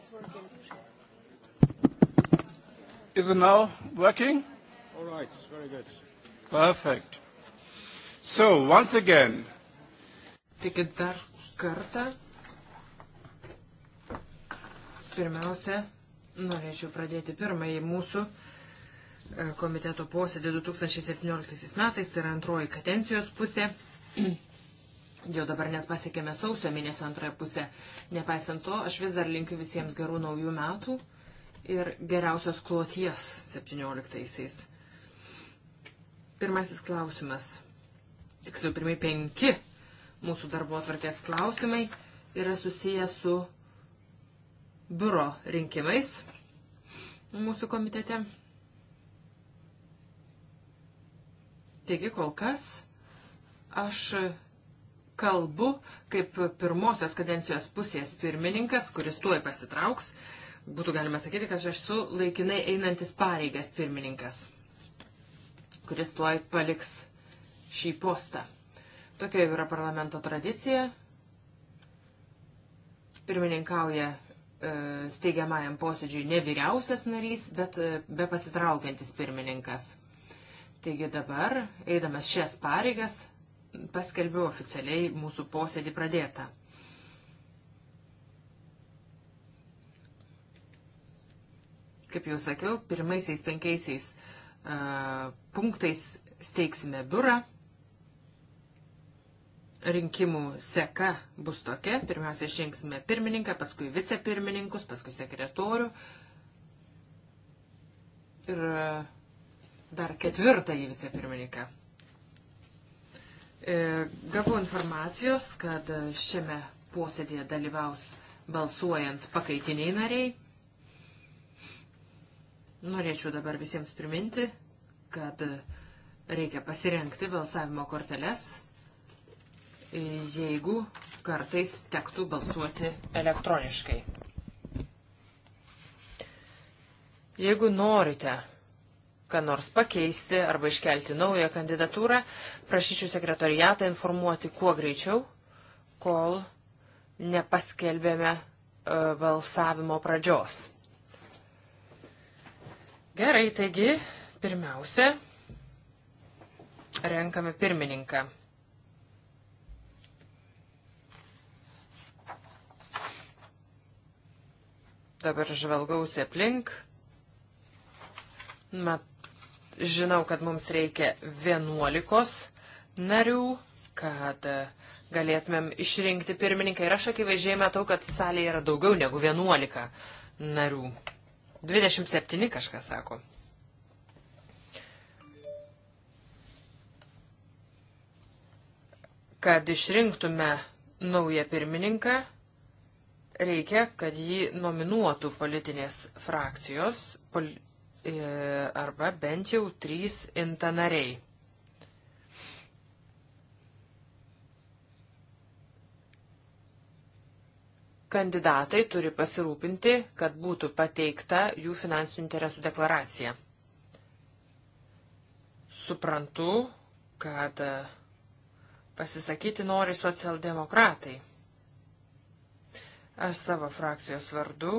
it's working. Is it now working? All right, very good. Perfect. So, once again. Taigi dar kartą. Pirmiausia, norėčiau pradėti pirmąjį mūsų e, komiteto posėdį 2017 metais, tai yra antroji kadencijos pusė. Jau dabar net pasiekėme sausio mėnesio antrąją pusę. Nepaisant to, aš vis dar linkiu visiems gerų naujų metų ir geriausios kloties 17-aisiais. Pirmasis klausimas. Tiksliau, pirmie penki mūsų darbo atvarkės klausimai yra susiję su biuro rinkimais mūsų komitete. Taigi kol kas aš kalbu kaip pirmosios kadencijos pusės pirmininkas, kuris tuoj pasitrauks. Būtų galima sakyti, kad aš esu laikinai einantis pareigas pirmininkas, kuris tuoj paliks šį postą. Tokia jau yra parlamento tradicija. Pirmininkauja e, steigiamajam posėdžiui ne vyriausias narys, bet e, be pasitraukiantis pirmininkas. Taigi dabar, eidamas šias pareigas, paskelbiu oficialiai mūsų posėdį pradėtą. Kaip jau sakiau, pirmaisiais penkiaisiais uh, punktais steigsime biurą. Rinkimų seka bus tokia. Pirmiausia, išrinksime pirmininką, paskui vicepirmininkus, paskui sekretorių. Ir uh, dar ketvirtąjį vicepirmininką. E, gavau informacijos, kad šiame posėdėje dalyvaus balsuojant pakaitiniai nariai. Norėčiau dabar visiems priminti, kad reikia pasirenkti balsavimo korteles, jeigu kartais tektų balsuoti elektroniškai. Jeigu norite ką nors pakeisti arba iškelti naują kandidatūrą, prašyčiau sekretoriatą informuoti kuo greičiau, kol nepaskelbėme e, balsavimo pradžios. Gerai, taigi, pirmiausia, renkame pirmininką. Dabar žvalgausi aplink. Mat, Žinau, kad mums reikia 11 narių, kad e, galėtumėm išrinkti pirmininką. Ir aš akivaizdžiai matau, kad salėje yra daugiau negu 11 narių. 27 kažkas sako. Kad išrinktume naują pirmininką, reikia, kad jį nominuotų politinės frakcijos, pol E, arba bent jau trys intanariai. Kandidatai turi pasirūpinti, kad būtų pateikta jų finansinių interesų deklaracija. Suprantu, kad pasisakyti nori socialdemokratai. Aš savo frakcijos vardu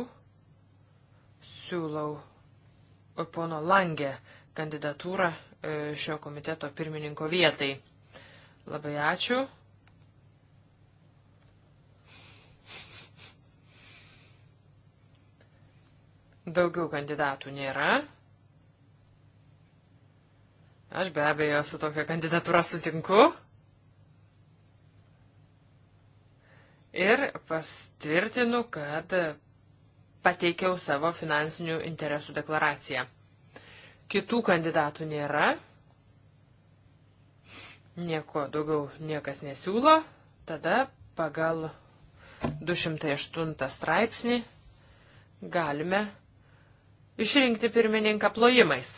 siūlau pono Langė kandidatūrą e, šio komiteto pirmininko vietai. Labai ačiū. Daugiau kandidatų nėra. Aš be abejo su tokia kandidatūra sutinku. Ir pastvirtinu, kad pateikiau savo finansinių interesų deklaraciją. Kitų kandidatų nėra. Nieko daugiau niekas nesiūlo. Tada pagal 208 straipsnį galime išrinkti pirmininką plojimais.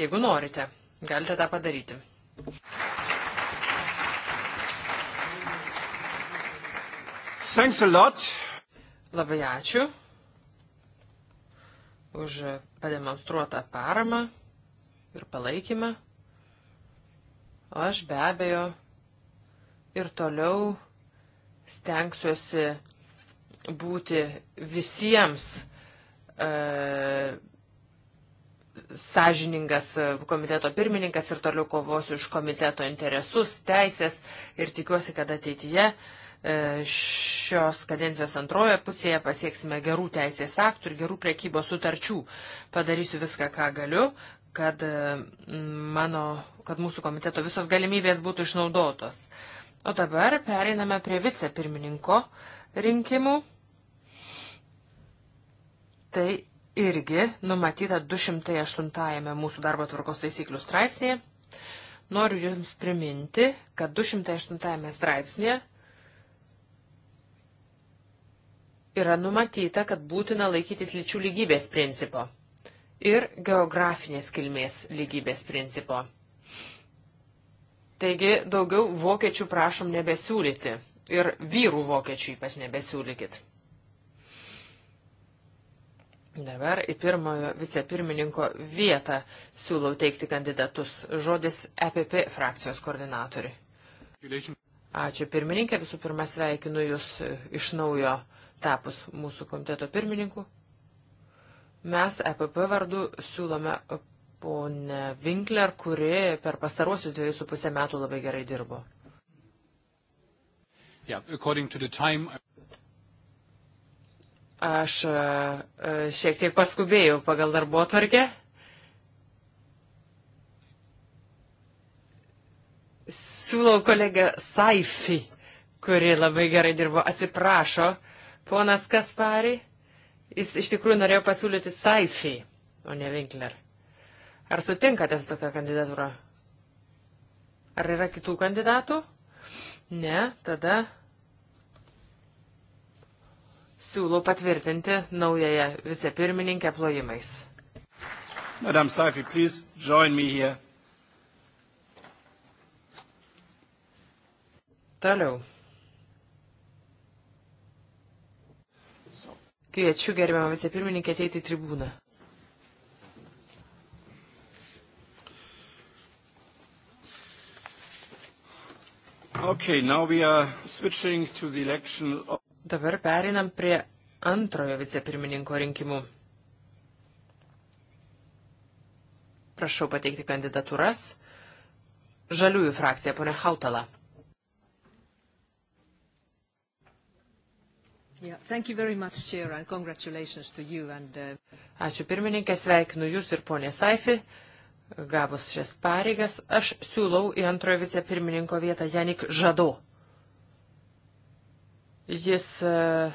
Jeigu norite, galite tą padaryti. Thanks a lot. Labai ačiū už pademonstruotą paramą ir palaikymą. O aš be abejo ir toliau stengsiuosi būti visiems e, sąžiningas komiteto pirmininkas ir toliau kovosiu už komiteto interesus, teisės ir tikiuosi, kad ateityje e, E, šios kadencijos antroje pusėje pasieksime gerų teisės aktų ir gerų prekybos sutarčių. Padarysiu viską, ką galiu, kad, e, mano, kad mūsų komiteto visos galimybės būtų išnaudotos. O dabar pereiname prie vicepirmininko rinkimų. Tai irgi numatyta 208 mūsų darbo tvarkos taisyklių straipsnėje. Noriu Jums priminti, kad 208 straipsnėje yra numatyta, kad būtina laikytis lyčių lygybės principo ir geografinės kilmės lygybės principo. Taigi daugiau vokiečių prašom nebesiūlyti ir vyrų vokiečių ypač nebesiūlykit. Dabar į pirmojo vicepirmininko vietą siūlau teikti kandidatus. Žodis EPP frakcijos koordinatoriui. Ačiū pirmininkė, visų pirma sveikinu Jūs iš naujo tapus mūsų komiteto pirmininku. Mes EPP vardu siūlome ponę Winkler, kuri per pastaruosius dviejus su pusę metų labai gerai dirbo. Yeah, time... Aš e, e, šiek tiek paskubėjau pagal darbo atvarkę. Siūlau kolegę Saifi, kuri labai gerai dirbo, atsiprašo, uh, Ponas Kaspari, jis iš tikrųjų norėjo pasiūlyti Saifį, o ne Winkler. Ar sutinkate su tokia kandidatūra? Ar yra kitų kandidatų? Ne, tada siūlau patvirtinti naująją vicepirmininkę plojimais. Madam Saifi, please join me here. Toliau. Kviečiu gerbiamą vicepirmininkę ateiti į tribūną. Okay, of... Dabar perinam prie antrojo vicepirmininko rinkimų. Prašau pateikti kandidatūras. Žaliųjų frakcija, ponė Hautala. Yeah, thank you very much, Chair, and congratulations to you and... Uh... Ačiū pirmininkė, sveikinu Jūs ir ponė Saifi. Gavus šias pareigas, aš siūlau į antrojo vicepirmininko vietą Janik Žado. Jis uh,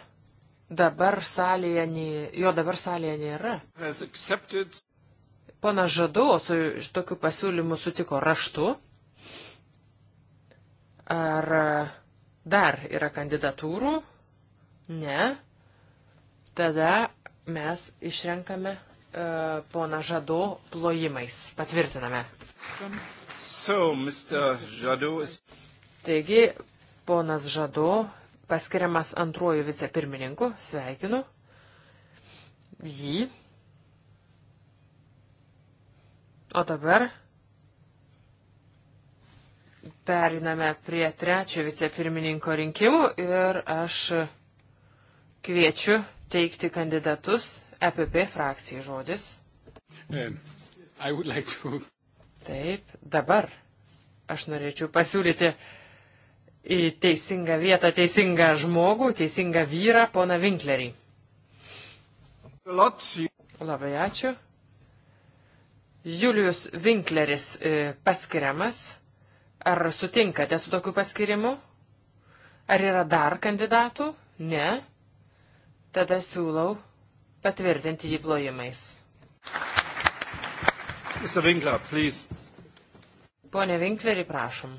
dabar salėje, nė, jo dabar salėje nėra. Pana Žado su tokiu pasiūlymu sutiko raštu. Ar e, dar yra kandidatūrų? Ne. Tada mes išrenkame uh, poną Žado plojimais. Patvirtiname. So, is... Taigi, ponas Žado paskiriamas antruoju vicepirmininku. Sveikinu jį. O dabar periname prie trečio vicepirmininko rinkimų ir aš Kviečiu teikti kandidatus. EPP frakcijai žodis. Like to... Taip, dabar aš norėčiau pasiūlyti į teisingą vietą, teisingą žmogų, teisingą vyrą, poną Vinklerį. Labai ačiū. Julius Vinkleris e, paskiriamas. Ar sutinkate su tokiu paskirimu? Ar yra dar kandidatų? Ne. Tada siūlau patvirtinti jį plojimais. Mr. Winkler, please. Pone Winklerį, prašom.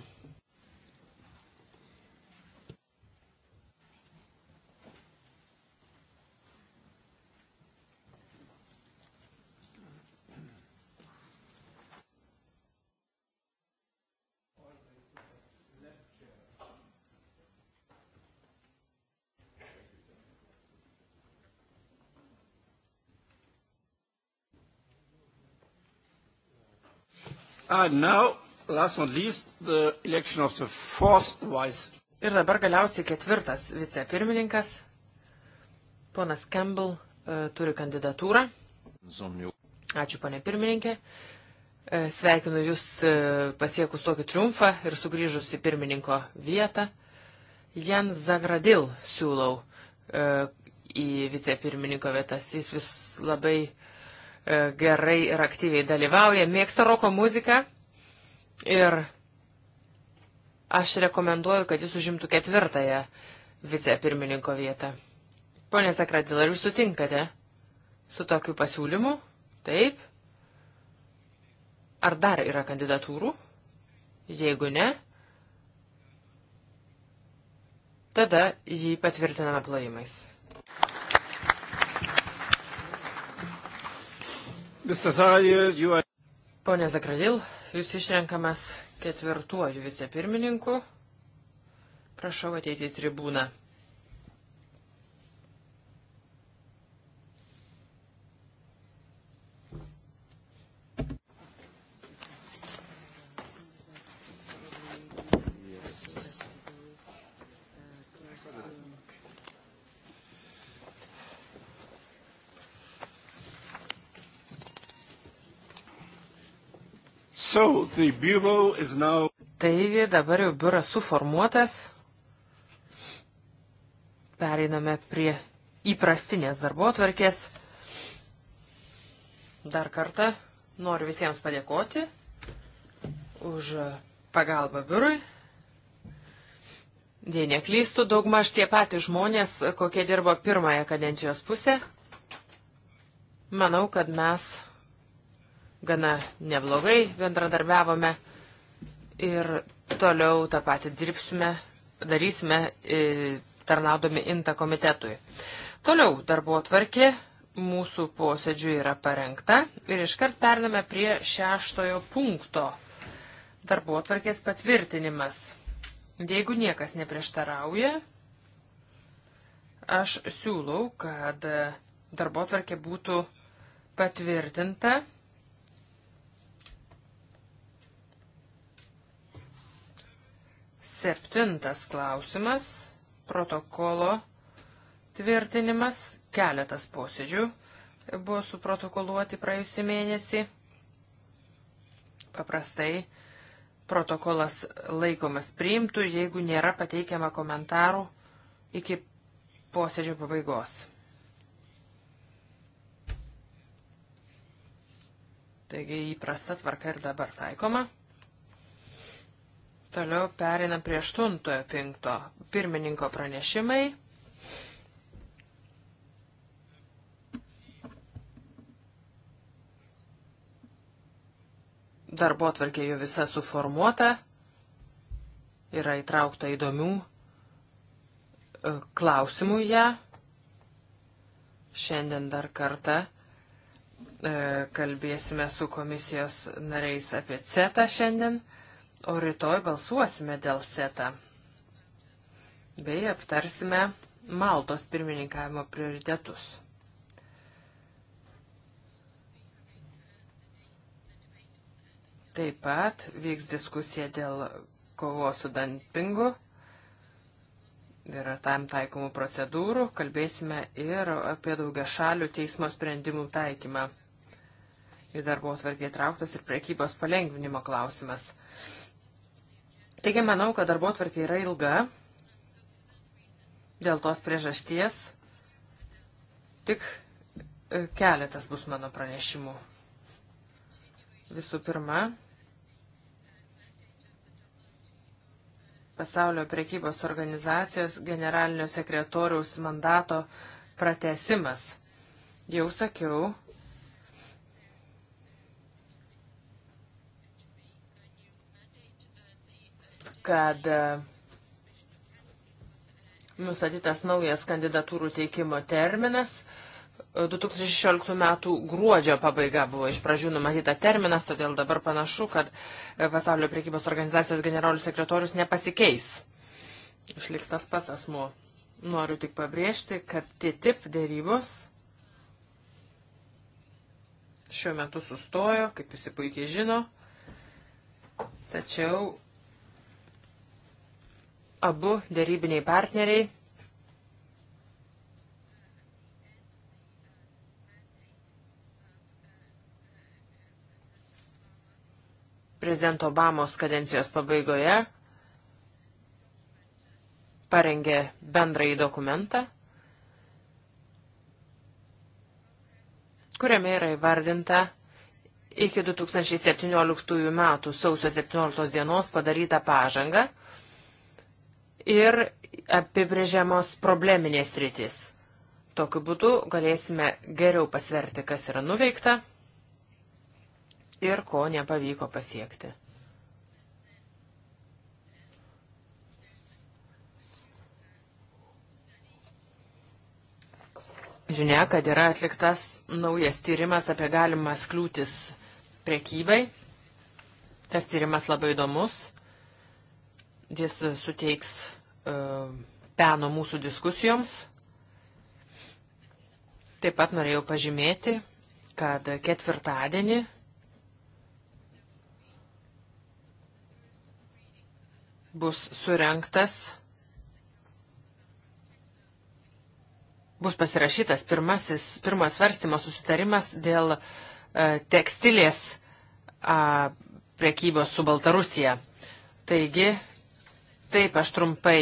And ah, now, last not least, the election of the fourth vice. Ir dabar galiausiai ketvirtas vicepirmininkas. Ponas Campbell e, turi kandidatūrą. Ačiū, ponė pirmininkė. E, sveikinu Jūs e, pasiekus tokį triumfą ir sugrįžus į pirmininko vietą. Jan Zagradil siūlau e, į vicepirmininko vietas. Jis vis labai e, E, gerai ir aktyviai dalyvauja, mėgsta roko muziką ir aš rekomenduoju, kad jis užimtų ketvirtąją vicepirmininko vietą. Pone Sakradila, ar jūs sutinkate su tokiu pasiūlymu? Taip. Ar dar yra kandidatūrų? Jeigu ne, tada jį patvirtiname plojimais. Are... Pone Zakradil, jūs išrenkamas ketvirtuoju vicepirmininku. Prašau ateiti į tribūną. So, now... Taigi dabar jau biuras suformuotas. Pereiname prie įprastinės darbo tvarkės. Dar kartą noriu visiems padėkoti už pagalbą biurui. Jei neklystų, daugmaž tie patys žmonės, kokie dirbo pirmąją kadencijos pusę. Manau, kad mes gana neblogai bendradarbiavome ir toliau tą patį dirbsime, darysime e, tarnaudami INTA komitetui. Toliau darbo tvarkė mūsų posėdžių yra parengta ir iškart pername prie šeštojo punkto. Darbo tvarkės patvirtinimas. Jeigu niekas neprieštarauja, aš siūlau, kad darbo tvarkė būtų patvirtinta Septintas klausimas - protokolo tvirtinimas. Keletas posėdžių buvo suprotokoluoti praėjusį mėnesį. Paprastai protokolas laikomas priimtų, jeigu nėra pateikiama komentarų iki posėdžio pabaigos. Taigi įprasta tvarka ir dabar taikoma. Toliau perinam prie aštuntojo pinkto pirmininko pranešimai. Darbo atvarkė jau visa suformuota, yra įtraukta įdomių e, klausimų ją. Šiandien dar kartą e, kalbėsime su komisijos nariais apie CETA šiandien. O rytoj balsuosime dėl setą. Bei aptarsime Maltos pirmininkavimo prioritetus. Taip pat vyks diskusija dėl kovos su dumpingu yra tam taikomų procedūrų, kalbėsime ir apie daugia šalių teismo sprendimų taikymą. Į darbo atvarkiai trauktas ir prekybos palengvinimo klausimas. Taigi manau, kad darbo tvarkė yra ilga. Dėl tos priežasties tik e, keletas bus mano pranešimų. Visų pirma, pasaulio priekybos organizacijos generalinio sekretoriaus mandato pratesimas. Jau sakiau, kad e, nustatytas naujas kandidatūrų teikimo terminas. 2016 e, m. gruodžio pabaiga buvo iš pradžių numatyta terminas, todėl dabar panašu, kad e, pasaulio priekybos organizacijos generalius sekretorius nepasikeis. Išliks tas pats asmuo. Noriu tik pabrėžti, kad TTIP dėrybos šiuo metu sustojo, kaip visi puikiai žino, tačiau abu dėrybiniai partneriai prezidento Obamos kadencijos pabaigoje parengė bendrąjį dokumentą, kuriame yra įvardinta iki 2017 metų sausio 17 dienos padarytą pažangą ir apibrėžiamos probleminės rytis. Tokiu būdu galėsime geriau pasverti, kas yra nuveikta ir ko nepavyko pasiekti. Žinia, kad yra atliktas naujas tyrimas apie galimas kliūtis prekybai. Tas tyrimas labai įdomus Jis e, suteiks e, peno mūsų diskusijoms. Taip pat norėjau pažymėti, kad ketvirtadienį bus surenktas, bus pasirašytas pirmasis, pirmas svarstymo susitarimas dėl e, tekstilės e, prekybos su Baltarusija. Taigi Taip, aš trumpai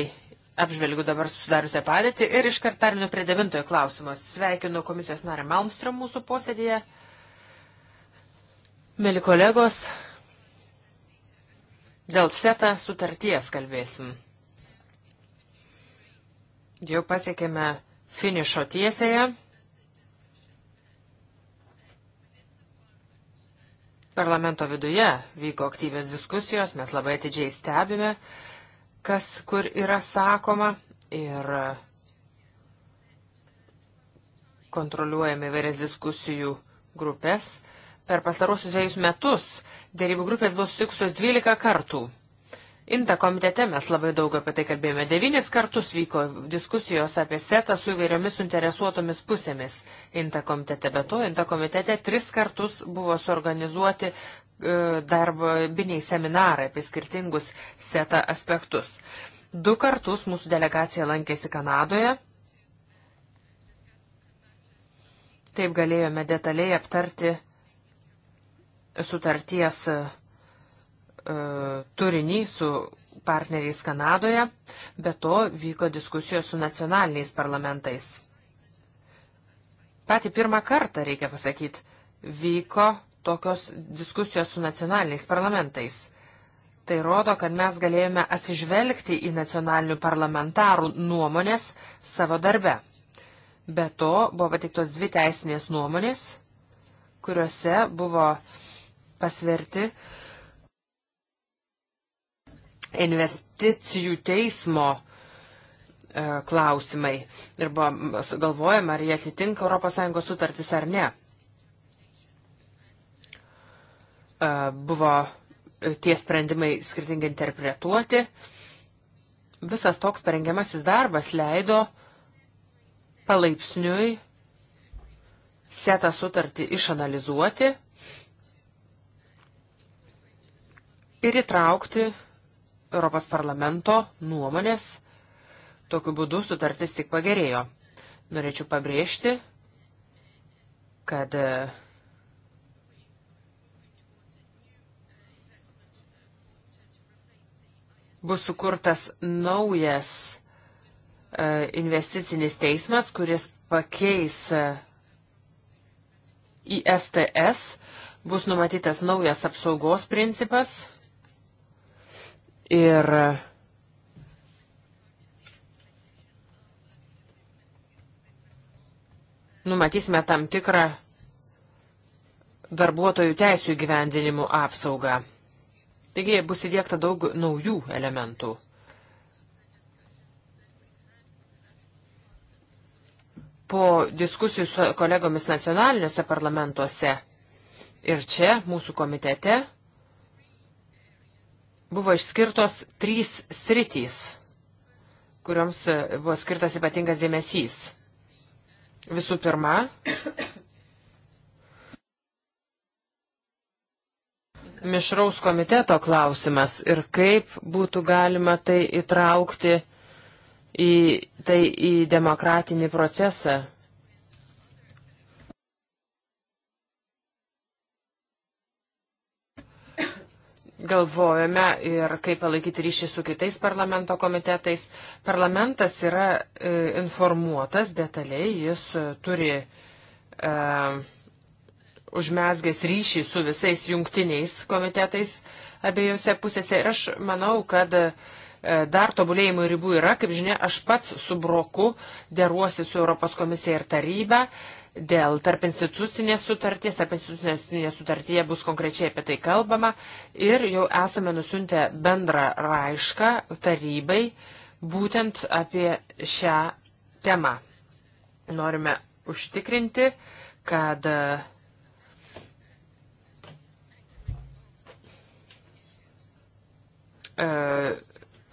apžvelgiu dabar susidariusią padėtį ir iškart perinu prie devintojo klausimo. Sveikinu komisijos narę Malmström mūsų posėdėje. Mėly kolegos, dėl setą sutarties kalbėsim. Jau pasiekėme finišo tiesėje. Parlamento viduje vyko aktyvios diskusijos, mes labai atidžiai stebime. Uh, kas kur yra sakoma ir kontroliuojame įvairias diskusijų grupės. Per pasarosius dviejus metus dėrybų grupės buvo susikusios 12 kartų. Inta komitete mes labai daug apie tai kalbėjome. Devynis kartus vyko diskusijos apie setą su įvairiomis suinteresuotomis pusėmis. Inta komitete be to, Inta komitete tris kartus buvo suorganizuoti E, darbiniai seminarai apie skirtingus setą aspektus. Du kartus mūsų delegacija lankėsi Kanadoje. Taip galėjome detaliai aptarti sutarties e, turinį su partneriais Kanadoje, be to vyko diskusijos su nacionaliniais parlamentais. Pati pirmą kartą, reikia pasakyti, vyko tokios diskusijos su nacionaliniais parlamentais. Tai rodo, kad mes galėjome atsižvelgti į nacionalinių parlamentarų nuomonės savo darbe. Be to buvo patiktos dvi teisinės nuomonės, kuriuose buvo pasverti investicijų teismo e, klausimai ir buvo galvojama, ar jie atitinka ES sutartis ar ne. buvo e, tie sprendimai skirtingai interpretuoti. Visas toks parengiamasis darbas leido palaipsniui setą sutartį išanalizuoti ir įtraukti Europos parlamento nuomonės. Tokiu būdu sutartis tik pagerėjo. Norėčiau pabrėžti, kad uh, bus sukurtas naujas e, investicinis teismas, kuris pakeis į e, STS, bus numatytas naujas apsaugos principas ir e, numatysime tam tikrą darbuotojų teisų įgyvendinimų apsaugą. Taigi bus įdėkta daug naujų elementų. Po diskusijų su kolegomis nacionaliniuose parlamentuose ir čia mūsų komitete buvo išskirtos trys sritys, kurioms buvo skirtas ypatingas dėmesys. Visų pirma, mišraus komiteto klausimas ir kaip būtų galima tai įtraukti į, tai į demokratinį procesą. Galvojame ir kaip palaikyti ryšį su kitais parlamento komitetais. Parlamentas yra e, informuotas detaliai, jis e, turi e, užmesgęs ryšį su visais jungtiniais komitetais abiejose pusėse. Ir aš manau, kad e, dar tobulėjimo ribų yra. Kaip žinia, aš pats su broku deruosi su Europos komisija ir taryba. Dėl tarp institucinės sutarties, tarp institucinės sutartyje bus konkrečiai apie tai kalbama ir jau esame nusiuntę bendrą laišką tarybai būtent apie šią temą. Norime užtikrinti, kad uh, e,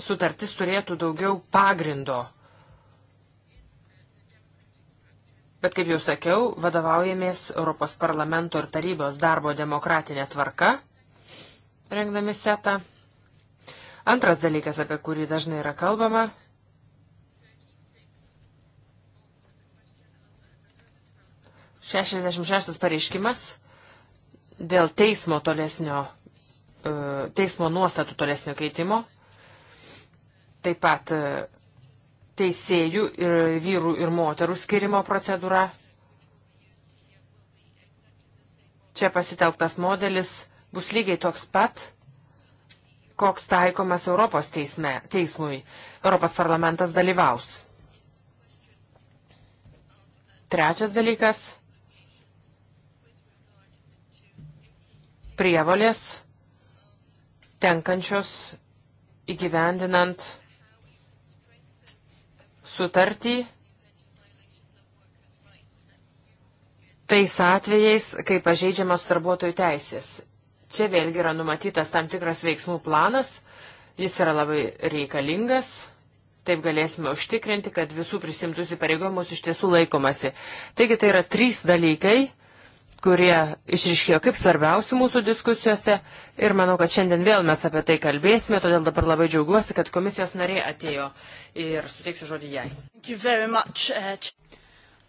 sutartis turėtų daugiau pagrindo. Bet kaip jau sakiau, vadovaujamės Europos parlamento ir tarybos darbo demokratinė tvarka, rengdami setą. Antras dalykas, apie kurį dažnai yra kalbama, šešiasdešimt šeštas pareiškimas dėl teismo tolesnio E, teismo nuostatų tolesnio keitimo, taip pat e, teisėjų ir vyrų ir moterų skirimo procedūra. Čia pasitelktas modelis bus lygiai toks pat, koks taikomas Europos teisme, teismui. Europos parlamentas dalyvaus. Trečias dalykas - prievolės tenkančios įgyvendinant sutartį tais atvejais, kai pažeidžiamos darbuotojų teisės. Čia vėlgi yra numatytas tam tikras veiksmų planas, jis yra labai reikalingas. Taip galėsime užtikrinti, kad visų prisimtus įpareigojimus iš tiesų laikomasi. Taigi tai yra trys dalykai, kurie išriškėjo kaip svarbiausių mūsų diskusijose ir manau, kad šiandien vėl mes apie tai kalbėsime, todėl dabar labai džiaugiuosi, kad komisijos narė atėjo ir suteiksiu žodį jai. Uh,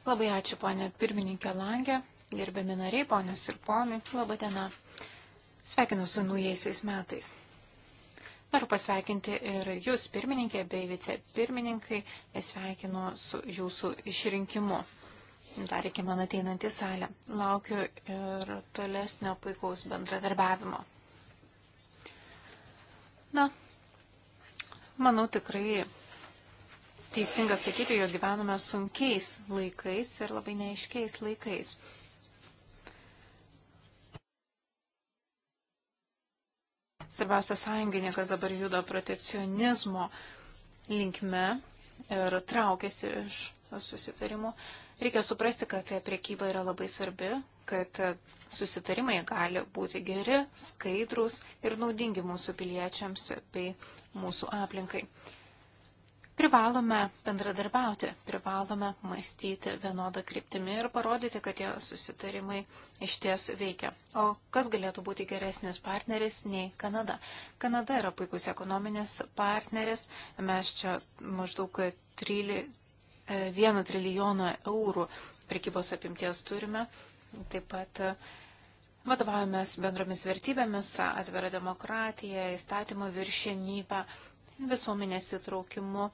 labai ačiū, ponė pirmininkė Langė, gerbiami nariai, ponios ir ponai, laba diena. Sveikinu su naujaisiais metais. Noriu pasveikinti ir jūs, pirmininkė bei vicepirmininkai, sveikinu su jūsų išrinkimu dar iki man ateinant į salę. Laukiu ir tolesnio puikaus bendradarbiavimo. Na, manau tikrai teisinga sakyti, jog gyvename sunkiais laikais ir labai neaiškiais laikais. Svarbiausia sąjungininkas dabar juda protekcionizmo linkme ir traukiasi iš susitarimo. Reikia suprasti, kad priekyba yra labai svarbi, kad susitarimai gali būti geri, skaidrus ir naudingi mūsų piliečiams bei mūsų aplinkai. Privalome bendradarbiauti, privalome mąstyti vienodą kryptimį ir parodyti, kad tie susitarimai iš ties veikia. O kas galėtų būti geresnis partneris nei Kanada? Kanada yra puikus ekonominis partneris, mes čia maždaug 13 1 trilijoną eurų prekybos apimties turime. Taip pat e, vadovavomės bendromis vertybėmis, atvira demokratija, įstatymo viršienybę, visuomenės įtraukimu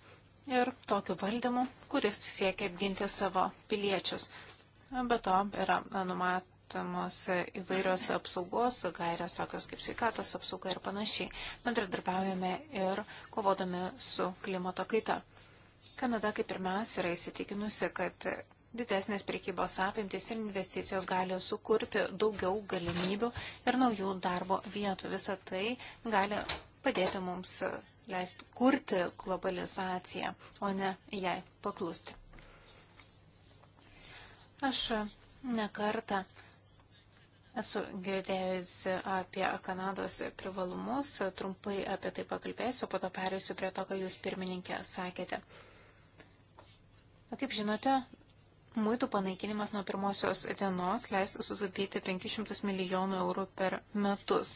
ir tokiu valdymu, kuris siekia apginti savo piliečius. Be to yra numatomos įvairios apsaugos gairės, tokios kaip sveikatos apsauga ir panašiai. Bendradarbiaujame ir kovodami su klimato kaita. Kanada kaip ir mes yra įsitikinusi, kad didesnės priekybos apimtis ir investicijos gali sukurti daugiau galimybių ir naujų darbo vietų. Visą tai gali padėti mums leisti kurti globalizaciją, o ne jai paklusti. Aš nekartą esu girdėjusi apie Kanados privalumus, trumpai apie tai pakalbėsiu, po to perėsiu prie to, ką jūs pirmininkė sakėte. Kaip žinote, muitų panaikinimas nuo pirmosios dienos leis sutaupyti 500 milijonų eurų per metus.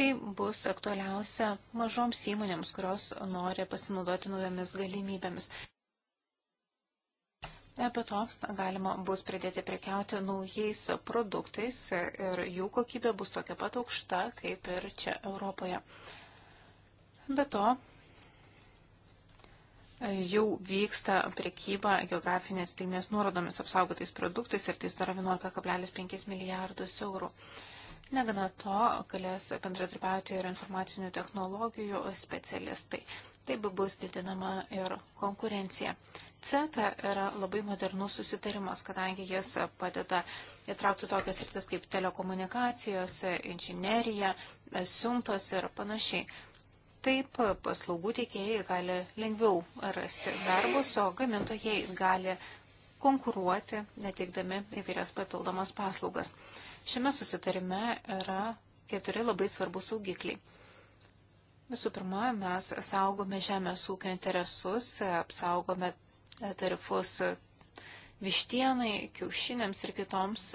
Tai bus aktualiausia mažoms įmonėms, kurios nori pasinaudoti naujomis galimybėmis. Apie to galima bus pradėti prekiauti naujais produktais ir jų kokybė bus tokia pat aukšta kaip ir čia Europoje. Be to, jau vyksta prekyba geografinės kilmės nuorodomis apsaugotais produktais ir tai sudaro 11,5 milijardus eurų. Negana to, galės bendradarbiauti ir informacinių technologijų specialistai. Taip bus didinama ir konkurencija. CETA yra labai modernus susitarimas, kadangi jis padeda įtraukti tokias rytis kaip telekomunikacijos, inžinerija, siuntos ir panašiai. Taip paslaugų teikėjai gali lengviau rasti darbus, o gamintojai gali konkuruoti, netikdami įvairias papildomas paslaugas. Šiame susitarime yra keturi labai svarbus saugikliai. Visų pirma, mes saugome žemės ūkio interesus, apsaugome tarifus vištienai, kiaušinėms ir kitoms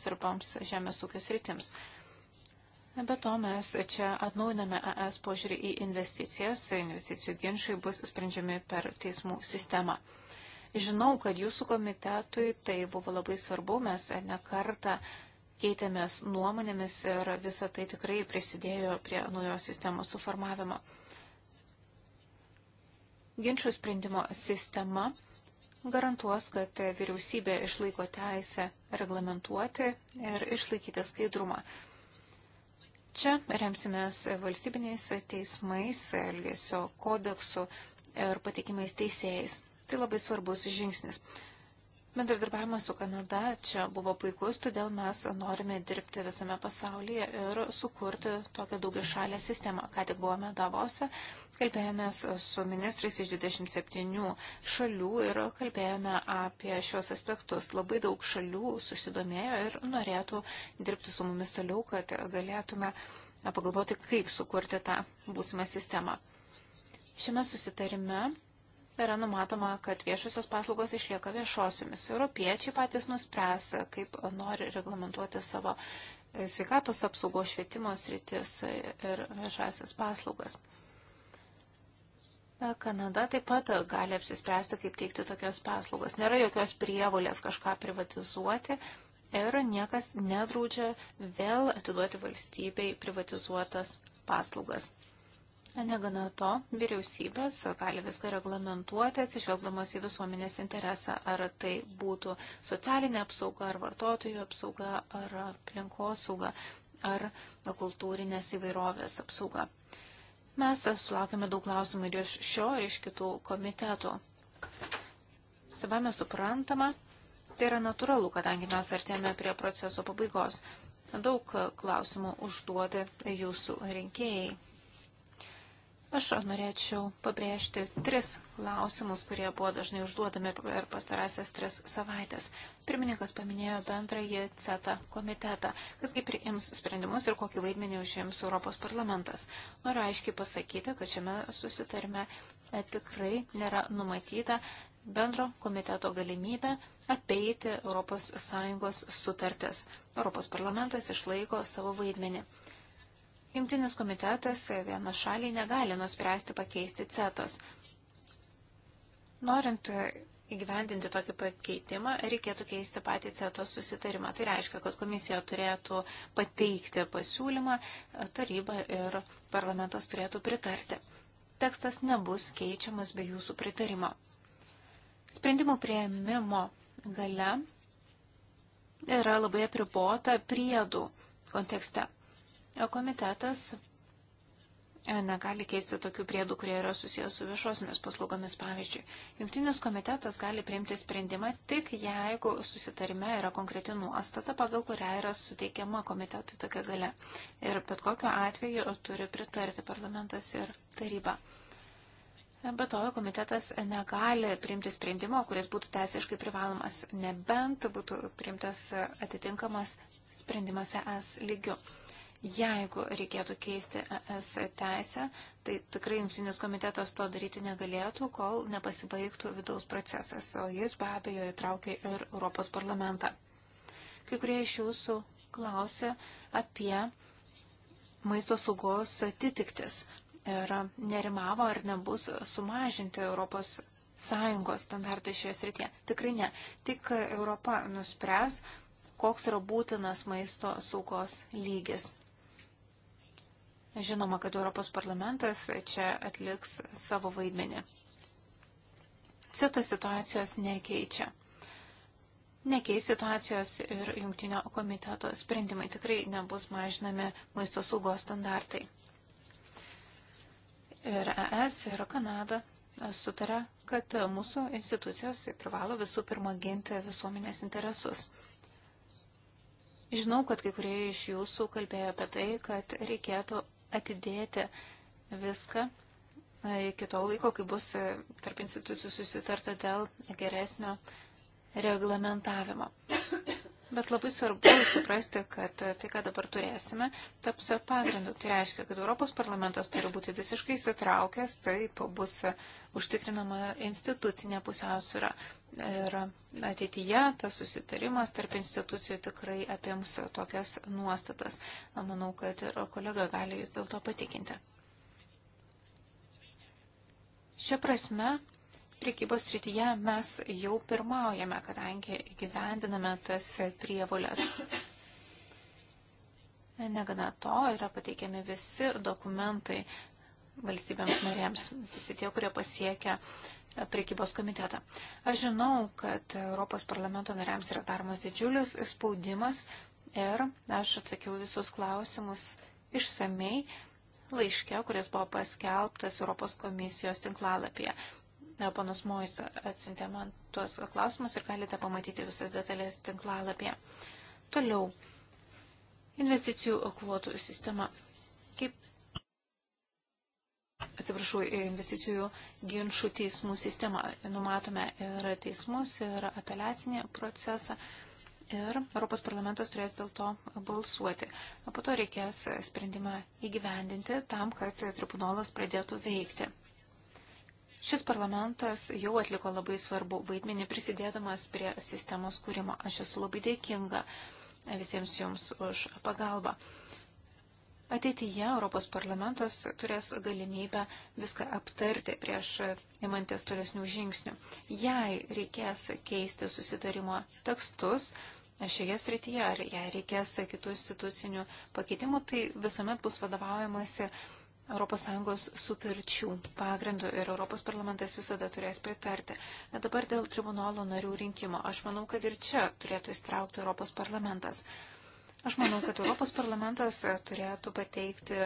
svarboms žemės ūkio sritims. Be to mes čia atnaujiname ES požiūrį į investicijas. Investicijų ginčiai bus sprendžiami per teismų sistemą. Žinau, kad jūsų komitetui tai buvo labai svarbu. Mes nekartą keitėmės nuomonėmis ir visa tai tikrai prisidėjo prie naujos sistemos suformavimo. Ginčių sprendimo sistema garantuos, kad vyriausybė išlaiko teisę reglamentuoti ir išlaikyti skaidrumą. Čia remsimės valstybiniais teismais, elgesio kodeksu ir patikimais teisėjais. Tai labai svarbus žingsnis. Bendradarbiavimas su Kanada čia buvo puikus, todėl mes norime dirbti visame pasaulyje ir sukurti tokią daugiašalę sistemą. Ką tik buvome Davose, kalbėjomės su ministrais iš 27 šalių ir kalbėjome apie šios aspektus. Labai daug šalių susidomėjo ir norėtų dirbti su mumis toliau, kad galėtume pagalvoti, kaip sukurti tą būsimą sistemą. Šiame susitarime yra numatoma, kad viešusios paslaugos išlieka viešosiamis. Europiečiai patys nuspręs, kaip nori reglamentuoti savo e, sveikatos apsaugos švietimo sritis ir viešasias paslaugas. E, Kanada taip pat gali apsispręsti, kaip teikti tokias paslaugas. Nėra jokios prievolės kažką privatizuoti ir niekas nedraudžia vėl atiduoti valstybei privatizuotas paslaugas. Negana to, vyriausybės gali viską reglamentuoti, atsižvelgdamas į visuomenės interesą, ar tai būtų socialinė apsauga, ar vartotojų apsauga, ar aplinkosauga, ar kultūrinės įvairovės apsauga. Mes sulaukime daug klausimų ir iš šio, ir iš kitų komitetų. Savame suprantama, tai yra natūralu, kadangi mes artėme prie proceso pabaigos. Daug klausimų užduoda jūsų rinkėjai. Aš norėčiau pabrėžti tris klausimus, kurie buvo dažnai užduodami per pastarąsias tris savaitės. Pirmininkas paminėjo bendrąjį CETA komitetą, kas kaip priims sprendimus ir kokį vaidmenį užims Europos parlamentas. Noriu aiškiai pasakyti, kad šiame susitarime e, tikrai nėra numatyta bendro komiteto galimybę apeiti ES sutartis. Europos parlamentas išlaiko savo vaidmenį. Jungtinis komitetas vieno šaliai negali nuspręsti pakeisti cetos. Norint įgyvendinti tokį pakeitimą, reikėtų keisti patį cetos susitarimą. Tai reiškia, kad komisija turėtų pateikti pasiūlymą, taryba ir parlamentas turėtų pritarti. Tekstas nebus keičiamas be jūsų pritarimo. Sprendimų prieimimo gale yra labai apribota priedų kontekste. Komitetas e, negali keisti tokių priedų, kurie yra susijęs su viešosiomis paslaugomis. Pavyzdžiui, jungtinis komitetas gali priimti sprendimą tik jeigu susitarime yra konkreti nuostata, pagal kurią yra suteikiama komitetui tokia gale. Ir bet kokiu atveju turi pritarti parlamentas ir taryba. Be to, komitetas negali priimti sprendimo, kuris būtų teisiškai privalomas, nebent būtų priimtas atitinkamas sprendimas ES lygiu. Jeigu reikėtų keisti ES teisę, tai tikrai jungtinis komitetas to daryti negalėtų, kol nepasibaigtų vidaus procesas, o jis be abejo įtraukia ir Europos parlamentą. Kai kurie iš jūsų klausė apie maisto saugos atitiktis ir nerimavo, ar nebus sumažinti Europos sąjungos standartai šioje srityje. Tikrai ne. Tik Europa nuspręs, koks yra būtinas maisto saugos lygis. Žinoma, kad Europos parlamentas čia atliks savo vaidmenį. Cita situacijos nekeičia. Nekeis situacijos ir jungtinio komiteto sprendimai tikrai nebus mažinami maisto saugos standartai. Ir ES ir Kanada sutarė, kad mūsų institucijos privalo visų pirma ginti visuomenės interesus. Žinau, kad kai kurie iš jūsų kalbėjo apie tai, kad reikėtų atidėti viską e, iki to laiko, kai bus e, tarp institucijų susitarta dėl geresnio reglamentavimo. Bet labai svarbu suprasti, kad e, tai, ką dabar turėsime, taps pagrindu. Tai reiškia, kad Europos parlamentas turi būti visiškai įsitraukęs, taip bus užtikrinama institucinė pusiausvyrą. Ir ateityje tas susitarimas tarp institucijų tikrai apims tokias nuostatas. Manau, kad ir kolega gali jūs dėl to patikinti. Šia prasme, priekybos rytyje mes jau pirmaujame, kadangi gyvendiname tas prievolės. Negana to yra pateikiami visi dokumentai valstybėms narėms, visi tie, kurie pasiekia uh, prekybos komitetą. Aš žinau, kad Europos parlamento nariams yra daromas didžiulis spaudimas ir aš atsakiau visus klausimus išsamei laiške, kuris buvo paskelbtas Europos komisijos tinklalapyje. Panas Mojas atsintė man tuos klausimus ir galite pamatyti visas detalės tinklalapyje. Toliau. Investicijų kvotų sistema atsiprašau, investicijų ginčių teismų sistemą. Numatome ir teismus, ir apeliacinį procesą. Ir Europos parlamentas turės dėl to balsuoti. O po to reikės sprendimą įgyvendinti tam, kad tribunolas pradėtų veikti. Šis parlamentas jau atliko labai svarbu vaidmenį prisidėdamas prie sistemos kūrimo. Aš esu labai dėkinga visiems jums už pagalbą. Ateityje Europos parlamentas turės galimybę viską aptarti prieš imantis tolesnių žingsnių. Jei reikės keisti susitarimo tekstus šioje srityje ar jei reikės kitų institucinių pakeitimų, tai visuomet bus vadovaujamasi ES sutarčių pagrindų ir Europos parlamentas visada turės pritarti. Dabar dėl tribunolo narių rinkimo. Aš manau, kad ir čia turėtų įstraukti Europos parlamentas. Aš manau, kad Europos parlamentas e, turėtų pateikti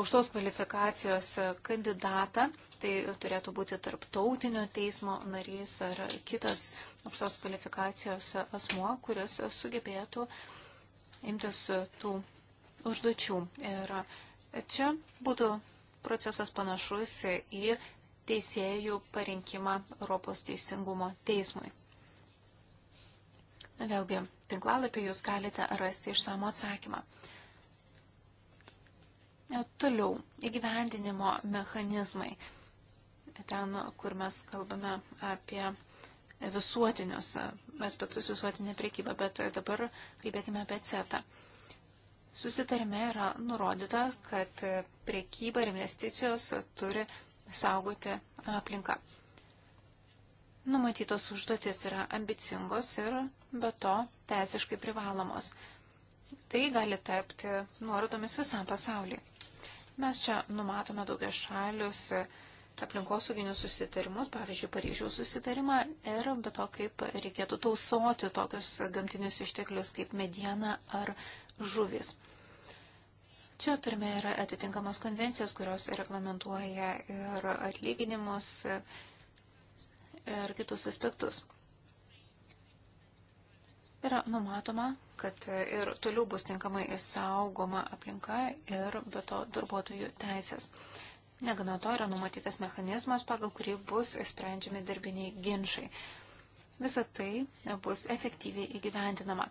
aukštos kvalifikacijos e, kandidatą. Tai turėtų būti tarptautinio teismo narys ar kitas aukštos kvalifikacijos asmuo, kuris sugebėtų imtis tų užduočių. Ir čia būtų procesas panašus į teisėjų parinkimą Europos teisingumo teismui. Vėlgi, tinklalapį jūs galite rasti išsamo atsakymą. E, toliau, įgyvendinimo mechanizmai. E, ten, kur mes kalbame apie visuotinius e, aspektus, visuotinę priekybą, bet dabar kalbėkime apie CETA. Susitarime yra nurodyta, kad priekyba ir investicijos turi saugoti aplinką. Numatytos užduotis yra ambicingos ir be to teisiškai privalomos. Tai gali tapti nuorodomis visam pasauliu. Mes čia numatome daugia šalius aplinkosauginius susitarimus, pavyzdžiui, Paryžiaus susitarimą ir be to, kaip reikėtų tausoti tokius gamtinius išteklius kaip mediena ar žuvis. Čia turime ir atitinkamas konvencijas, kurios reglamentuoja ir atlyginimus, ir kitus aspektus. Yra numatoma, kad ir toliau bus tinkamai saugoma aplinka ir be to darbuotojų teisės. Negana to yra numatytas mechanizmas, pagal kurį bus sprendžiami darbiniai ginčiai. Visa tai bus efektyviai įgyvendinama.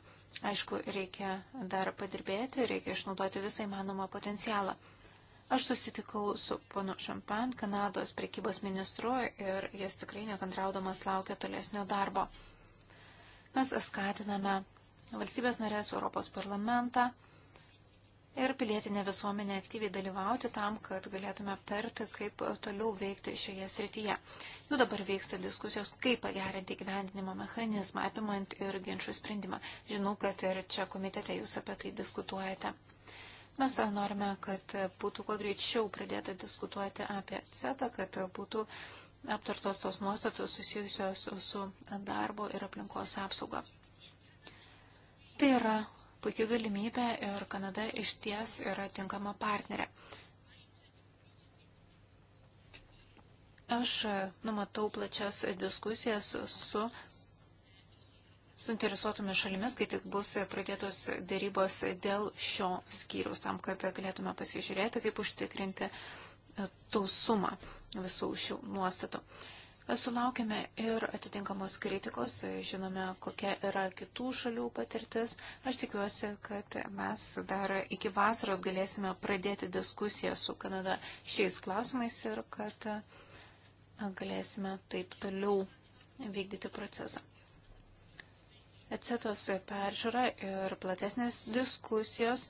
Aišku, reikia dar padirbėti, reikia išnaudoti visą įmanomą potencialą. Aš susitikau su ponu Šampan, Kanados prekybos ministru ir jis tikrai nekantraudamas laukia tolesnio darbo. Mes skatiname valstybės narės Europos parlamentą ir pilietinę visuomenę aktyviai dalyvauti tam, kad galėtume aptarti, kaip toliau veikti šioje srityje. Jau dabar vyksta diskusijos, kaip pagerinti gyvendinimo mechanizmą, apimant ir ginčių sprendimą. Žinau, kad ir čia komitete jūs apie tai diskutuojate. Mes norime, kad būtų kuo greičiau pradėta diskutuoti apie CETA, kad būtų aptartos tos nuostatos susijusios su darbo ir aplinkos apsauga. Tai yra puikia galimybė ir Kanada iš ties yra tinkama partnerė. Aš numatau plačias diskusijas su suinteresuotomis šalimis, kai tik bus pradėtos dėrybos dėl šio skyriaus, tam, kad galėtume pasižiūrėti, kaip užtikrinti e, tausumą visų šių nuostatų. E, Sulaukime ir atitinkamos kritikos, e, žinome, kokia yra kitų šalių patirtis. Aš tikiuosi, kad mes dar iki vasaros galėsime pradėti diskusiją su Kanada šiais klausimais ir kad galėsime taip toliau vykdyti procesą. Ecetos peržiūra ir platesnės diskusijos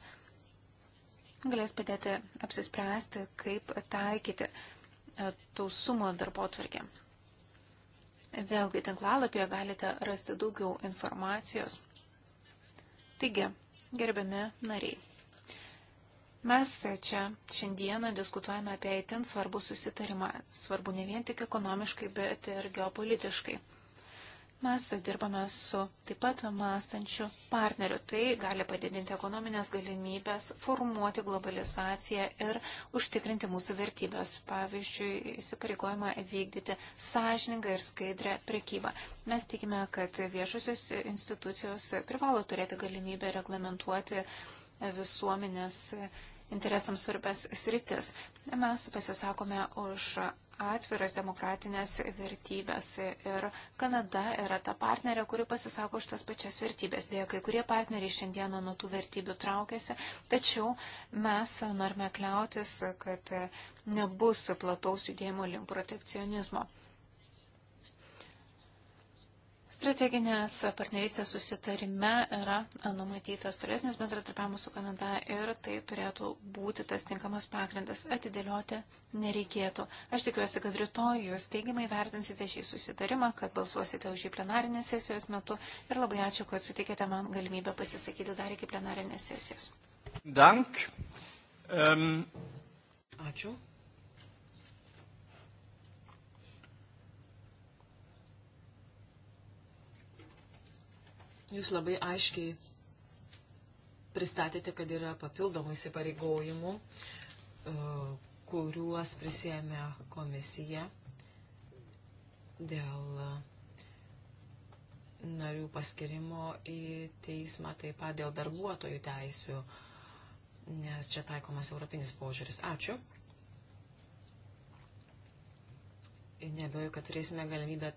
galės padėti apsispręsti, kaip taikyti e, tausumo darbo tvarkę. Vėlgi tinklalapyje galite rasti daugiau informacijos. Taigi, gerbiami nariai, mes čia šiandieną diskutuojame apie įtin svarbų susitarimą, svarbu ne vien tik ekonomiškai, bet ir geopolitiškai. Mes dirbame su taip pat mąstančiu partneriu. Tai gali padidinti ekonominės galimybės, formuoti globalizaciją ir užtikrinti mūsų vertybės. Pavyzdžiui, įsipareigojama vykdyti sąžiningą ir skaidrę prekybą. Mes tikime, kad viešusios institucijos privalo turėti galimybę reglamentuoti visuomenės interesams svarbias sritis. Mes pasisakome už atviras demokratinės vertybės ir Kanada yra ta partnerė, kuri pasisako už tas pačias vertybės. Dėja, kai kurie partneriai šiandieną nuo tų vertybių traukiasi, tačiau mes norime kliautis, kad nebus plataus judėjimo link protekcionizmo. Strateginės partnerystės susitarime yra e, numatytas tolesnis bendradarbiavimas su Kanada ir tai turėtų būti tas tinkamas pagrindas. Atidėlioti nereikėtų. Aš tikiuosi, kad rytoj jūs teigiamai vertinsite šį susitarimą, kad balsuosite už jį plenarinės sesijos metu ir labai ačiū, kad sutikėte man galimybę pasisakyti dar iki plenarinės sesijos. Dank. Um... Ačiū. Jūs labai aiškiai pristatėte, kad yra papildomų įsipareigojimų, e, kuriuos prisėmė komisija dėl e, narių paskirimo į teismą, taip pat dėl darbuotojų teisių, nes čia taikomas europinis požiūris. Ačiū. Nebejoju, kad turėsime galimybę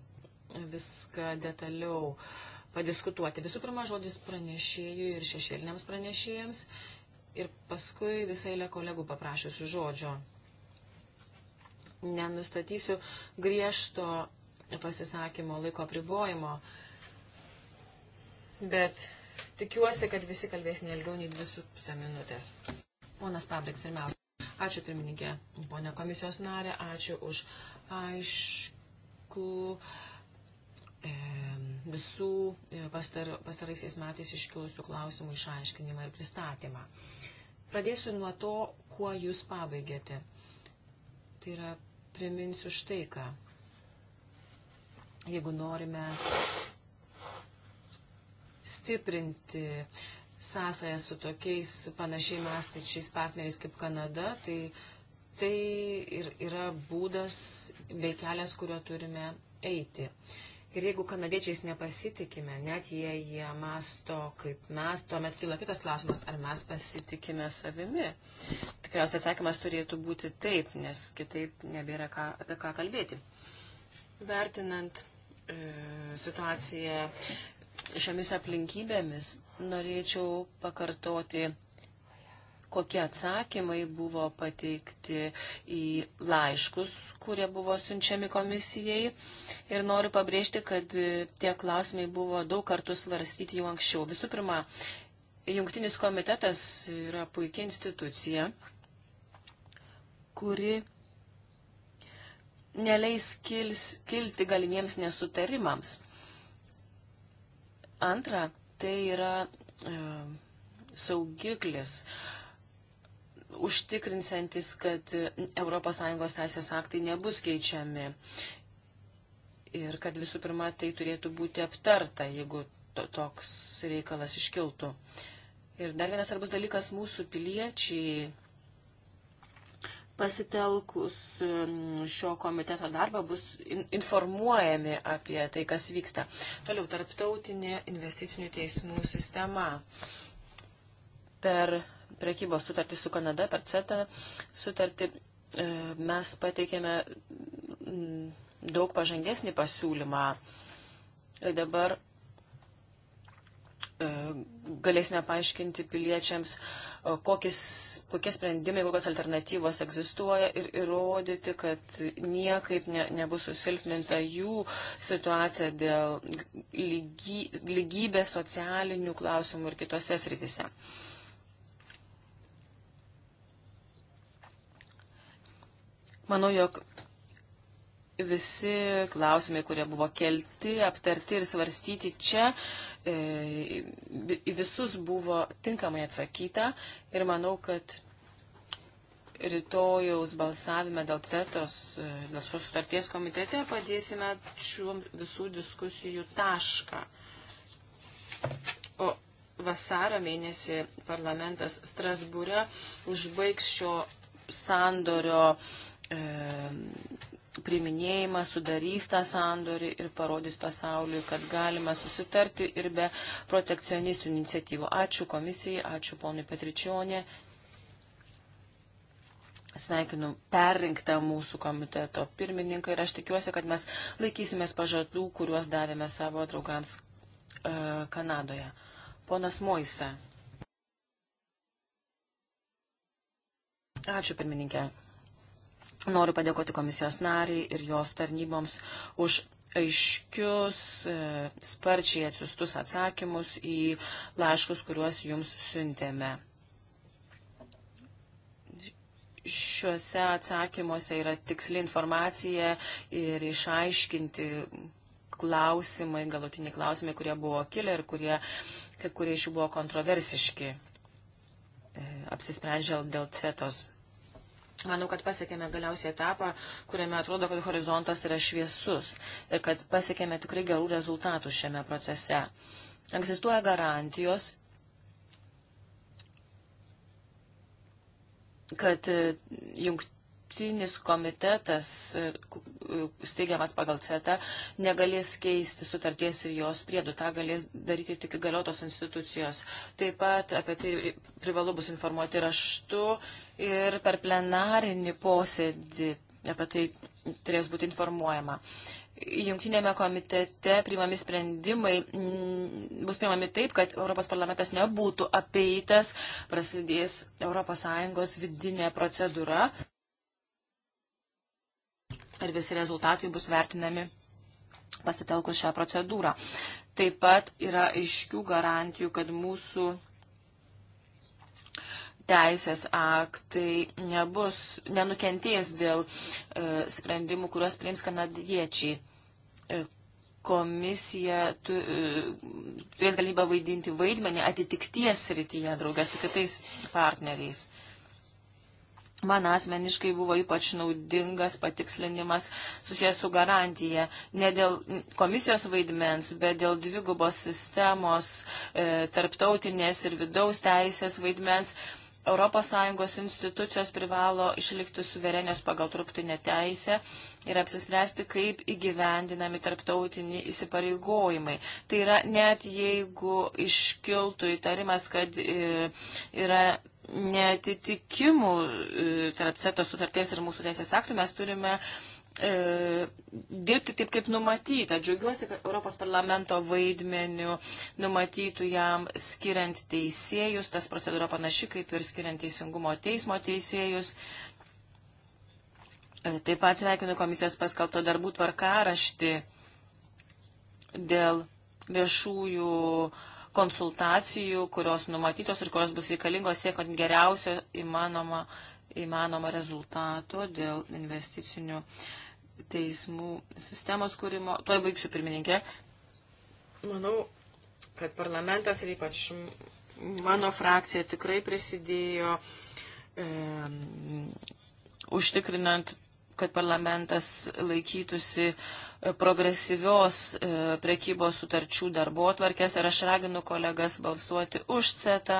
viską detaliau uh, padiskutuoti. Visų pirma, žodis pranešėjui ir šešėliniams pranešėjams ir paskui visai le kolegų paprašysiu žodžio. Nenustatysiu griežto pasisakymo laiko pribojimo, bet tikiuosi, kad visi kalbės neilgiau nei 2,5 minutės. Ponas Pabriks, pirmiausia. Ačiū pirmininkė, ponė komisijos narė, ačiū už aišku. E, visų e, pastar, pastaraisiais metais iškilusių klausimų išaiškinimą ir pristatymą. Pradėsiu nuo to, kuo jūs pabaigėte. Tai yra, priminsiu štai ką. Jeigu norime stiprinti sąsąją su tokiais panašiai mąstyčiais partneriais kaip Kanada, tai tai ir yra būdas bei kelias, kurio turime eiti. Uh, Ir jeigu kanadiečiais nepasitikime, net jei jie masto kaip mes, tuomet kyla kitas klausimas, ar mes pasitikime savimi. Tikriausiai atsakymas turėtų būti taip, nes kitaip nebėra ką, apie ką kalbėti. Vertinant e, situaciją šiomis aplinkybėmis, norėčiau pakartoti kokie atsakymai buvo pateikti į laiškus, kurie buvo siunčiami komisijai. Ir noriu pabrėžti, kad tie klausimai buvo daug kartų svarstyti jau anksčiau. Visų pirma, Jungtinis komitetas yra puikia institucija, kuri neleis kils, kilti galimiems nesutarimams. Antra, tai yra e, saugiklis, e, užtikrinsantis, kad ES teisės aktai nebus keičiami. Ir kad visų pirma tai turėtų būti aptarta, jeigu to, toks reikalas iškiltų. Ir dar vienas svarbus dalykas mūsų piliečiai. Pasitelkus um, šio komiteto darbą bus informuojami apie tai, kas vyksta. Toliau, tarptautinė investicinių teismų sistema. Per prekybos sutartį su Kanada, per CETA sutartį, e, mes pateikėme mm, daug pažangesnį pasiūlymą. E, dabar e, galėsime paaiškinti piliečiams, kokies, kokie sprendimai, kokios alternatyvos egzistuoja ir įrodyti, kad niekaip ne, nebus susilpninta jų situacija dėl lygy, lygybės socialinių klausimų ir kitose srityse. Uh, Manau, jog visi klausimai, kurie buvo kelti, aptarti ir svarstyti čia, e, į visus buvo tinkamai atsakyta ir manau, kad rytojaus balsavime dėl CETOS, e, dėl šios sutarties komitete padėsime šių visų diskusijų tašką. O vasario mėnesį parlamentas Strasbūre užbaigs šio sandorio e, priminėjimą, sudarys tą sandorį ir parodys pasauliui, kad galima susitarti ir be protekcionistų iniciatyvų. Ačiū komisijai, ačiū ponui Petričionė. Sveikinu perrinktą mūsų komiteto pirmininką ir aš tikiuosi, kad mes laikysimės pažadų, kuriuos davėme savo draugams e, Kanadoje. Ponas Moisa. Ačiū pirmininkė. Noriu padėkoti komisijos nariai ir jos tarnyboms už aiškius, e, sparčiai atsiustus atsakymus į laiškus, kuriuos jums siuntėme. Šiuose atsakymuose yra tiksli informacija ir išaiškinti klausimai, galutiniai klausimai, kurie buvo kilę ir kurie, kai kurie iš jų buvo kontroversiški, e, apsisprendžiant dėl CETOS Manau, kad pasiekėme galiausiai etapą, kuriame atrodo, kad horizontas yra šviesus ir kad pasiekėme tikrai gerų rezultatų šiame procese. Egzistuoja garantijos, kad e, jungt, tarptautinis komitetas, e, steigiamas pagal CETA, negalės keisti sutarties ir jos priedų. Ta galės daryti tik įgaliotos institucijos. Taip pat apie tai privalu bus informuoti raštu ir per plenarinį posėdį apie tai turės būti informuojama. Jungtinėme komitete priimami sprendimai mm, bus priimami taip, kad Europos parlamentas nebūtų apeitas, prasidės ES vidinė procedūra ir visi rezultatai bus vertinami pasitelkus šią procedūrą. Taip pat yra aiškių garantijų, kad mūsų teisės aktai nebus, nenukentės dėl e, sprendimų, kuriuos priims kanadiečiai. E, komisija tu, e, turės galimybę vaidinti vaidmenį atitikties srityje draugę su kitais partneriais. Man asmeniškai buvo ypač naudingas patikslinimas susijęs su garantija. Ne dėl komisijos vaidmens, bet dėl dvigubos sistemos, e, tarptautinės ir vidaus teisės vaidmens. ES institucijos privalo išlikti suverenios pagal truptinę teisę ir apsispręsti, kaip įgyvendinami tarptautiniai įsipareigojimai. Tai yra net jeigu iškiltų įtarimas, kad e, yra netitikimų e, tarp CETO sutarties ir mūsų teisės aktų mes turime e, dirbti taip, kaip numatyta. Džiaugiuosi, kad Europos parlamento vaidmeniu numatytų jam skiriant teisėjus, tas procedūra panaši kaip ir skiriant teisingumo teismo teisėjus. E, taip pat sveikinu komisijos paskelbto darbų tvarkaraštį dėl viešųjų e, konsultacijų, kurios numatytos ir kurios bus reikalingos siekant geriausio įmanoma, įmanoma rezultato dėl investicinių teismų sistemos kūrimo. Tuoj baigsiu pirmininkė. Manau, kad parlamentas ir ypač mano frakcija tikrai prisidėjo e, užtikrinant kad parlamentas laikytųsi e, progresyvios e, prekybos sutarčių darbo atvarkės ir aš raginu kolegas balsuoti už CETA,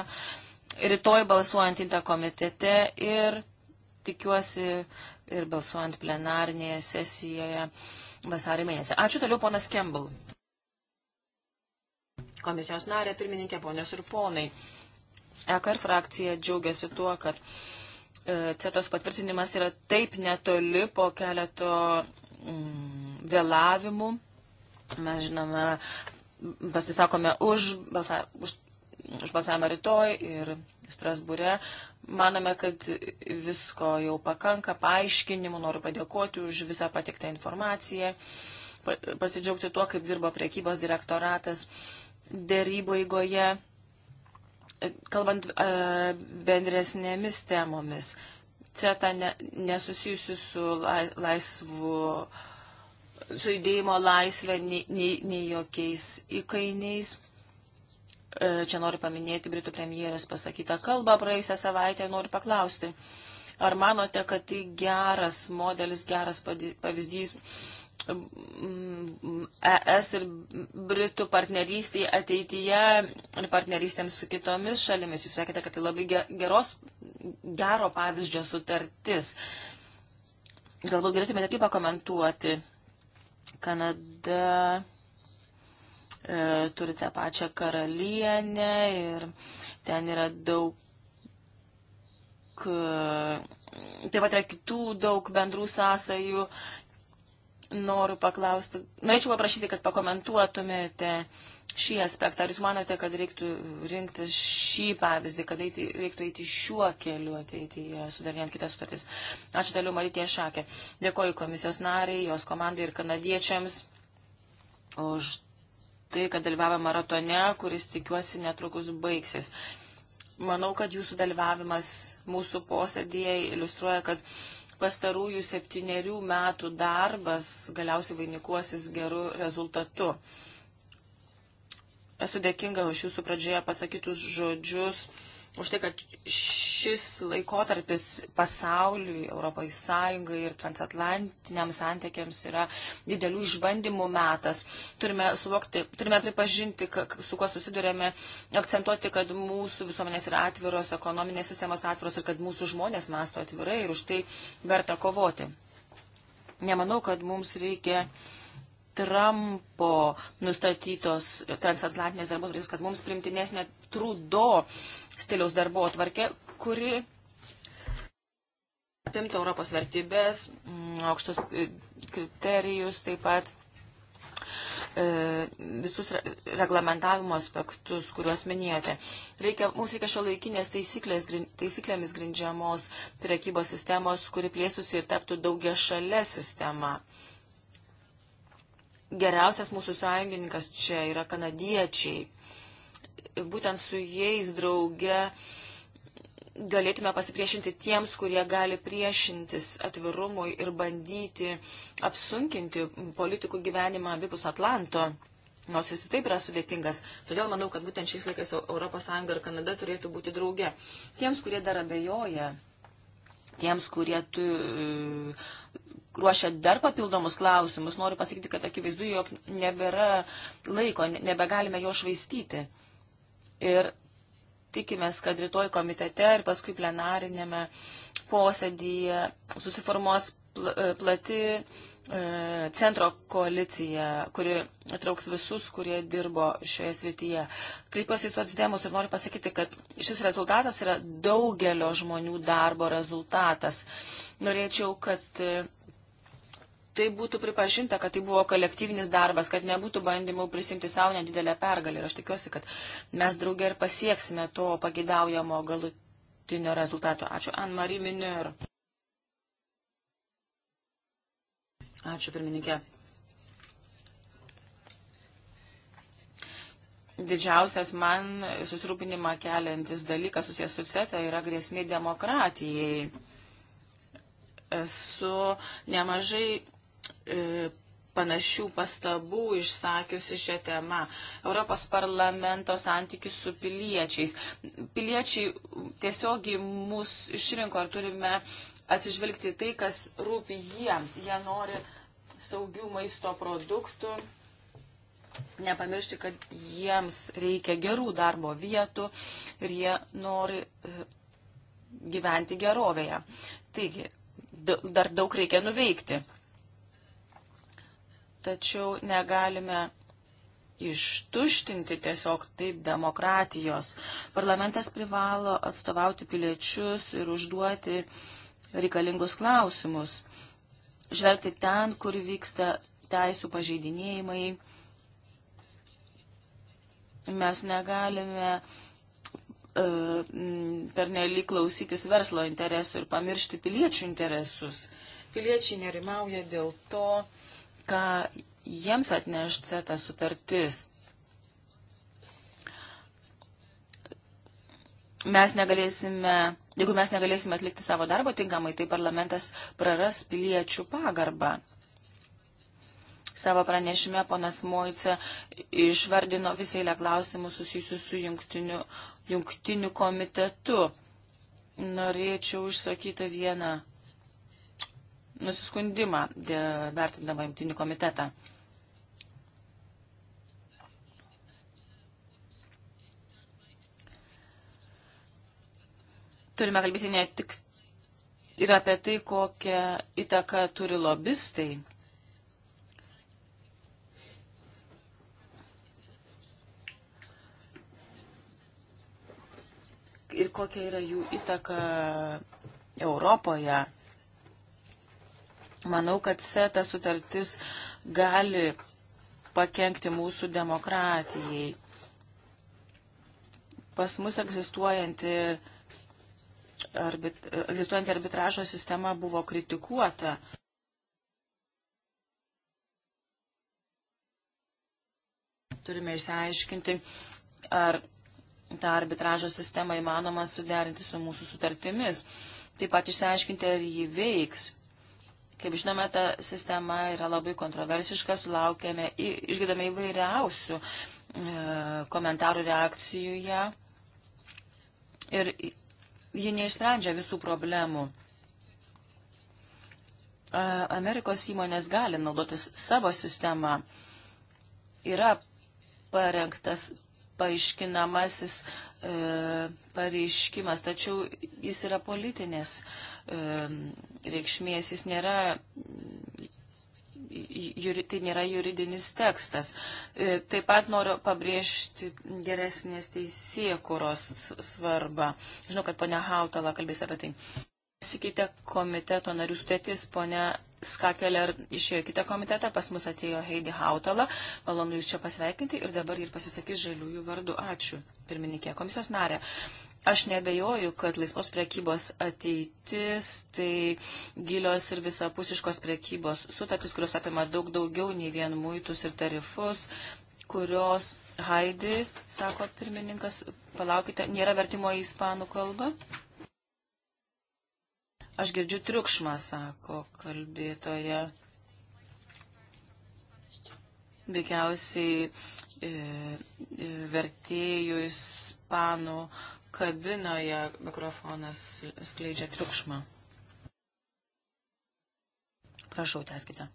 rytoj balsuojant į tą komitete ir tikiuosi ir balsuojant plenarnėje sesijoje vasarį mėnesį. Ačiū toliau, ponas Kembal. Komisijos narė, pirmininkė, ponios ir ponai. EKR frakcija džiaugiasi tuo, kad CETOS patvirtinimas yra taip netoli po keleto mm, vėlavimų. Mes žinome, pasisakome už, balsa, už, už balsavimą rytoj ir Strasbūre. Manome, kad visko jau pakanka, paaiškinimų, noriu padėkoti už visą patiktą informaciją, pasidžiaugti tuo, kaip dirbo priekybos direktoratas dėrybo įgoje kalbant e, bendresnėmis temomis, CETA ne, nesusijusi su laisvu, su judėjimo laisvė, nei, nei, nei jokiais įkainiais. E, čia noriu paminėti Britų premjeras pasakytą kalbą praėjusią savaitę, noriu paklausti. Ar manote, kad tai geras modelis, geras pavyzdys ES ir Britų partnerystėje ateityje ir partnerystėms su kitomis šalimis. Jūs sakėte, kad tai labai geros, gero pavyzdžio sutartis. Galbūt galėtumėte kaip pakomentuoti. Kanada e, turi tą pačią karalienę ir ten yra daug. E, taip pat yra kitų daug bendrų sąsajų noriu paklausti, norėčiau paprašyti, kad pakomentuotumėte šį aspektą. Ar jūs manote, kad reiktų rinktis šį pavyzdį, kad eiti, reiktų eiti šiuo keliu, ateiti sudarinant kitas sutartis? Ačiū toliau, Marytė Šakė. Dėkoju komisijos nariai, jos komandai ir kanadiečiams už tai, kad dalyvavo maratone, kuris tikiuosi netrukus baigsis. Manau, kad jūsų dalyvavimas mūsų posėdėje iliustruoja, kad pastarųjų septyniarių metų darbas galiausiai vainikuosis geru rezultatu. Esu dėkinga už jūsų pradžioje pasakytus žodžius už tai, kad šis laikotarpis pasauliui, Europai Sąjungai ir transatlantiniams santykiams yra didelių išbandymų metas. Turime suvokti, turime pripažinti, su kuo susidurėme, akcentuoti, kad mūsų visuomenės yra atviros, ekonominės sistemos atviros ir kad mūsų žmonės masto atvirai ir už tai verta kovoti. Nemanau, kad mums reikia. Trumpo nustatytos transatlantinės darbotrės, kad mums primtinesnė trudo stiliaus darbo atvarkę, kuri apimtų Europos vertybės, mm, aukštus e, kriterijus, taip pat e, visus reglamentavimo aspektus, kuriuos minėjote. Reikia, mums reikia šio laikinės taisyklėmis grindžiamos prekybos sistemos, kuri plėstųsi ir taptų daugia šalia sistema. Geriausias mūsų sąjungininkas čia yra kanadiečiai būtent su jais drauge galėtume pasipriešinti tiems, kurie gali priešintis atvirumui ir bandyti apsunkinti politikų gyvenimą abipus Atlanto. Nors jis taip yra sudėtingas. Todėl manau, kad būtent šiais laikais ES ir Kanada turėtų būti drauge. Tiems, kurie dar abejoja, tiems, kurie tu, ruošia dar papildomus klausimus, noriu pasakyti, kad akivaizdu, jog nebėra laiko, nebegalime jo švaistyti. Ir tikimės, kad rytoj komitete ir paskui plenarinėme posėdyje susiformuos e, plati e, centro koalicija, kuri atrauks visus, kurie dirbo šioje srityje. Kreipiuosi į socdemus ir noriu pasakyti, kad šis rezultatas yra daugelio žmonių darbo rezultatas. Norėčiau, kad e, tai būtų pripažinta, kad tai buvo kolektyvinis darbas, kad nebūtų bandymų prisimti savo nedidelę pergalę. Ir aš tikiuosi, kad mes draugė ir pasieksime to pagidaujamo galutinio rezultato. Ačiū, Anne-Marie Minur. Ačiū, pirmininkė. Didžiausias man susirūpinimą keliantis dalykas susijęs su CETA yra grėsmė demokratijai. Esu nemažai E, panašių pastabų išsakiusi šią temą. Europos parlamento santykis su piliečiais. Piliečiai tiesiogiai mus išrinko ir turime atsižvelgti tai, kas rūpi jiems. Jie nori saugių maisto produktų. Nepamiršti, kad jiems reikia gerų darbo vietų ir jie nori e, gyventi gerovėje. Taigi, dar daug reikia nuveikti tačiau negalime ištuštinti tiesiog taip demokratijos. Parlamentas privalo atstovauti piliečius ir užduoti reikalingus klausimus, žvelgti ten, kur vyksta teisų pažeidinėjimai. Mes negalime e, per nelik klausytis verslo interesų ir pamiršti piliečių interesus. Piliečiai nerimauja dėl to, ką jiems atneš CETA sutartis. Mes negalėsime, jeigu mes negalėsime atlikti savo darbo tinkamai, tai parlamentas praras piliečių pagarbą. Savo pranešime ponas Moice išvardino visą eilę klausimų susijusių su jungtiniu, jungtiniu komitetu. Norėčiau išsakyti vieną nusiskundimą vertindama jungtinį komitetą. Turime kalbėti ne tik ir apie tai, kokią įtaką turi lobistai. Ir kokia yra jų įtaka Europoje Manau, kad SETA sutartis gali pakengti mūsų demokratijai. Pas mus egzistuojanti, arbit, egzistuojanti arbitražo sistema buvo kritikuota. Turime išsiaiškinti, ar tą arbitražo sistemą įmanoma suderinti su mūsų sutartimis. Taip pat išsiaiškinti, ar jį veiks Kaip žinome, ta sistema yra labai kontroversiška, sulaukėme, išgirdome įvairiausių e, komentarų reakcijų ją ir ji neišsprendžia visų problemų. Amerikos įmonės gali naudotis savo sistemą. Yra parengtas paaiškinamasis e, pareiškimas, tačiau jis yra politinės e, reikšmės, jis nėra tai nėra juridinis tekstas. E, taip pat noriu pabrėžti geresnės teisėkuros svarbą. Žinau, kad ponia Hautala kalbės apie tai. Pasikeitė komiteto narių sudėtis, ponia Skakeler išėjo kitą komitetą, pas mus atėjo Heidi Hautala. Malonu jūs čia pasveikinti ir dabar ir pasisakys žaliųjų vardu. Ačiū, pirmininkė, komisijos narė. Aš nebejoju, kad laisvos prekybos ateitis tai gilios ir visapusiškos prekybos sutartys, kurios apima daug daugiau nei vien muitus ir tarifus, kurios Haidi, sako pirmininkas, palaukite, nėra vertimo į ispanų kalbą. Aš girdžiu triukšmą, sako kalbėtoja. Veikiausiai e, e, vertėjų ispanų kalbą kabinoje mikrofonas skleidžia triukšmą. Prašau, teskite.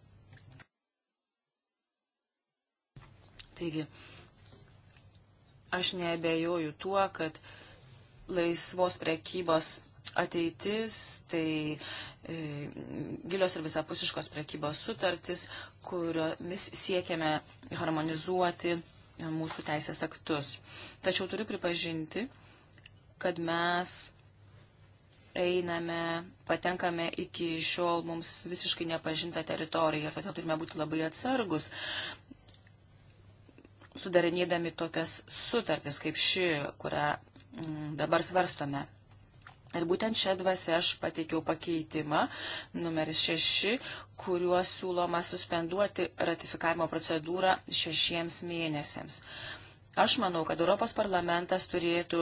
Taigi, aš neabejoju tuo, kad laisvos prekybos ateitis, tai e, gilios ir visapusiškos prekybos sutartis, kuriomis siekiame harmonizuoti mūsų teisės aktus. Tačiau turiu pripažinti, kad mes einame, patenkame iki šiol mums visiškai nepažintą teritoriją ir todėl turime būti labai atsargus, sudarinėdami tokias sutartis kaip ši, kurią m, mm, dabar svarstome. Ir būtent šią dvasę aš pateikiau pakeitimą, numeris 6, kuriuo siūloma suspenduoti ratifikavimo procedūrą šešiems mėnesiams. Uh, Aš manau, kad Europos parlamentas turėtų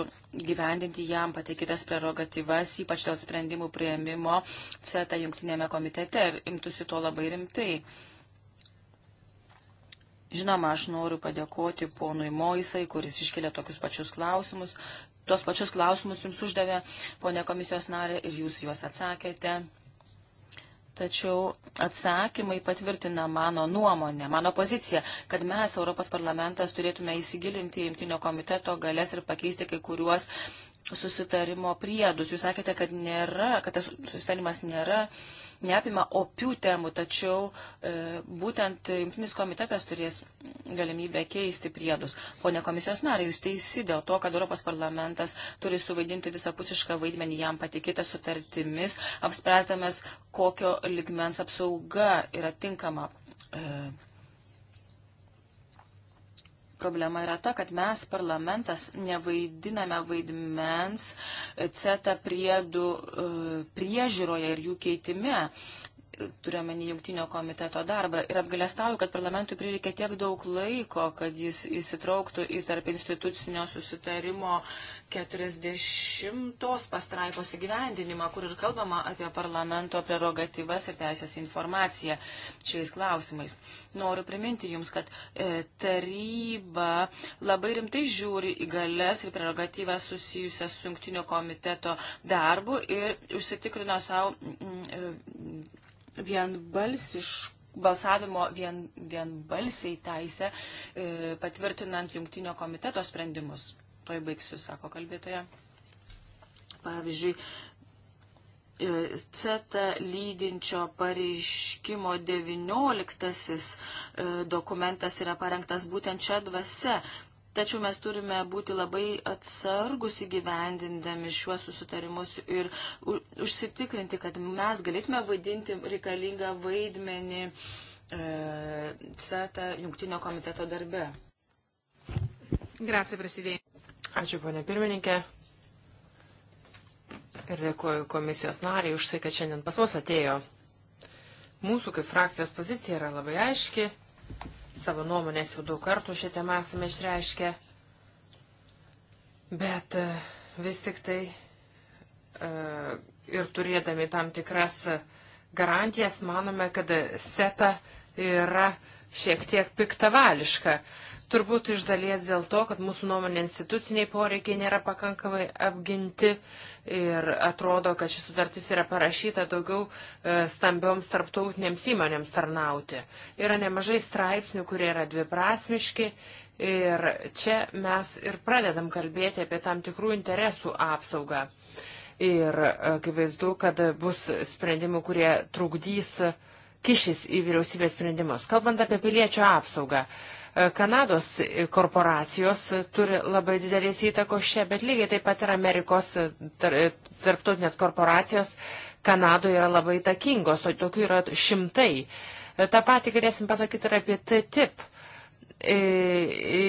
gyvendinti jam patikėtas prerogatyvas, ypač dėl sprendimų prieimimo CETA jungtinėme komitete ir imtųsi to labai rimtai. Žinoma, aš noriu padėkoti ponui Moisai, kuris iškelia tokius pačius klausimus. Tuos pačius klausimus jums uždavė ponė komisijos narė ir jūs juos atsakėte. Tačiau atsakymai patvirtina mano nuomonę, mano poziciją, kad mes, Europos parlamentas, turėtume įsigilinti į jungtinio komiteto galės ir pakeisti kai kuriuos susitarimo priedus. Jūs sakėte, kad, nėra, kad tas susitarimas nėra, neapima opių temų, tačiau e, būtent jungtinis komitetas turės galimybę keisti priedus. Pone komisijos nariai, jūs teisi dėl to, kad Europos parlamentas turi suvaidinti visapusišką vaidmenį jam patikėtą sutartimis, apspręsdamas, kokio ligmens apsauga yra tinkama. E, problema yra ta, kad mes parlamentas nevaidiname vaidmens e, CETA priedų e, priežiūroje ir jų keitime turiuomenį jungtinio komiteto darbą. Ir apgalėstauju, kad parlamentui prireikė tiek daug laiko, kad jis įsitrauktų į tarp institucinio susitarimo 40 pastraipos įgyvendinimą, kur ir kalbama apie parlamento prerogatyvas ir teisės informaciją šiais klausimais. Noriu priminti Jums, kad e, taryba labai rimtai žiūri į galės ir prerogatyvas susijusias su jungtinio komiteto darbu ir užsitikrino savo vienbalsiškų balsavimo vien, vienbalsiai teisę e, patvirtinant jungtinio komiteto sprendimus. Toj baigsiu, sako kalbėtoja. Pavyzdžiui, e, CETA lydinčio pareiškimo 19 e, dokumentas yra parengtas būtent čia dvasia. Tačiau mes turime būti labai atsargus įgyvendindami šiuos susitarimus ir užsitikrinti, kad mes galėtume vaidinti reikalingą vaidmenį e, CETA jungtinio komiteto darbe. Grazie, prezidentė. Ačiū, ponė pirmininkė. Ir dėkuoju komisijos nariai už tai, kad šiandien pas mus atėjo. Mūsų kaip frakcijos pozicija yra labai aiški savo nuomonės jau daug kartų šią temą esame išreiškę, bet e, vis tik tai e, ir turėdami tam tikras garantijas, manome, kad seta yra šiek tiek piktavališka. Turbūt iš dalies dėl to, kad mūsų nuomonė instituciniai poreikiai nėra pakankamai apginti ir atrodo, kad šis sutartis yra parašyta daugiau e, stambioms tarptautinėms įmonėms tarnauti. Yra nemažai straipsnių, kurie yra dviprasmiški ir čia mes ir pradedam kalbėti apie tam tikrų interesų apsaugą. Ir akivaizdu, kad bus sprendimų, kurie trukdys kišis į vyriausybės sprendimus. Kalbant apie piliečio apsaugą, uh, Kanados korporacijos turi labai didelės įtakos čia, bet lygiai taip pat ir Amerikos tarptautinės korporacijos Kanadoje yra labai įtakingos, o tokių yra šimtai. Ta pati galėsim pasakyti ir apie TTIP. E, e,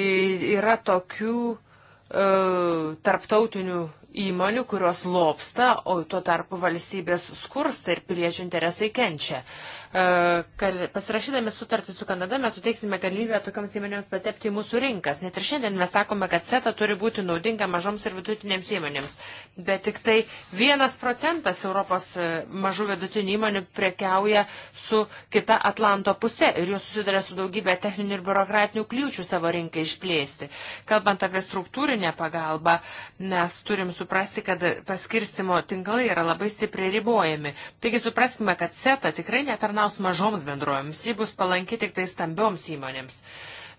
yra tokių e, tarptautinių įmonių, kurios lopsta, o tuo tarpu valstybės skursta ir piliečių interesai kenčia. E, pasirašydami sutartį su Kanada mes suteiksime galimybę tokiams įmonėms patepti į mūsų rinkas. Net ir šiandien mes sakome, kad CETA turi būti naudinga mažoms ir vidutinėms įmonėms. Bet tik tai vienas procentas Europos e, mažų vidutinių įmonių prekiauja su kita Atlanto puse ir jos susiduria su daugybė techninių ir biurokratinių kliūčių savo rinkai išplėsti. Kalbant apie struktūrinę pagalbą, mes turim su suprasti, kad paskirstimo tinklai yra labai stipriai ribojami. Taigi supraskime, kad SETA tikrai netarnaus mažoms bendrovėms, ji bus palanki tik tai stambioms įmonėms.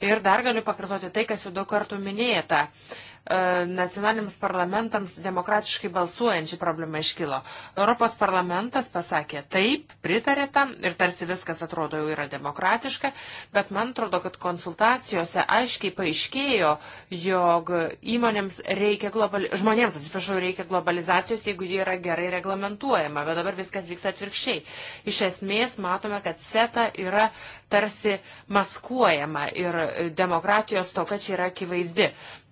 Ir dar galiu pakartoti tai, kas jau daug kartų minėta. Uh, E, nacionaliniams parlamentams demokratiškai balsuojančią problemą iškilo. Europos parlamentas pasakė taip, pritarė tam ir tarsi viskas atrodo jau yra demokratiška, bet man atrodo, kad konsultacijose aiškiai paaiškėjo, jog įmonėms reikia, globali... žmonėms, atsiprašau, reikia globalizacijos, jeigu ji yra gerai reglamentuojama, bet dabar viskas vyksta atvirkščiai. Iš esmės matome, kad SETA yra tarsi maskuojama ir demokratijos to, kad čia yra akivaizdi.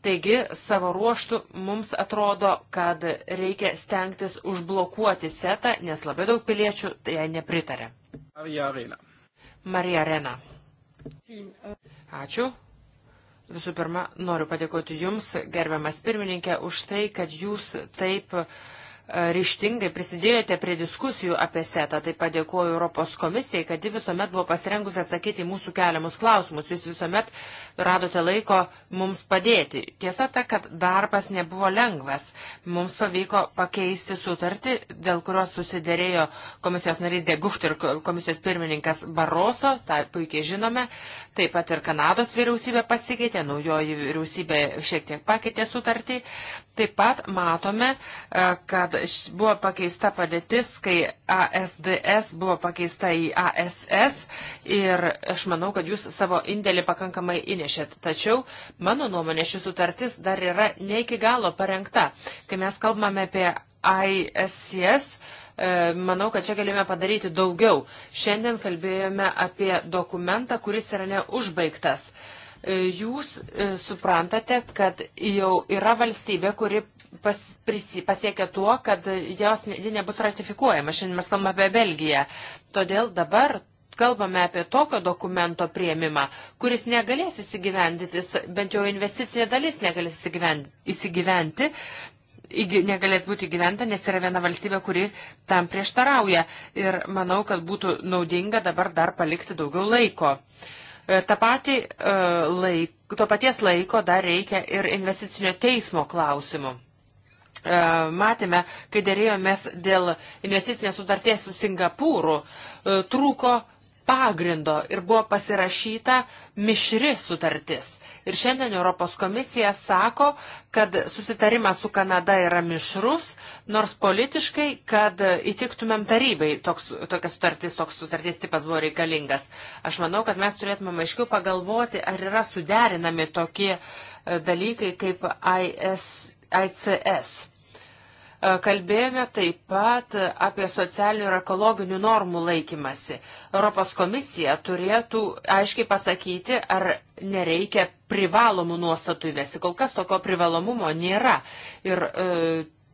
Taigi, savo ruoštų mums atrodo, kad reikia stengtis užblokuoti setą, nes labai daug piliečių tai nepritarė. Marija Arena. Marija Arena. Ačiū. Visų pirma, noriu padėkoti Jums, gerbiamas pirmininkė, už tai, kad Jūs taip uh, ryštingai prisidėjote prie diskusijų apie setą. Taip pat dėkuoju Europos komisijai, kad ji visuomet buvo pasirengusi atsakyti į mūsų keliamus klausimus. Jūs visuomet radote laiko mums padėti. Tiesa ta, kad darbas nebuvo lengvas. Mums pavyko pakeisti sutartį, dėl kurios susidėrėjo komisijos narys Degucht ir komisijos pirmininkas Baroso, tą puikiai žinome. Taip pat ir Kanados vyriausybė pasikeitė, naujoji vyriausybė šiek tiek pakeitė sutartį. Taip pat matome, e, kad buvo pakeista padėtis, kai ASDS buvo pakeista į ASS ir aš manau, kad jūs savo indėlį pakankamai įnešėt. Tačiau, mano nuomonė, ši sutartis dar yra ne iki galo parengta. Kai mes kalbame apie ISCS, e, manau, kad čia galime padaryti daugiau. Šiandien kalbėjome apie dokumentą, kuris yra neužbaigtas. E, jūs e, suprantate, kad jau yra valstybė, kuri pas, prisi, pasiekė tuo, kad jos ji nebus ratifikuojama. Šiandien mes kalbame apie Belgiją. Todėl dabar kalbame apie tokio dokumento prieimimą, kuris negalės įsigyvendyti, bent jau investicinė dalis negalės įsigyventi, negalės būti gyventa, nes yra viena valstybė, kuri tam prieštarauja. Ir manau, kad būtų naudinga dabar dar palikti daugiau laiko. Ta pati, e, laik, to paties laiko dar reikia ir investicinio teismo klausimų. E, matėme, kai dėrėjomės dėl investicinės sutarties su Singapūru, e, trūko pagrindo ir buvo pasirašyta mišri sutartis. Ir šiandien Europos komisija sako, kad susitarimas su Kanada yra mišrus, nors politiškai, kad įtiktumėm tarybai, toks, tokia sutartis, toks sutarties tipas buvo reikalingas. Aš manau, kad mes turėtumėm aiškiau pagalvoti, ar yra suderinami tokie e, dalykai kaip IS ICS. E, kalbėjome taip pat apie socialinių ir ekologinių normų laikymasi. Europos komisija turėtų aiškiai pasakyti, ar nereikia privalomų nuostatų įvesti. Kol kas tokio privalomumo nėra. Ir e,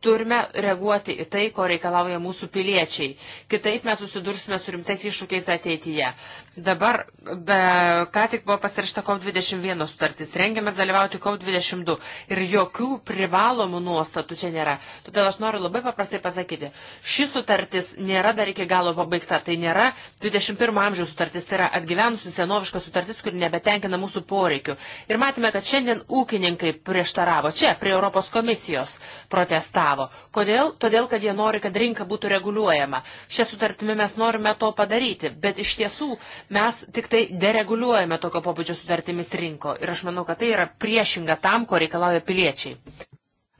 turime reaguoti į tai, ko reikalauja mūsų piliečiai. Kitaip mes susidursime su rimtais iššūkiais ateityje. Dabar da, ką tik buvo pasirašta COP21 sutartis, rengiamės dalyvauti COP22 ir jokių privalomų nuostatų čia nėra. Todėl aš noriu labai paprastai pasakyti, ši sutartis nėra dar iki galo pabaigta, tai nėra 21 amžiaus sutartis, tai yra atgyvenusi senoviška sutartis, kuri nebetenkina mūsų poreikių. Ir matėme, kad šiandien ūkininkai prieštaravo čia, prie Europos komisijos protestavo. Kodėl? Todėl, kad jie nori, kad rinka būtų reguliuojama. Šią sutartimį mes norime to padaryti, bet iš tiesų Mes tik tai dereguliuojame tokio pobūdžio sutartimis rinko ir aš manau, kad tai yra priešinga tam, ko reikalauja piliečiai.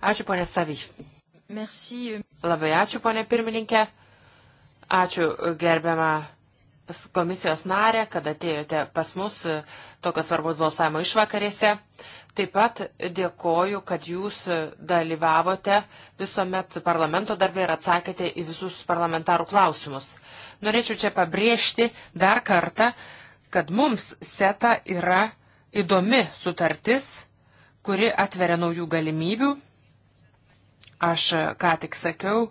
Ačiū, ponė Savy. Merci. Labai ačiū, ponė pirmininkė. Ačiū, gerbiama komisijos narė, kad atėjote pas mus tokios svarbus balsavimo išvakarėse. Taip pat dėkoju, kad jūs dalyvavote visuomet parlamento darbė ir atsakėte į visus parlamentarų klausimus. Norėčiau čia pabrėžti dar kartą, kad mums SETA yra įdomi sutartis, kuri atveria naujų galimybių. Aš ką tik sakiau,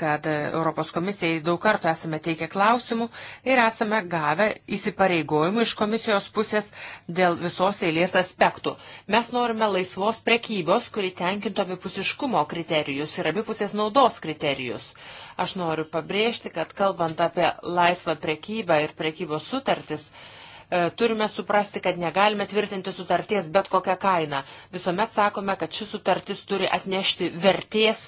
kad Europos komisijai daug kartų esame teikę klausimų ir esame gavę įsipareigojimų iš komisijos pusės dėl visos eilės aspektų. Mes norime laisvos prekybos, kuri tenkintų abipusiškumo kriterijus ir abipusės naudos kriterijus. Aš noriu pabrėžti, kad kalbant apie laisvą prekybą ir prekybos sutartis, e, turime suprasti, kad negalime tvirtinti sutarties bet kokią kainą. Visuomet sakome, kad ši sutartis turi atnešti vertės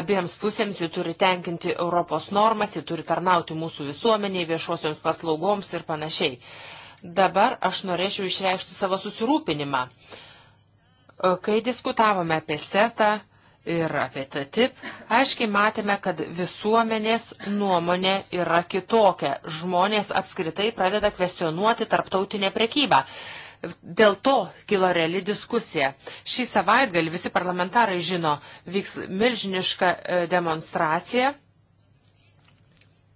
abiems pusėms, ji turi tenkinti Europos normas, ji turi tarnauti mūsų visuomeniai, viešosioms paslaugoms ir panašiai. Dabar aš norėčiau išreikšti savo susirūpinimą. E, kai diskutavome apie setą, ir apie TTIP, aiškiai matėme, kad visuomenės nuomonė yra kitokia. Žmonės apskritai pradeda kvestionuoti tarptautinę prekybą. Dėl to kilo reali diskusija. Šį savaitgalį visi parlamentarai žino, vyks milžiniška e, demonstracija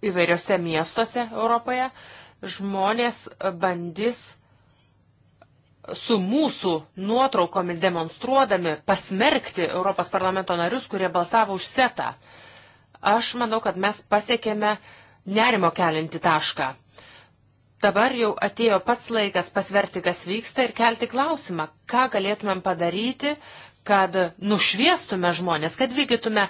įvairiose miestuose Europoje. Žmonės bandys su mūsų nuotraukomis demonstruodami pasmerkti Europos parlamento narius, kurie balsavo už setą. Aš manau, kad mes pasiekėme nerimo kelinti tašką. Dabar jau atėjo pats laikas pasverti, kas vyksta ir kelti klausimą, ką galėtumėm padaryti, kad nušviestume žmonės, kad vykdytume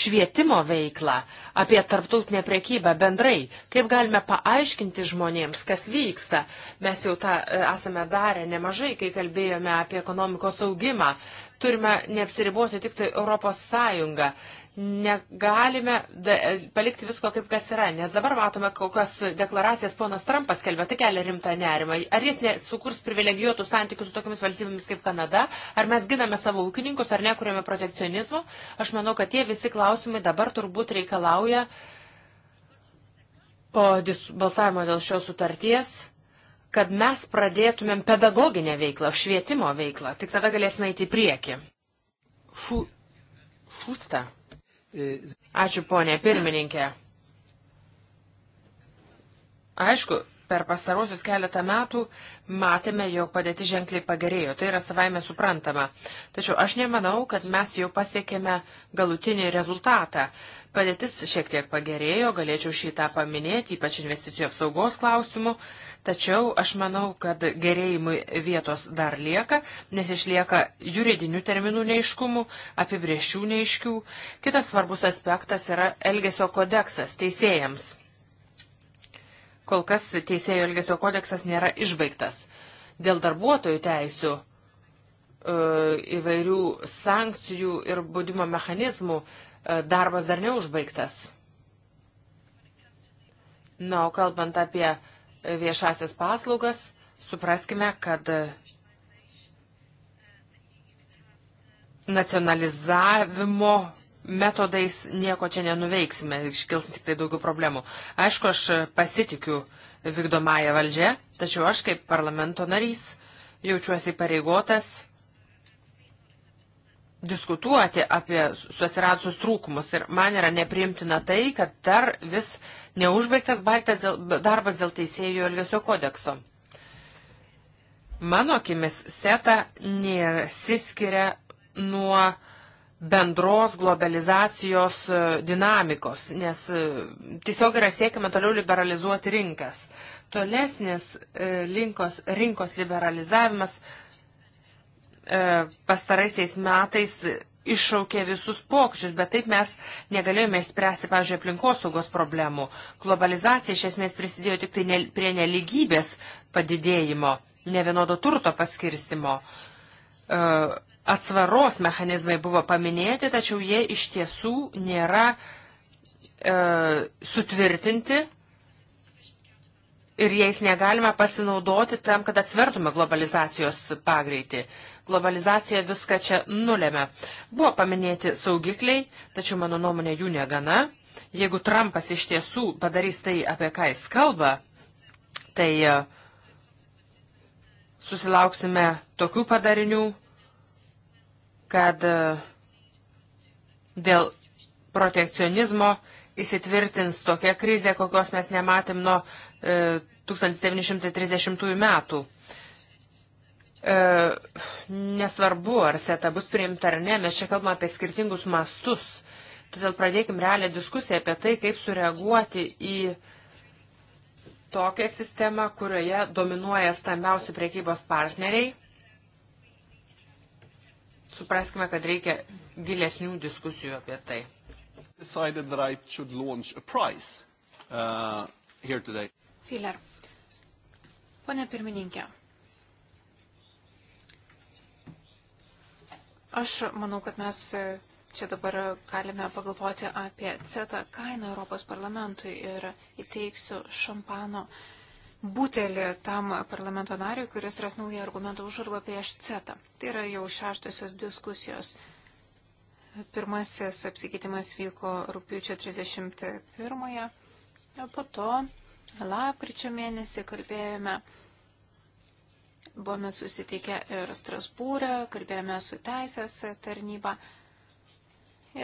švietimo veiklą apie tarptautinę priekybą bendrai, kaip galime paaiškinti žmonėms, kas vyksta. Mes jau tą e, esame darę nemažai, kai kalbėjome apie ekonomikos augimą. Turime neapsiriboti tik tai Europos Sąjungą. Negalime da, palikti visko kaip kas yra, nes dabar matome, kokias deklaracijas ponas Trumpas kelbė, tai kelia rimtą nerimą. Ar jis sukurs privilegijuotų santykių su tokiamis valstybėmis kaip Kanada, ar mes giname savo ūkininkus, ar nekuriame protekcionizmo. Aš manau, kad tie visi klausimai dabar turbūt reikalauja po balsavimo dėl šios sutarties kad mes pradėtumėm pedagoginę veiklą, švietimo veiklą. Tik tada galėsime eiti į priekį. Šū, šūsta. Ačiū, ponė pirmininkė. Aišku, per pastarosius keletą metų matėme, jog padėti ženkliai pagerėjo. Tai yra savaime suprantama. Tačiau aš nemanau, kad mes jau pasiekėme galutinį rezultatą. Padėtis šiek tiek pagerėjo, galėčiau šitą paminėti, ypač investicijų apsaugos klausimų. Uh, Tačiau aš manau, kad gerėjimui vietos dar lieka, nes išlieka juridinių terminų neiškumų, apibriešių neiškių. Kitas svarbus aspektas yra Elgesio kodeksas teisėjams. Kol kas teisėjo Elgesio kodeksas nėra išbaigtas. Dėl darbuotojų teisių e, įvairių sankcijų ir būdimo mechanizmų e, darbas dar neužbaigtas. Na, o kalbant apie viešasias paslaugas, supraskime, kad nacionalizavimo metodais nieko čia nenuveiksime, iškils tik tai daugiau problemų. Aišku, aš pasitikiu vykdomąją valdžią, tačiau aš kaip parlamento narys jaučiuosi pareigotas diskutuoti apie susiradusius trūkumus. Ir man yra nepriimtina tai, kad dar vis neužbaigtas baigtas darbas dėl teisėjų elgesio kodekso. Mano akimis seta nesiskiria nuo bendros globalizacijos e, dinamikos, nes e, tiesiog yra siekiama toliau liberalizuoti rinkas. Tolesnis rinkos, e, rinkos liberalizavimas E, pastaraisiais metais iššaukė visus pokyčius, bet taip mes negalėjome išspręsti, pavyzdžiui, aplinkosaugos problemų. Globalizacija iš esmės prisidėjo tik tai ne, prie neligybės padidėjimo, nevienodo turto paskirstimo. E, atsvaros mechanizmai buvo paminėti, tačiau jie iš tiesų nėra e, sutvirtinti ir jais negalime pasinaudoti tam, kad atsvertume globalizacijos pagreitį. Globalizacija viską čia nulėmė. Buvo paminėti saugikliai, tačiau mano nuomonė jų negana. Jeigu Trumpas iš tiesų padarys tai, apie ką jis kalba, tai e, susilauksime tokių padarinių, kad e, dėl protekcionizmo įsitvirtins tokia krizė, kokios mes nematėm nuo e, 1930 metų e, nesvarbu, ar seta bus priimta ar ne, mes čia kalbame apie skirtingus mastus. Todėl pradėkim realią diskusiją apie tai, kaip sureaguoti į tokią sistemą, kurioje dominuoja stambiausi priekybos partneriai. Supraskime, kad reikia gilesnių diskusijų apie tai. Uh, Filer. Pone pirmininkė, Aš manau, kad mes čia dabar galime pagalvoti apie CETA kainą Europos parlamentui ir įteiksiu šampano butelį tam parlamento nariui, kuris ras naują argumentą už arba prieš CETA. Tai yra jau šeštosios diskusijos. Pirmasis apsikeitimas vyko rūpiučio 31. Po to lapkričio mėnesį kalbėjome Buvome susitikę ir Strasbūrę, kalbėjome su teisės tarnyba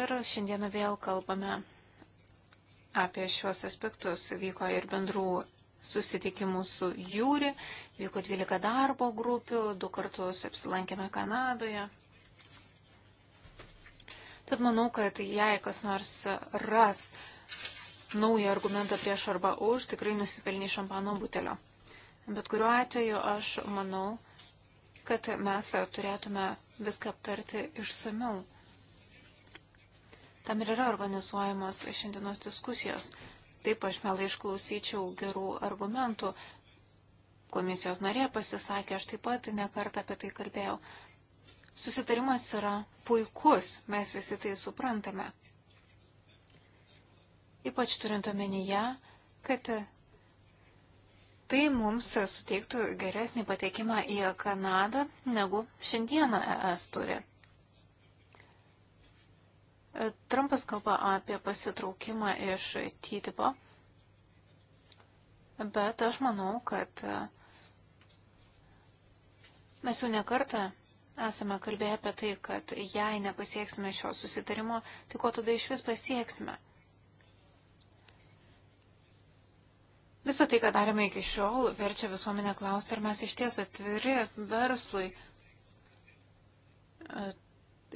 ir šiandieną vėl kalbame apie šios aspektus. Vyko ir bendrų susitikimų su Jūri, vyko 12 darbo grupių, du kartus apsilankėme Kanadoje. Tad manau, kad jei kas nors ras naują argumentą prieš arba už, tikrai nusipelnė šampano butelio. Bet kuriuo atveju aš manau, kad mes turėtume viską aptarti išsamiau. Tam ir yra organizuojamos šiandienos diskusijos. Taip aš melai išklausyčiau gerų argumentų. Komisijos narė pasisakė, aš taip pat nekartą apie tai kalbėjau. Susitarimas yra puikus, mes visi tai suprantame. Ypač turint omenyje, kad Tai mums suteiktų geresnį patekimą į Kanadą, negu šiandieną ES turi. Trumpas kalba apie pasitraukimą iš TTIPO, bet aš manau, kad mes jau nekartą esame kalbėję apie tai, kad jei nepasieksime šio susitarimo, tai ko tada iš vis pasieksime? Visą tai, ką darėme iki šiol, verčia visuomenę klausti, ar mes iš ties atviri verslui e,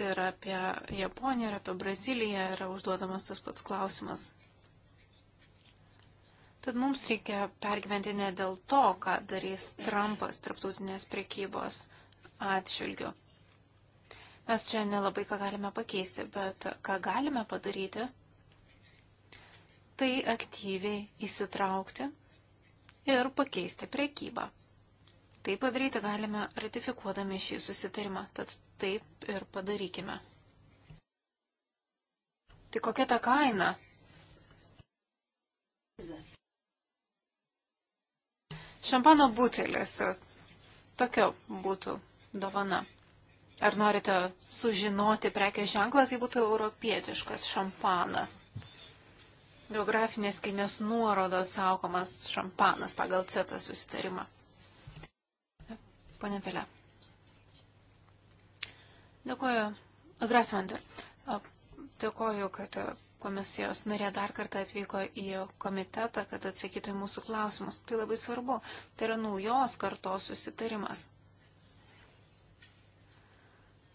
ir apie Japoniją, ir apie Braziliją yra užduodamas tas pats klausimas. Tad mums reikia pergyventi ne dėl to, ką darys Trumpas tarptautinės priekybos atšvilgiu. Mes čia nelabai ką galime pakeisti, bet ką galime padaryti, tai aktyviai įsitraukti ir pakeisti priekybą. Tai padaryti galime ratifikuodami šį susitarimą, tad taip ir padarykime. Tai kokia ta kaina? Šampano butelis. Tokia būtų dovana. Ar norite sužinoti prekės ženklą, tai būtų europietiškas šampanas geografinės kilmės nuorodos saugomas šampanas pagal CETA susitarimą. Pone Vėlė. Dėkuoju. Grasvander. Dėkuoju, kad komisijos narė dar kartą atvyko į komitetą, kad atsakytų į mūsų klausimus. Tai labai svarbu. Tai yra naujos kartos susitarimas.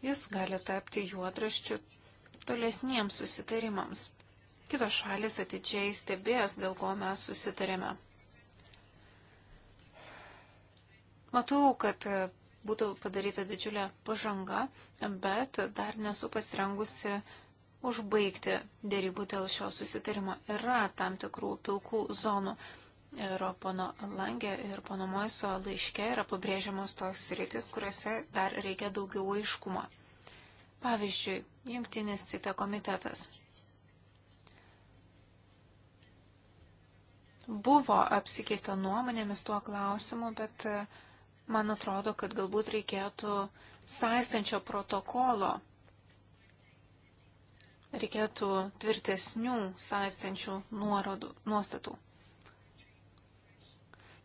Jis gali tapti juodraščiu tolesniems susitarimams. Kitos šalis atidžiai stebės, dėl ko mes susitarėme. Matau, kad būtų padaryta didžiulė pažanga, bet dar nesu pasirengusi užbaigti dėrybų dėl šio susitarimo. Yra tam tikrų pilkų zonų. Ir pono Langė ir pono Moiso laiške yra pabrėžiamos tos rytis, kuriuose dar reikia daugiau aiškumo. Pavyzdžiui, jungtinis cita komitetas. Buvo apsikeista nuomonėmis tuo klausimu, bet e, man atrodo, kad galbūt reikėtų saistančio protokolo. Reikėtų tvirtesnių saistančių nuorodų, nuostatų.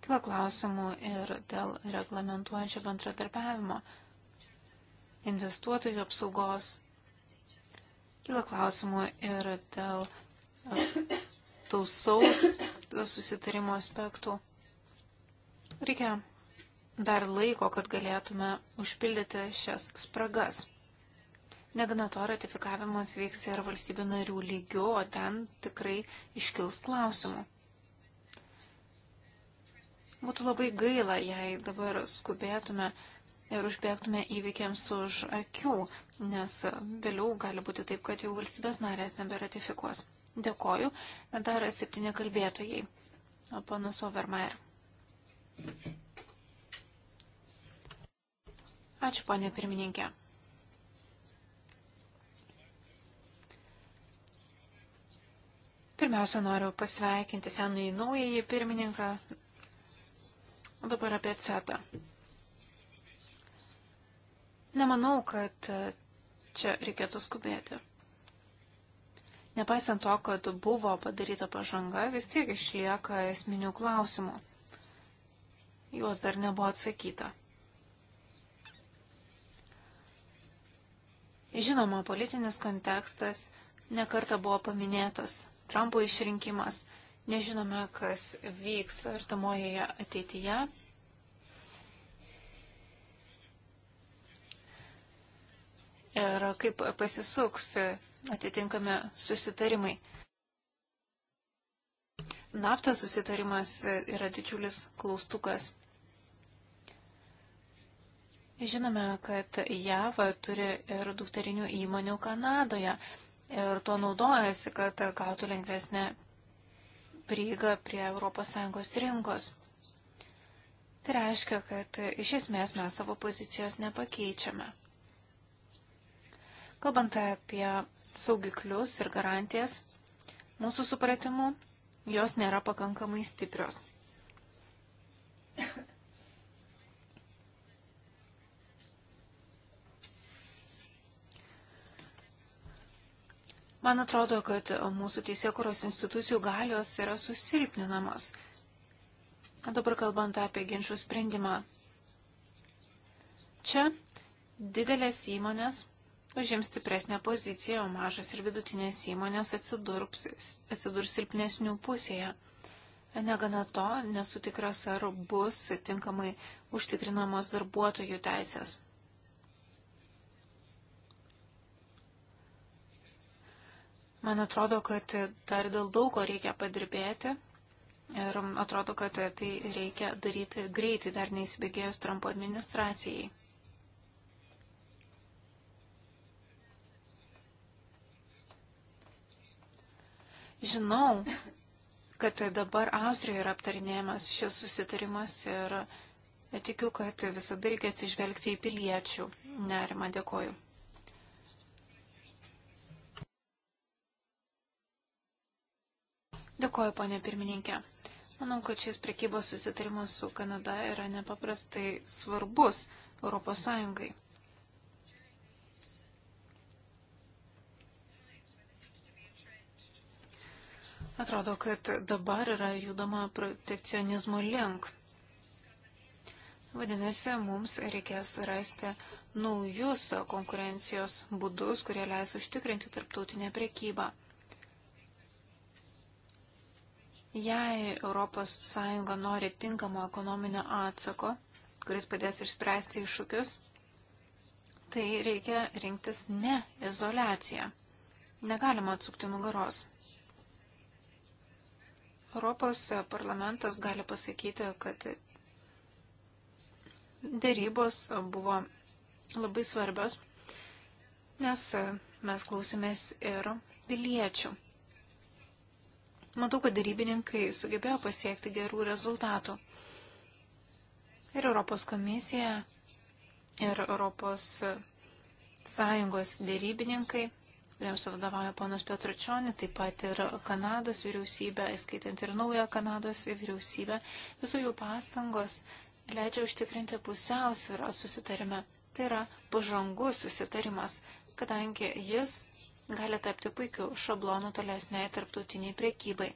Kila klausimų ir dėl reglamentuojančio bendradarbiavimo, investuotojų apsaugos. Kila klausimų ir dėl tausaus susitarimo aspektų. Reikia dar laiko, kad galėtume užpildyti šias spragas. Negana to ratifikavimas vyks ir valstybių narių lygių, o ten tikrai iškils klausimų. Būtų labai gaila, jei dabar skubėtume ir užbėgtume įvykiams už akių, nes vėliau gali būti taip, kad jau valstybės narės neberatifikuos. Dėkoju. Dar septyni kalbėtojai. Panus Overmeier. Ačiū, ponė pirmininkė. Pirmiausia, noriu pasveikinti senai naująjį pirmininką, o dabar apie CETA. Nemanau, kad čia reikėtų skubėti. Nepaisant to, kad buvo padaryta pažanga, vis tiek išlieka esminių klausimų. Juos dar nebuvo atsakyta. Žinoma, politinis kontekstas nekarta buvo paminėtas. Trumpo išrinkimas. Nežinome, kas vyks artimojoje ateityje. Ir kaip pasisuks atitinkami susitarimai. Naftos susitarimas yra didžiulis klaustukas. Žinome, kad JAV turi ir dukterinių įmonių Kanadoje ir tuo naudojasi, kad gautų lengvesnę prieigą prie ES rinkos. Tai reiškia, kad iš esmės mes savo pozicijos nepakeičiame. Kalbant apie saugiklius ir garantijas, mūsų supratimu, jos nėra pakankamai stiprios. Man atrodo, kad mūsų teisėkuros institucijų galios yra susilpninamos. Dabar kalbant apie ginčių sprendimą. Čia didelės įmonės užims stipresnę poziciją, o mažas ir vidutinės įmonės atsidurs, atsidurs silpnesnių pusėje. Negana to, nesu tikras, ar bus tinkamai užtikrinamos darbuotojų teisės. Man atrodo, kad dar dėl daug ko reikia padirbėti ir atrodo, kad tai reikia daryti greitai, dar neįsibėgėjus Trumpo administracijai. Žinau, kad dabar Austrijoje yra aptarinėjamas šis susitarimas ir tikiu, kad visada reikia atsižvelgti į piliečių nerimą. Dėkoju. Dėkoju, ponė pirmininkė. Manau, kad šis prekybos susitarimas su Kanada yra nepaprastai svarbus Europos Sąjungai. Atrodo, kad dabar yra judama protekcionizmo link. Vadinasi, mums reikės rasti naujus konkurencijos būdus, kurie leis užtikrinti tarptautinę prekybą. Jei ES nori tinkamo ekonominio atsako, kuris padės išspręsti iššūkius, tai reikia rinktis ne izolaciją. Negalima atsukti nugaros. Europos parlamentas gali pasakyti, kad dėrybos buvo labai svarbios, nes mes klausimės ir piliečių. Matau, kad dėrybininkai sugebėjo pasiekti gerų rezultatų. Ir Europos komisija, ir Europos Sąjungos dėrybininkai kuriems vadovauja ponas Petručioni, taip pat ir Kanados vyriausybė, įskaitant ir naują Kanados vyriausybę, visų jų pastangos leidžia užtikrinti pusiausvyrą susitarime. Tai yra pažangus susitarimas, kadangi jis gali tapti puikiu šablonu tolesniai tarptautiniai priekybai.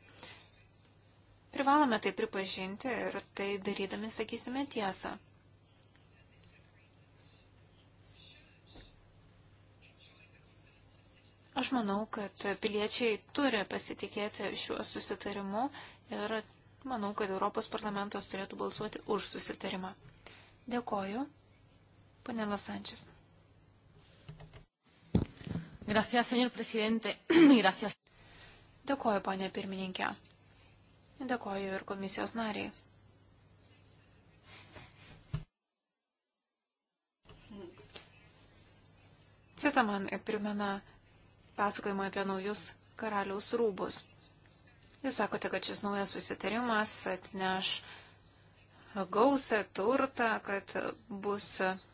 Privalome tai pripažinti ir tai darydami sakysime tiesą. Aš manau, kad piliečiai turi pasitikėti šiuo susitarimu ir manau, kad Europos parlamentas turėtų balsuoti už susitarimą. Dėkoju. Pane Losančias. Gracias, señor presidente. Gracias. Dėkoju, ponė pirmininkė. Dėkoju ir komisijos nariai. Cita man primena pasakojimą apie naujus karaliaus rūbus. Jūs sakote, kad šis naujas susitarimas atneš gausą turtą, kad bus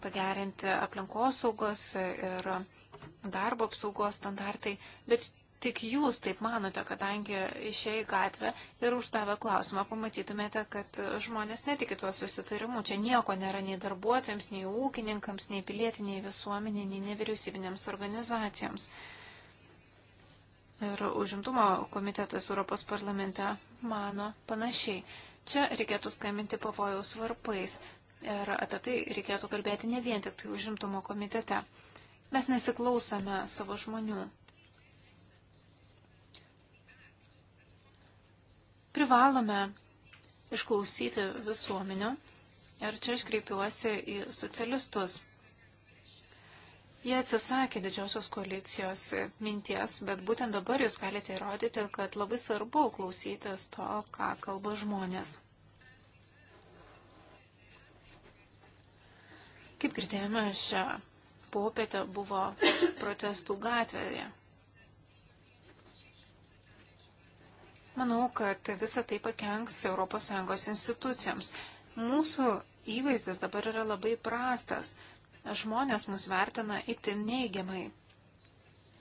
pagerinti aplinkosaugos ir darbo apsaugos standartai, bet tik jūs taip manote, kadangi išėjai gatvę ir uždavę klausimą, pamatytumėte, kad žmonės netiki tuo susitarimu. Čia nieko nėra nei darbuotojams, nei ūkininkams, nei pilietiniai visuomeniai, nei nevyriausybinėms organizacijoms ir užimtumo komitetas Europos parlamente mano panašiai. Čia reikėtų skambinti pavojaus varpais ir apie tai reikėtų kalbėti ne vien tik tai užimtumo komitete. Mes nesiklausome savo žmonių. Privalome išklausyti visuomenę ir čia aš kreipiuosi į socialistus. Jie atsisakė didžiosios koalicijos minties, bet būtent dabar jūs galite įrodyti, kad labai svarbu klausytis to, ką kalba žmonės. Kaip girdėjome, šią popietę buvo protestų gatvėje. Manau, kad visa tai pakenks ES institucijoms. Mūsų įvaizdis dabar yra labai prastas žmonės mus vertina itin neigiamai.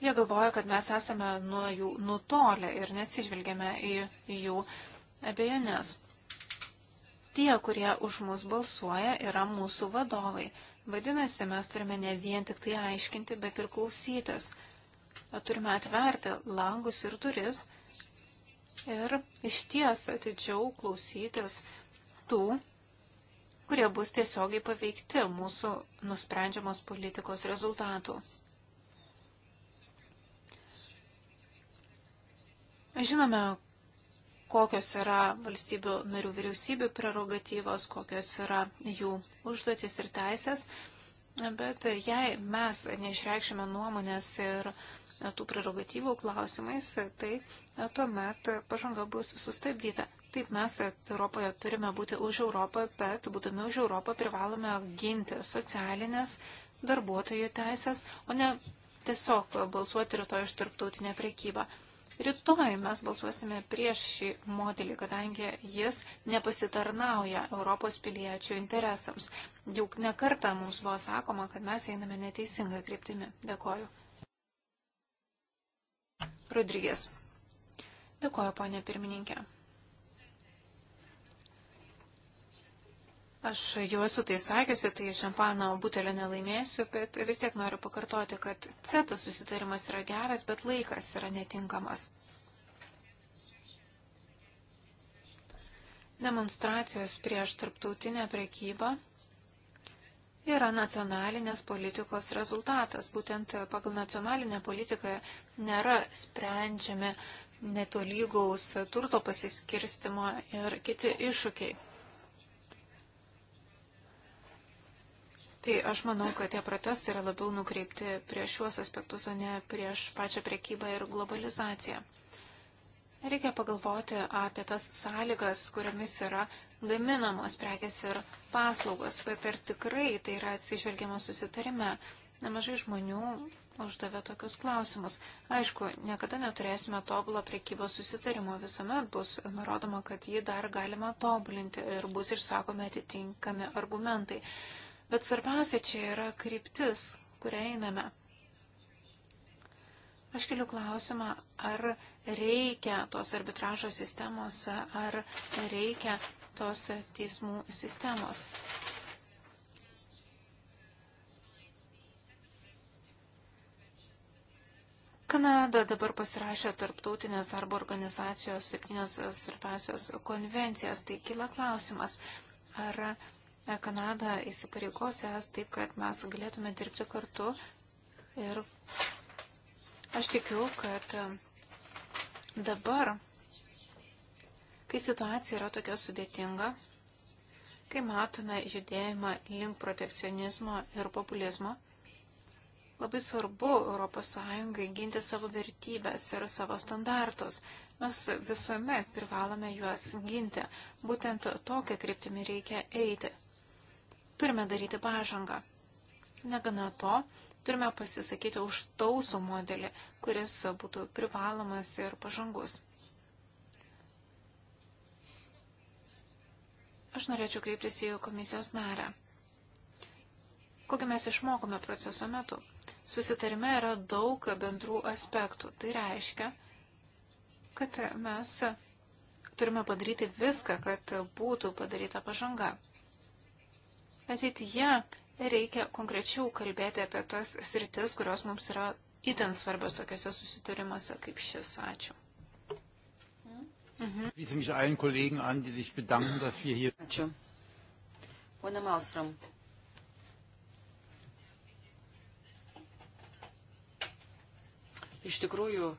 Jie galvoja, kad mes esame nuo jų nutolę ir neatsižvelgiame į jų abejonės. Tie, kurie už mus balsuoja, yra mūsų vadovai. Vadinasi, mes turime ne vien tik tai aiškinti, bet ir klausytis. Turime atverti langus ir duris ir iš ties atidžiau klausytis tų, kurie bus tiesiogiai paveikti mūsų nusprendžiamos politikos rezultatų. Žinome, kokios yra valstybių narių vyriausybių prerogatyvos, kokios yra jų užduotis ir teisės, bet jei mes neišreikšime nuomonės ir tų prerogatyvų klausimais, tai tuomet pažanga bus sustabdyta. Taip mes Europoje turime būti už Europą, bet būdami už Europą privalome ginti socialinės darbuotojų teisės, o ne tiesiog balsuoti rytoj už tarptautinę prekybą. Rytoj mes balsuosime prieš šį modelį, kadangi jis nepasitarnauja Europos piliečių interesams. Juk nekarta mums buvo sakoma, kad mes einame neteisingą kryptimį. Dėkoju. Rodrygės. Dėkoju, ponė pirmininkė. Aš jau esu tai sakiusi, tai šampano butelio nelaimėsiu, bet vis tiek noriu pakartoti, kad CETA susitarimas yra geras, bet laikas yra netinkamas. Demonstracijos prieš tarptautinę prekybą yra nacionalinės politikos rezultatas. Būtent pagal nacionalinę politiką nėra sprendžiami netolygaus turto pasiskirstimo ir kiti iššūkiai. Tai aš manau, kad tie protestai yra labiau nukreipti prieš šiuos aspektus, o ne prieš pačią priekybą ir globalizaciją. Reikia pagalvoti apie tas sąlygas, kuriamis yra gaminamos prekes ir paslaugos, bet ar tikrai tai yra atsižvelgiama susitarime. Nemažai žmonių uždavė tokius klausimus. Aišku, niekada neturėsime tobulo prekybos susitarimo, visuomet bus nurodoma, kad jį dar galima tobulinti ir bus išsakomi atitinkami argumentai. Bet svarbiausia čia yra kryptis, kurią einame. Aš keliu klausimą, ar reikia tos arbitražo sistemos, ar reikia tos teismų sistemos. Kanada dabar pasirašė tarptautinės darbo organizacijos septynios svarbiausios konvencijas. Tai kila klausimas, ar E, Kanada įsipareigos es taip, kad mes galėtume dirbti kartu. Ir aš tikiu, kad e, dabar, kai situacija yra tokia sudėtinga, kai matome judėjimą link protekcionizmo ir populizmo, labai svarbu ES ginti savo vertybės ir savo standartus. Mes visuomet privalome juos ginti. Būtent tokią kryptimį reikia eiti. Turime daryti pažangą. Negana to, turime pasisakyti už tausų modelį, kuris būtų privalomas ir pažangus. Aš norėčiau kreiptis į komisijos narę. Kokį mes išmokome proceso metu? Susitarime yra daug bendrų aspektų. Tai reiškia, kad mes turime padaryti viską, kad būtų padaryta pažanga. Ateityje reikia konkrečiau kalbėti apie tas sritis, kurios mums yra itin svarbios tokiuose susitarimuose kaip šis. Ačiū. Mhm. Ačiū. Pone Malstrom. Iš tikrųjų,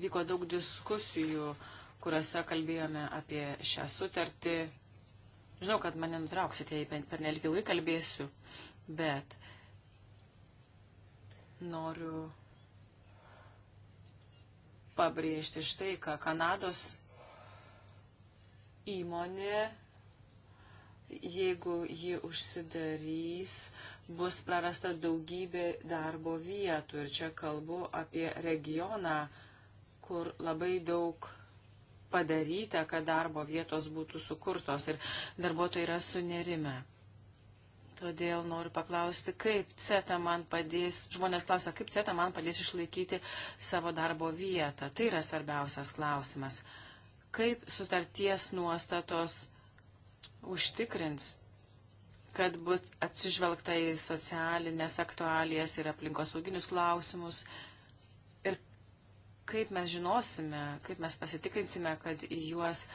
įvyko daug diskusijų, kuriuose kalbėjome apie šią sutartį, Žinau, kad mane nutrauksite, jei per nelik ilgai kalbėsiu, bet noriu pabrėžti štai, ką Kanados įmonė, jeigu ji užsidarys, bus prarasta daugybė darbo vietų. Ir čia kalbu apie regioną, kur labai daug padaryta, kad darbo vietos būtų sukurtos ir darbuotojai yra sunerime. Todėl noriu paklausti, kaip CETA man padės, žmonės klausia, kaip CETA man padės išlaikyti savo darbo vietą. Tai yra svarbiausias klausimas. Kaip sutarties nuostatos užtikrins, kad bus atsižvelgta į socialinės aktualijas ir aplinkosauginius klausimus. klausimus kaip mes žinosime, kaip mes pasitikrinsime, kad į juos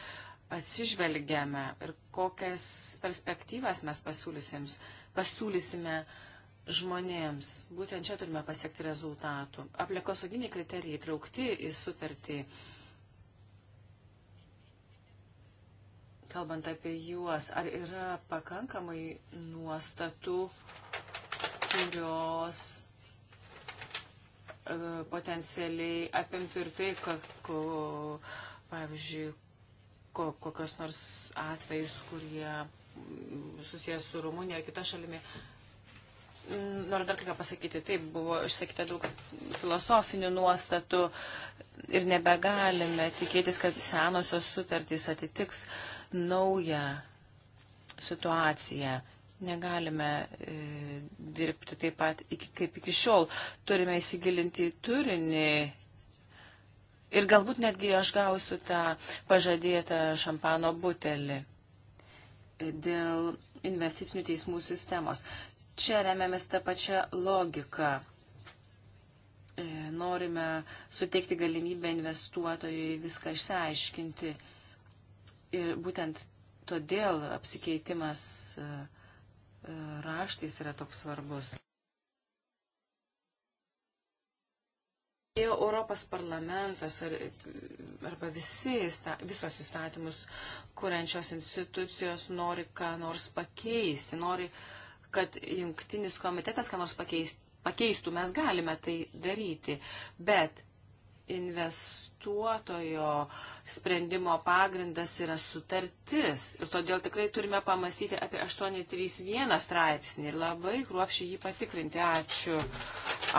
atsižvelgiame ir kokias perspektyvas mes pasiūlysime žmonėms. Būtent čia turime pasiekti rezultatų. Aplinkosauginiai kriterijai traukti į sutartį. Kalbant apie juos, ar yra pakankamai nuostatų, kurios potencialiai apimtų ir tai, kad, ko, pavyzdžiui, ko, kokios nors atvejus, kurie susijęs su Rumunija ar kita šalimi. Noriu dar ką pasakyti, taip buvo išsakyta daug filosofinių nuostatų ir nebegalime tikėtis, kad senosios sutartys atitiks naują situaciją Negalime e, dirbti taip pat iki, kaip iki šiol. Turime įsigilinti į turinį. Ir galbūt netgi aš gausiu tą pažadėtą šampano butelį e, dėl investicinių teismų sistemos. Čia remiamės tą pačią logiką e, norime suteikti galimybę investuotojui viską išsiaiškinti. Ir būtent todėl apsikeitimas uh, raštais yra toks svarbus. Europos parlamentas ar, arba visi, visos įstatymus kuriančios institucijos nori ką nors pakeisti, nori, kad jungtinis komitetas ką nors pakeist, pakeistų, mes galime tai daryti, bet investuotojo sprendimo pagrindas yra sutartis. Ir todėl tikrai turime pamastyti apie 831 straipsnį ir labai kruopšiai jį patikrinti. Ačiū.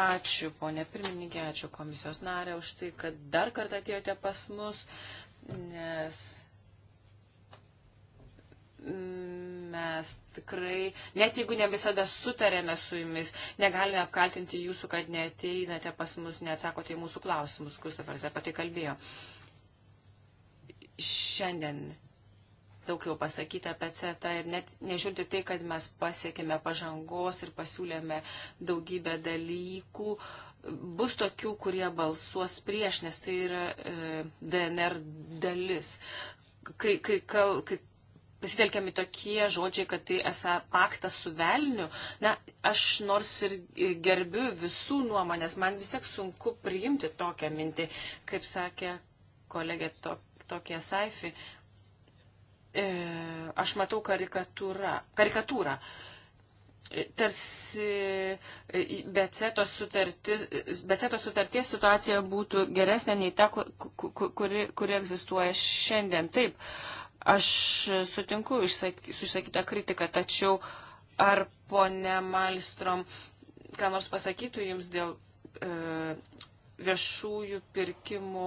Ačiū, ponė pirmininkė, ačiū komisijos narė už tai, kad dar kartą atėjote pas mus, nes. Mm, mes tikrai, net jeigu ne visada sutarėme su jumis, negalime apkaltinti jūsų, kad neteinate pas mus, neatsakote į mūsų klausimus, Kristoferis apie tai kalbėjo. Šiandien daug jau pasakyta apie CETA ir net nežiūrinti tai, kad mes pasiekėme pažangos ir pasiūlėme daugybę dalykų, bus tokių, kurie balsuos prieš, nes tai yra e, DNR dalis. Kai, kai, kal, kai pasitelkiami tokie žodžiai, kad tai esą paktas su velniu. Na, aš nors ir gerbiu visų nuomonės, man vis tiek sunku priimti tokią mintį, kaip sakė kolegė to, tokie Saifi. E, aš matau karikatūrą. karikatūrą. E, tarsi e, beceto sutartis, beceto sutarties situacija būtų geresnė nei ta, kuri, kuri egzistuoja šiandien. Taip. E, Aš sutinku išsaky, su išsakyta kritika, tačiau ar ponė Malstrom, ką nors pasakytų jums dėl e, viešųjų pirkimų,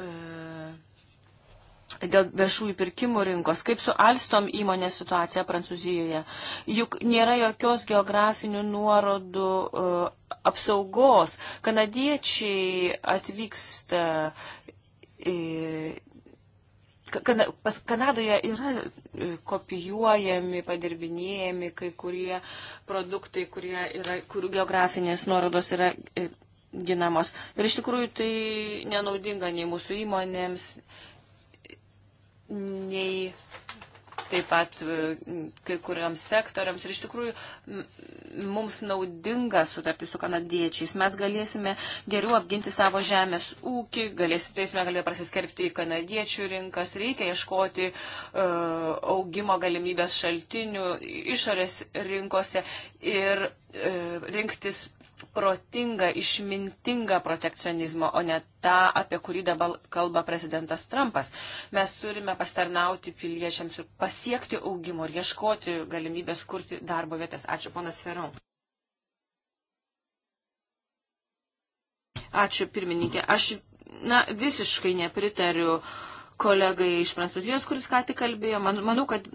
e, dėl viešųjų pirkimų rinkos, kaip su Alstom įmonės situacija Prancūzijoje. Juk nėra jokios geografinių nuorodų e, apsaugos. Kanadiečiai atvyksta Kana, pas, Kanadoje yra e, kopijuojami, padirbinėjami kai kurie produktai, kurie yra, kurių geografinės nuorodos yra e, ginamos. Ir iš tikrųjų tai nenaudinga nei mūsų įmonėms, nei taip pat e, kai kuriams sektoriams. Ir iš tikrųjų mums naudinga sutartis su kanadiečiais. Mes galėsime geriau apginti savo žemės ūkį, galėsime galėsime prasiskerpti į kanadiečių rinkas, reikia ieškoti uh, augimo galimybės šaltinių išorės rinkose ir uh, rinktis protingą, išmintingą protekcionizmą, o ne tą, apie kurį dabar kalba prezidentas Trumpas. Mes turime pastarnauti piliečiams ir pasiekti augimo ir ieškoti galimybės kurti darbo vietas. Ačiū, ponas Ferau. Ačiū, pirmininkė. Aš na, visiškai nepritariu kolegai iš Prancūzijos, kuris ką tik kalbėjo. Man, manau, kad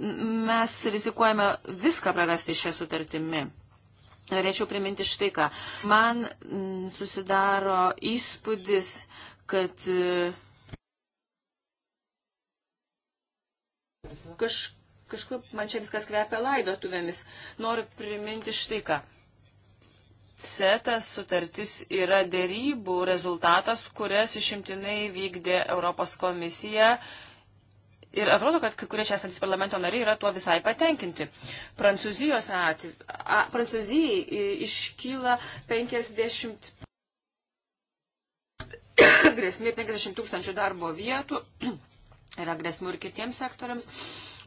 mes rizikuojame viską prarasti šią sutartimi norėčiau priminti štai ką. Man m, mm, susidaro įspūdis, kad e, kaž, kažkaip man čia viskas kvepia laidotuvėmis. Noriu priminti štai ką. CETAS sutartis yra dėrybų rezultatas, kurias išimtinai vykdė Europos komisija Ir atrodo, kad kai kurie šias parlamento nariai yra tuo visai patenkinti. Prancūzijos atveju, Prancūzijai iškyla 50 grėsmė 50 tūkstančių darbo vietų, yra grėsmų ir kitiems sektoriams.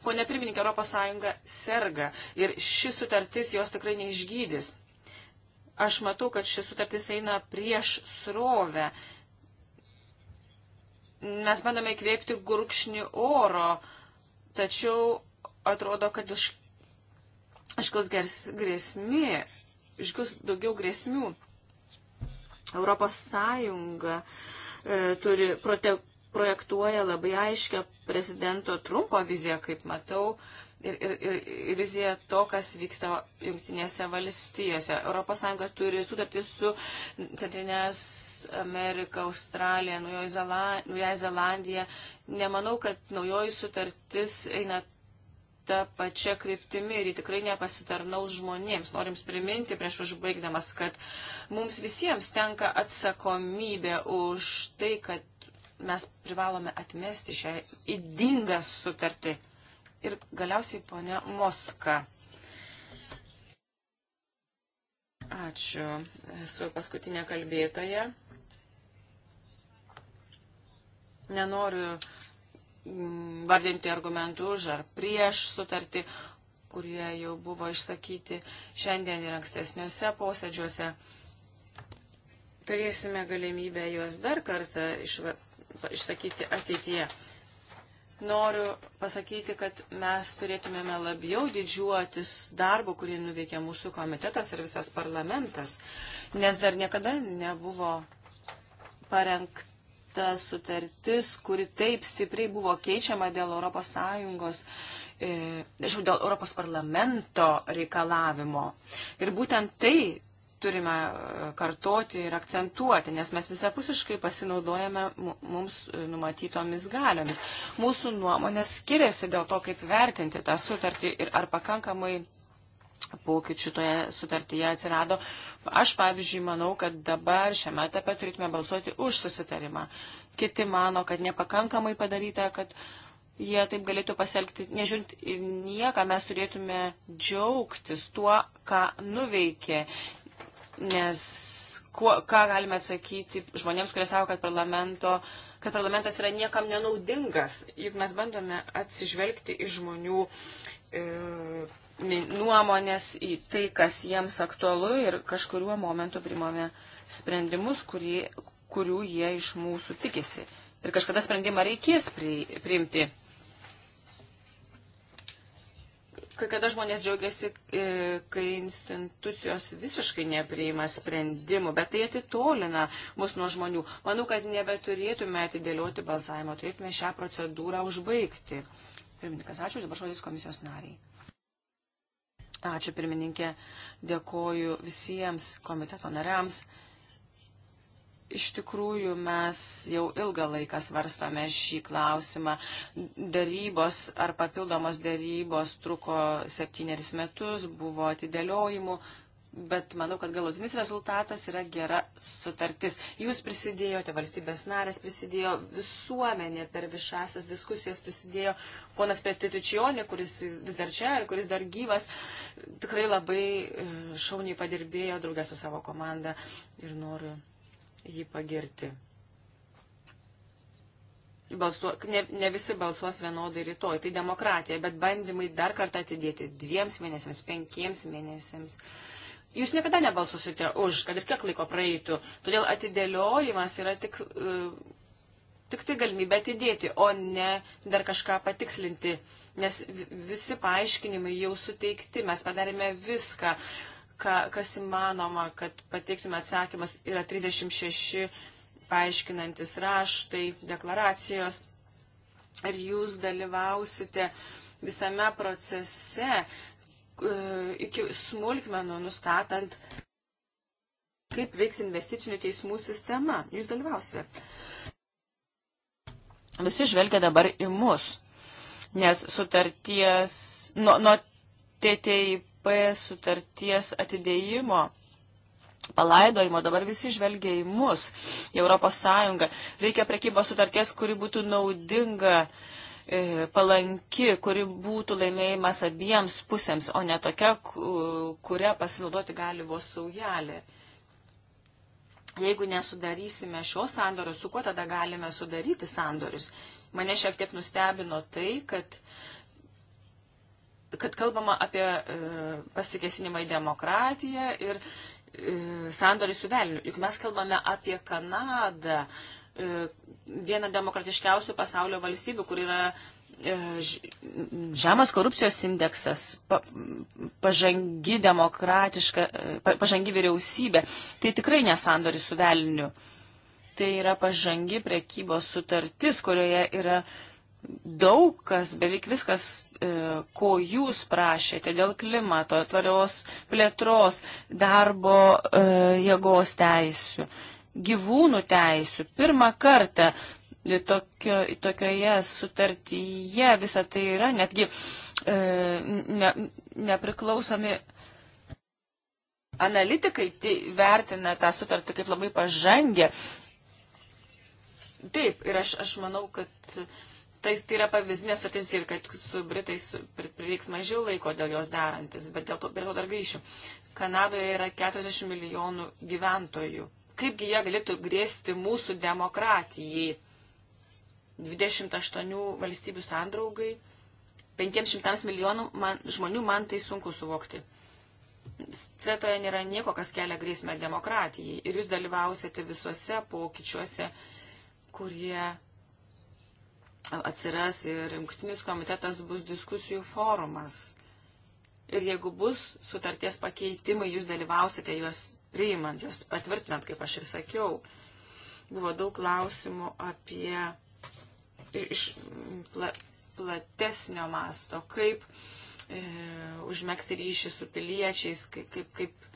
Pone pirmininkė, ES serga ir ši sutartis jos tikrai neišgydys. Aš matau, kad ši sutartis eina prieš srovę mes bandome įkvėpti gurkšnį oro, tačiau atrodo, kad iš, iškils grėsmė, iškils daugiau grėsmių. Europos Sąjunga e, turi prote, projektuoja labai aiškę prezidento Trumpo viziją, kaip matau, e, ir, ir, ir vizija to, kas vyksta jungtinėse valstijose. ES turi sutartį su Centrinės Amerika, Australija, Naujoji Zelandija, Zelandija. Nemanau, kad naujoji sutartis eina ta pačia kryptimi ir ji tikrai nepasitarnaus žmonėms. Norim priminti prieš užbaigdamas, kad mums visiems tenka atsakomybė už tai, kad mes privalome atmesti šią įdingą sutartį ir galiausiai ponia Moska. Ačiū. Esu paskutinė kalbėtoja. Nenoriu mm, vardinti argumentų už ar prieš sutartį, kurie jau buvo išsakyti šiandien ir ankstesniuose posėdžiuose. Turėsime galimybę juos dar kartą išsakyti ateityje noriu pasakyti, kad mes turėtumėme labiau didžiuotis darbu, kurį nuveikė mūsų komitetas ir visas parlamentas, nes dar niekada nebuvo parengta sutartis, kuri taip stipriai buvo keičiama dėl ES. E, dėl Europos parlamento reikalavimo. Ir būtent tai turime e, kartoti ir akcentuoti, nes mes visapusiškai pasinaudojame mums e, numatytomis galiomis. Mūsų nuomonės skiriasi dėl to, kaip vertinti tą sutartį ir ar pakankamai pokyčių toje sutartyje atsirado. Aš, pavyzdžiui, manau, kad dabar šiame etape turėtume balsuoti už susitarimą. Kiti mano, kad nepakankamai padaryta, kad jie taip galėtų pasielgti. Nežiūrint nieką, mes turėtume džiaugtis tuo, ką nuveikė nes kuo, ką galime atsakyti žmonėms, kurie savo, kad, kad parlamentas yra niekam nenaudingas, juk mes bandome atsižvelgti į žmonių e, nuomonės, į tai, kas jiems aktualu ir kažkuriuo momentu primame sprendimus, kurį, kurių jie iš mūsų tikisi. Ir kažkada sprendimą reikės pri, priimti. Kai kada žmonės džiaugiasi, e, kai institucijos visiškai nepriima sprendimų, bet tai atitolina mus nuo žmonių. Manau, kad nebeturėtume atidėlioti balsavimo, turėtume šią procedūrą užbaigti. Pirmininkas, ačiū, dabar žodis komisijos nariai. Ačiū pirmininkė, dėkoju visiems komiteto nariams, Iš tikrųjų, mes jau ilgą laiką svarstome šį klausimą. Darybos ar papildomos darybos truko septyneris metus, buvo atidėliojimų, bet manau, kad galutinis rezultatas yra gera sutartis. Jūs prisidėjote, valstybės narės prisidėjo, visuomenė per viešasias diskusijas prisidėjo, ponas Petitičionė, kuris vis dar čia ir kuris dar gyvas, tikrai labai e, šauniai padirbėjo draugę su savo komanda ir noriu jį pagirti. Balsuo, ne, ne visi balsuos vienodai rytoj, tai demokratija, bet bandymai dar kartą atidėti dviems mėnesiams, penkiems mėnesiams. Jūs niekada nebalsusite už, kad ir kiek laiko praeitų. Todėl atidėliojimas yra tik, e, tik tai galimybė atidėti, o ne dar kažką patikslinti, nes visi paaiškinimai jau suteikti, mes padarėme viską. Uh, ka, kas įmanoma, kad pateiktume atsakymas, yra 36 paaiškinantis raštai, deklaracijos. Ar jūs dalyvausite visame procese e, iki smulkmenų nustatant, kaip veiks investicinių teismų sistema? Jūs dalyvausite. Visi žvelgia dabar į mus, nes sutarties, nuo, nuo TTIP sutarties atidėjimo palaidojimo, dabar visi žvelgia į mus, į Europos Sąjungą. Reikia prekybos sutarties, kuri būtų naudinga, e, palanki, kuri būtų laimėjimas abiems pusėms, o ne tokia, kuria pasinaudoti gali vos saujelė. Jeigu nesudarysime šios sandorius, su kuo tada galime sudaryti sandorius? Mane šiek tiek nustebino tai, kad uh, kad kalbama apie e, pasikesinimą į demokratiją ir e, sandorį su velniu. Juk mes kalbame apie Kanadą, e, vieną demokratiškiausių pasaulio valstybių, kur yra žemas korupcijos indeksas, pažangi demokratiška, pažangi vyriausybė. Tai tikrai nesandoris su velniu. Tai yra pažangi prekybos sutartis, kurioje yra uh, daug kas, beveik viskas, e, ko jūs prašėte dėl klimato, tvarios plėtros, darbo e, jėgos teisių, gyvūnų teisių, pirmą kartą e, tokio, tokioje sutartyje visa tai yra, netgi ne, nepriklausomi analitikai tai vertina tą sutartį kaip labai pažangę. Taip, ir aš, aš manau, kad tai, tai yra pavyzdinė sutartis ir kad su Britais prireiks mažiau laiko dėl jos derantis, bet dėl to, dėl to dar grįšiu. Kanadoje yra 40 milijonų gyventojų. Kaipgi jie galėtų grėsti mūsų demokratijai? 28 valstybių sandraugai, 500 milijonų man, žmonių man tai sunku suvokti. Cetoje nėra nieko, kas kelia grėsmę demokratijai ir jūs dalyvausite visuose pokyčiuose, kurie atsiras ir jungtinis komitetas bus diskusijų forumas. Ir jeigu bus sutarties pakeitimai, jūs dalyvausite juos priimant, juos patvirtinant, kaip aš ir sakiau. Buvo daug klausimų apie iš pla, platesnio masto, kaip e, užmėgsti ryšį su piliečiais, kaip, kaip, kaip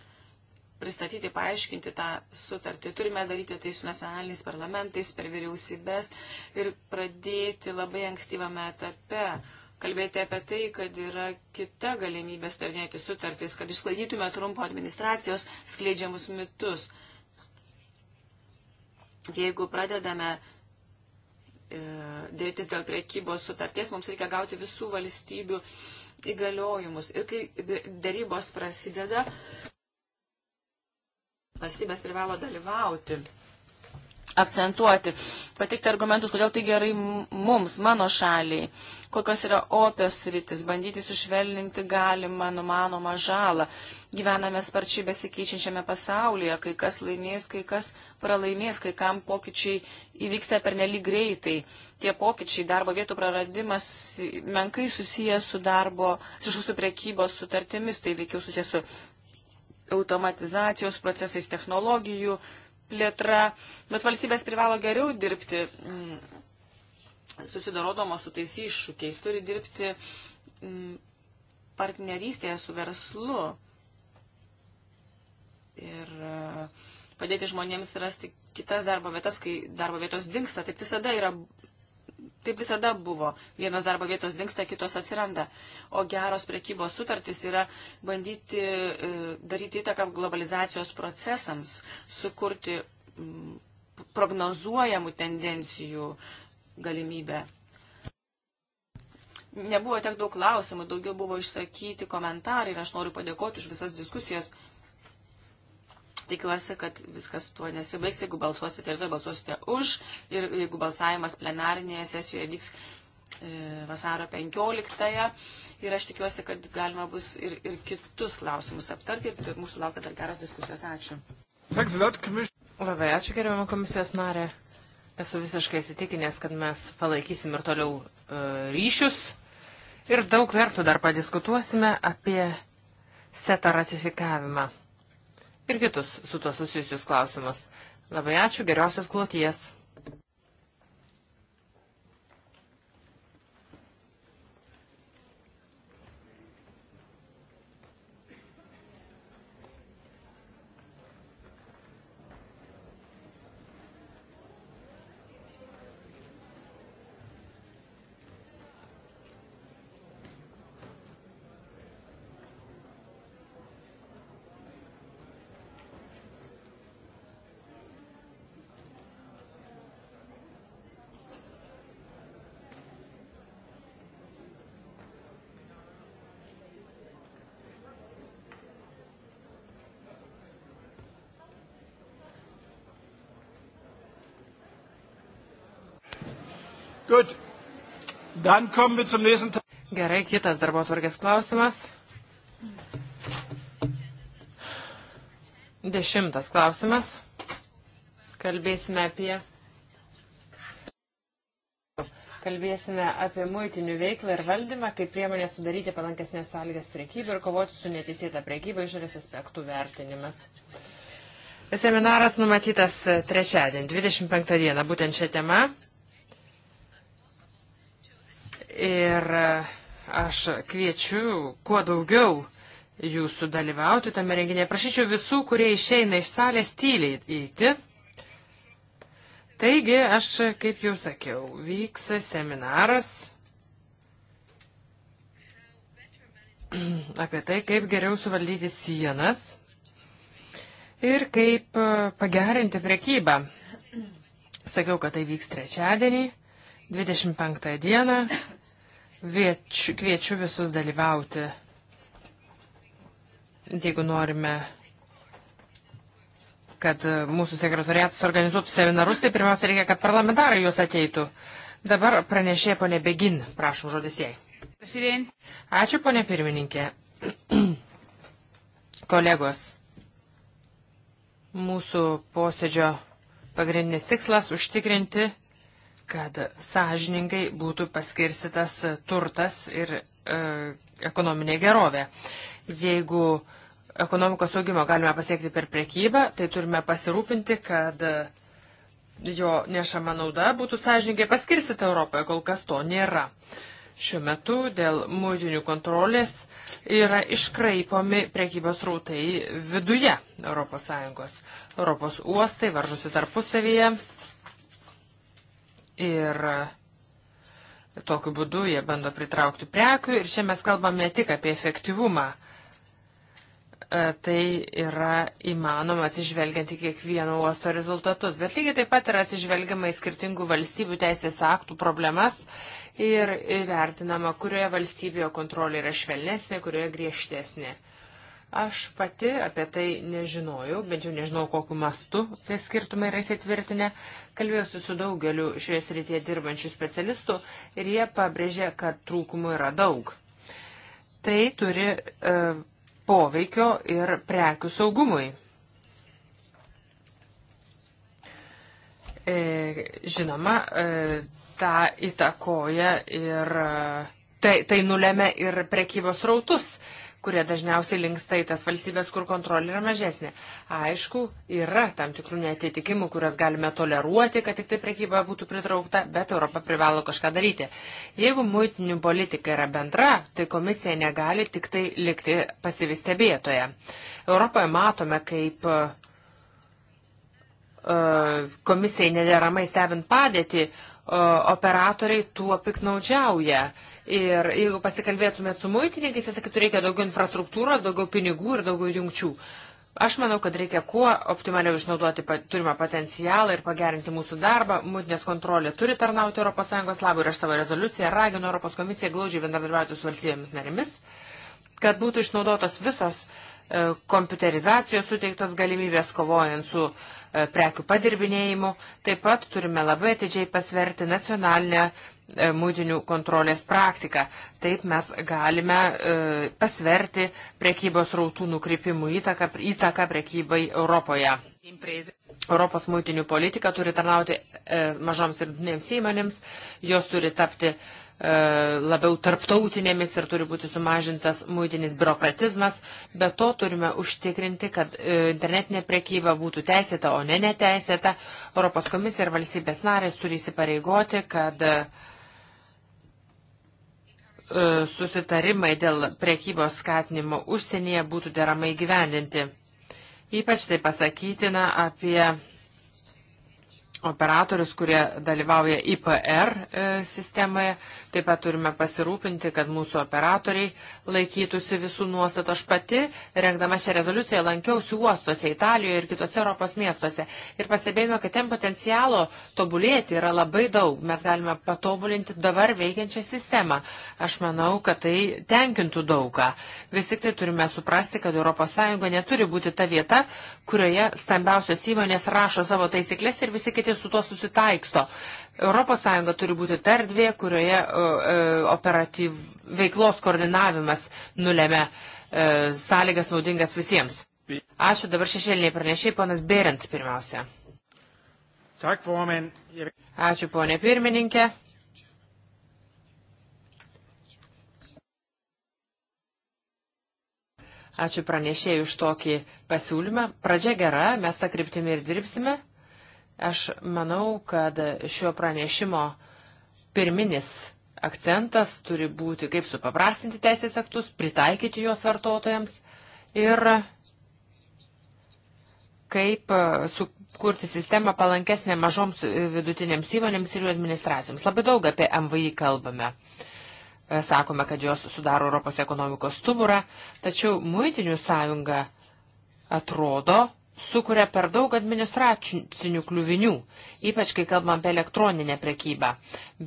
pristatyti, paaiškinti tą sutartį. Turime daryti tai su nacionaliniais parlamentais, per vyriausybės ir pradėti labai ankstyvame etape. Kalbėti apie tai, kad yra kita galimybė sudarinėti sutartis, kad išsklaidytume trumpo administracijos skleidžiamus mitus. Jeigu pradedame e, dėrėtis dėl priekybos sutarties, mums reikia gauti visų valstybių įgaliojimus. Ir kai dėrybos prasideda, Valstybės privalo dalyvauti, akcentuoti, patikti argumentus, kodėl tai gerai mums, mano šaliai, kokios yra opios rytis, bandyti sušvelninti galimą numanomą žalą. Gyvename sparčiai besikeičiančiame pasaulyje, kai kas laimės, kai kas pralaimės, kai kam pokyčiai įvyksta pernelyg greitai. Tie pokyčiai, darbo vietų praradimas menkai susijęs su darbo, su, su prekybos sutartimis, tai veikiau susijęs su automatizacijos procesais, technologijų plėtra, bet valstybės privalo geriau dirbti, mm, susidarodamos su tais iššūkiais, turi dirbti mm, partnerystėje su verslu ir e, padėti žmonėms rasti kitas darbo vietas, kai darbo vietos dinksta. Tai visada yra Taip visada buvo. Vienos darbo vietos dinksta, kitos atsiranda. O geros prekybos sutartys yra bandyti e, daryti įtaką globalizacijos procesams, sukurti m, prognozuojamų tendencijų galimybę. Nebuvo tiek daug klausimų, daugiau buvo išsakyti komentarai ir aš noriu padėkoti už visas diskusijas, Tikiuosi, kad viskas tuo nesibaigs. Jeigu balsuosite ir tai balsuosite už ir jeigu balsavimas plenarinėje sesijoje vyks e, vasaro 15-ąją. Ir aš tikiuosi, kad galima bus ir, ir kitus klausimus aptarti ir mūsų laukia dar geros diskusijos. Ačiū. Labai ačiū gerbiamą komisijos narę. Esu visiškai įsitikinęs, kad mes palaikysim ir toliau e, ryšius ir daug vertų dar padiskutuosime apie setą ratifikavimą ir kitus su to susijusius klausimus. Labai ačiū, geriausios kloties. Gut. Dann kommen wir zum nächsten Tag. Gerai, kitas darbo tvarkės klausimas. Dešimtas klausimas. Kalbėsime apie. Kalbėsime apie muitinių veiklą ir valdymą, kaip priemonė sudaryti palankesnės sąlygas priekybą ir kovoti su neteisėta priekyba išorės aspektų vertinimas. Seminaras numatytas trečiadienį, 25 dieną, būtent šią temą. Ir e, aš kviečiu kuo daugiau jūsų dalyvauti tame renginėje. Prašyčiau visų, kurie išeina iš salės tyliai įti. Taigi, aš, kaip jau sakiau, vyks seminaras apie tai, kaip geriau suvaldyti sienas ir kaip e, pagerinti prekybą. Sakiau, kad tai vyks trečiadienį, 25 dieną, Viečiu, kviečiu visus dalyvauti, jeigu norime, kad mūsų sekretariatas organizuotų seminarus, tai pirmiausia reikia, kad parlamentarai juos ateitų. Dabar pranešė ponė Begin, prašom žodis jai. Ačiū ponė pirmininkė. Kolegos, mūsų posėdžio pagrindinis tikslas užtikrinti kad sąžiningai būtų paskirstytas turtas ir e, ekonominė gerovė. Jeigu ekonomikos augimo galime pasiekti per prekybą, tai turime pasirūpinti, kad jo nešama nauda būtų sąžininkai paskirstyta Europoje, kol kas to nėra. Šiuo metu dėl mūtinių kontrolės yra iškraipomi prekybos rautai viduje ES. Europos uostai varžosi tarpusavyje Ir tokiu būdu jie bando pritraukti prekių. Ir čia mes kalbam ne tik apie efektyvumą. E, tai yra įmanoma atsižvelgiant į kiekvieno uosto rezultatus, bet lygiai taip pat yra atsižvelgiama į skirtingų valstybių teisės aktų problemas ir vertinama, kurioje valstybėje kontrolė yra švelnesnė, kurioje griežtesnė. Uh, Aš pati apie tai nežinojau, bent jau nežinau, kokiu mastu tie skirtumai yra įsitvirtinę. Kalbėjusiu su daugeliu šioje srityje dirbančių specialistų ir jie pabrėžė, kad trūkumų yra daug. Tai turi e, poveikio ir prekių saugumui. E, žinoma, e, tą įtakoja ir. E, Tai, tai nulėmė ir prekybos rautus. E, kurie dažniausiai linksta į tas valstybės, kur kontrolė yra mažesnė. Aišku, yra tam tikrų netitikimų, kurias galime toleruoti, kad tik tai prekyba būtų pritraukta, bet Europa privalo kažką daryti. Jeigu muitinių politika yra bendra, tai komisija negali tik tai likti pasivistebėtoje. Europoje matome, kaip e, e, komisijai nederamai stebint padėtį, operatoriai tuo piknaudžiauja. Ir jeigu pasikalbėtumėt su muitininkais, jis sakytų, reikia daugiau infrastruktūros, daugiau pinigų ir daugiau jungčių. Aš manau, kad reikia kuo optimaliau išnaudoti turimą potencialą ir pagerinti mūsų darbą. Mutinės kontrolė turi tarnauti ES labui ir aš savo rezoliuciją raginu ES komisiją glaudžiai bendradarbiauti su valstybėmis narimis, kad būtų išnaudotos visos e, kompiuterizacijos suteiktos galimybės kovojant su uh, E, prekių padirbinėjimu. Taip pat turime labai atidžiai pasverti nacionalinę e, mūtinių kontrolės praktiką. Taip mes galime e, pasverti prekybos rautų nukreipimų įtaką, įtaką prekybai Europoje. Europos mūtinių politika turi tarnauti e, mažoms ir didinėms įmonėms, jos turi tapti e, E, labiau tarptautinėmis ir turi būti sumažintas muitinis biurokratizmas, bet to turime užtikrinti, kad e, internetinė prekyba būtų teisėta, o ne neteisėta. Europos komisija ir valstybės narės turi įsipareigoti, kad e, susitarimai dėl prekybos skatinimo užsienyje būtų deramai gyvendinti. Ypač tai pasakytina apie operatorius, kurie dalyvauja IPR e, sistemoje. Taip pat turime pasirūpinti, kad mūsų operatoriai laikytųsi visų nuostatų. Aš pati, rengdama šią rezoliuciją, lankiausi uostuose Italijoje ir kitose Europos miestuose. Ir pastebėjome, kad ten potencialo tobulėti yra labai daug. Mes galime patobulinti dabar veikiančią sistemą. Aš manau, kad tai tenkintų daugą. Vis tik tai turime suprasti, kad ES neturi būti ta vieta, kurioje stambiausios įmonės rašo savo taisyklės ir visi kiti pasaulis su tuo susitaiksto. ES turi būti ta erdvė, kurioje e, e, operatyv veiklos koordinavimas nulėmė e, sąlygas naudingas visiems. Ačiū dabar šešėliniai pranešiai, ponas Berent pirmiausia. Ačiū ponė pirmininkė. Ačiū pranešėjai už tokį pasiūlymą. Pradžia gera, mes tą kryptimį ir dirbsime. Aš manau, kad šio pranešimo pirminis akcentas turi būti, kaip supaprastinti teisės aktus, pritaikyti juos vartotojams ir kaip e, sukurti sistemą palankesnę mažoms e, vidutinėms įmonėms ir jų administracijoms. Labai daug apie MVI kalbame. E, sakome, kad jos sudaro Europos ekonomikos stuburą, tačiau muitinių sąjunga atrodo sukuria per daug administracinių kliuvinių, ypač kai kalbam apie elektroninę prekybą.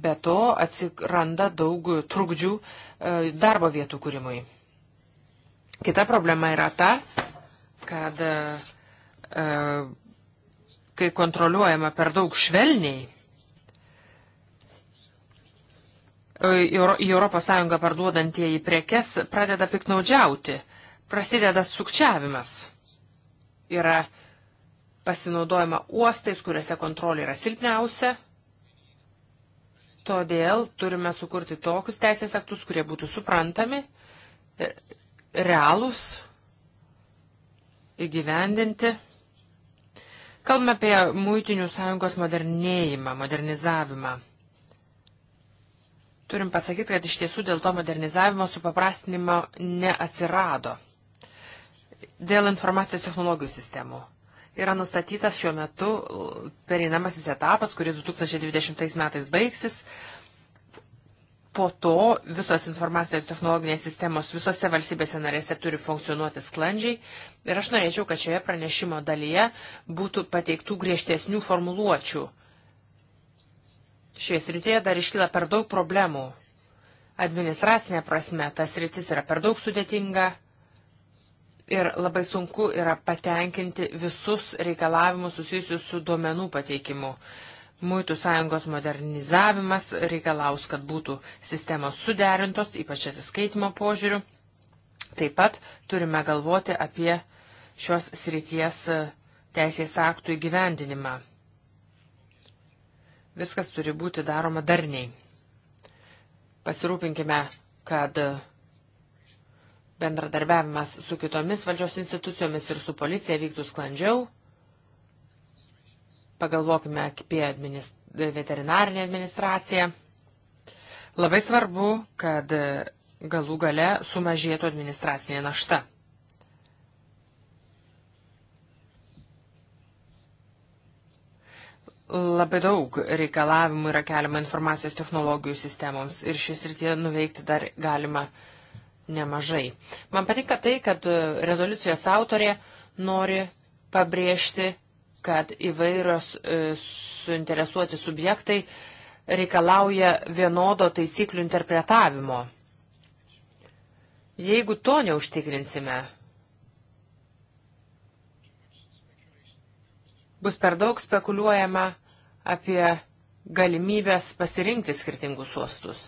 Be to atsiranda daug trukdžių e, darbo vietų kūrimui. Kita problema yra ta, kad e, e, kai kontroliuojama per daug švelniai, į ES parduodantieji prekes pradeda piknaudžiauti, prasideda sukčiavimas yra pasinaudojama uostais, kuriuose kontrolė yra silpniausia. Todėl turime sukurti tokius teisės aktus, kurie būtų suprantami, e, realūs, įgyvendinti. Kalbame apie muitinių sąjungos modernėjimą, modernizavimą. Turim pasakyti, kad iš tiesų dėl to modernizavimo supaprastinimo neatsirado. Dėl informacijos technologijų sistemų yra nustatytas šiuo metu pereinamasis etapas, kuris 2020 metais baigsis. Po to visos informacijos technologinės sistemos visose valstybėse narėse turi funkcionuoti sklandžiai. Ir aš norėčiau, kad šioje pranešimo dalyje būtų pateiktų griežtesnių formuluočių. Šioje srityje dar iškyla per daug problemų. Administracinė prasme tas rytis yra per daug sudėtinga ir labai sunku yra patenkinti visus reikalavimus susijusius su duomenų pateikimu. Muitų sąjungos modernizavimas reikalaus, kad būtų sistemos suderintos, ypač atsiskaitimo požiūrių. Taip pat turime galvoti apie šios srities e, teisės aktų įgyvendinimą. Viskas turi būti daroma darniai. Pasirūpinkime, kad bendradarbiavimas su kitomis valdžios institucijomis ir su policija vyktų sklandžiau. Pagalvokime apie administ... veterinarinę administraciją. Labai svarbu, kad galų gale sumažėtų administracinė našta. Labai daug reikalavimų yra keliama informacijos technologijų sistemoms ir šis rytie nuveikti dar galima uh, nemažai. Man patinka tai, kad e, rezoliucijos autorė nori pabrėžti, kad įvairios e, suinteresuoti subjektai reikalauja vienodo taisyklių interpretavimo. Jeigu to neužtikrinsime, bus per daug spekuliuojama apie galimybės pasirinkti skirtingus uostus.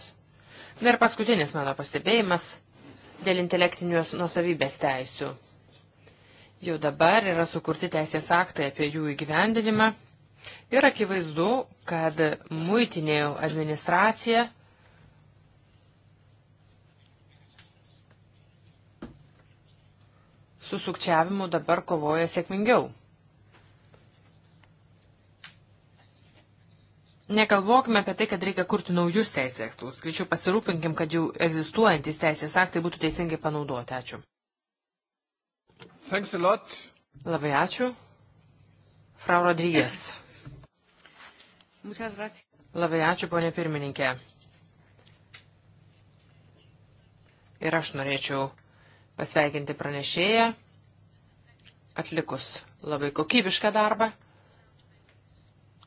Na ir paskutinis mano pastebėjimas – dėl intelektinios nuosavybės teisių. Jau dabar yra sukurti teisės aktai apie jų įgyvendinimą ir akivaizdu, kad muitinė administracija su sukčiavimu dabar kovoja sėkmingiau. Negalvokime apie tai, kad reikia kurti naujus teisės aktus. Greičiau pasirūpinkim, kad jau egzistuojantis teisės aktai būtų teisingai panaudoti. Ačiū. Thanks a lot. Labai ačiū. Frau Rodrygės. Labai ačiū, ponė pirmininkė. Ir aš norėčiau pasveikinti pranešėją, atlikus labai kokybišką darbą.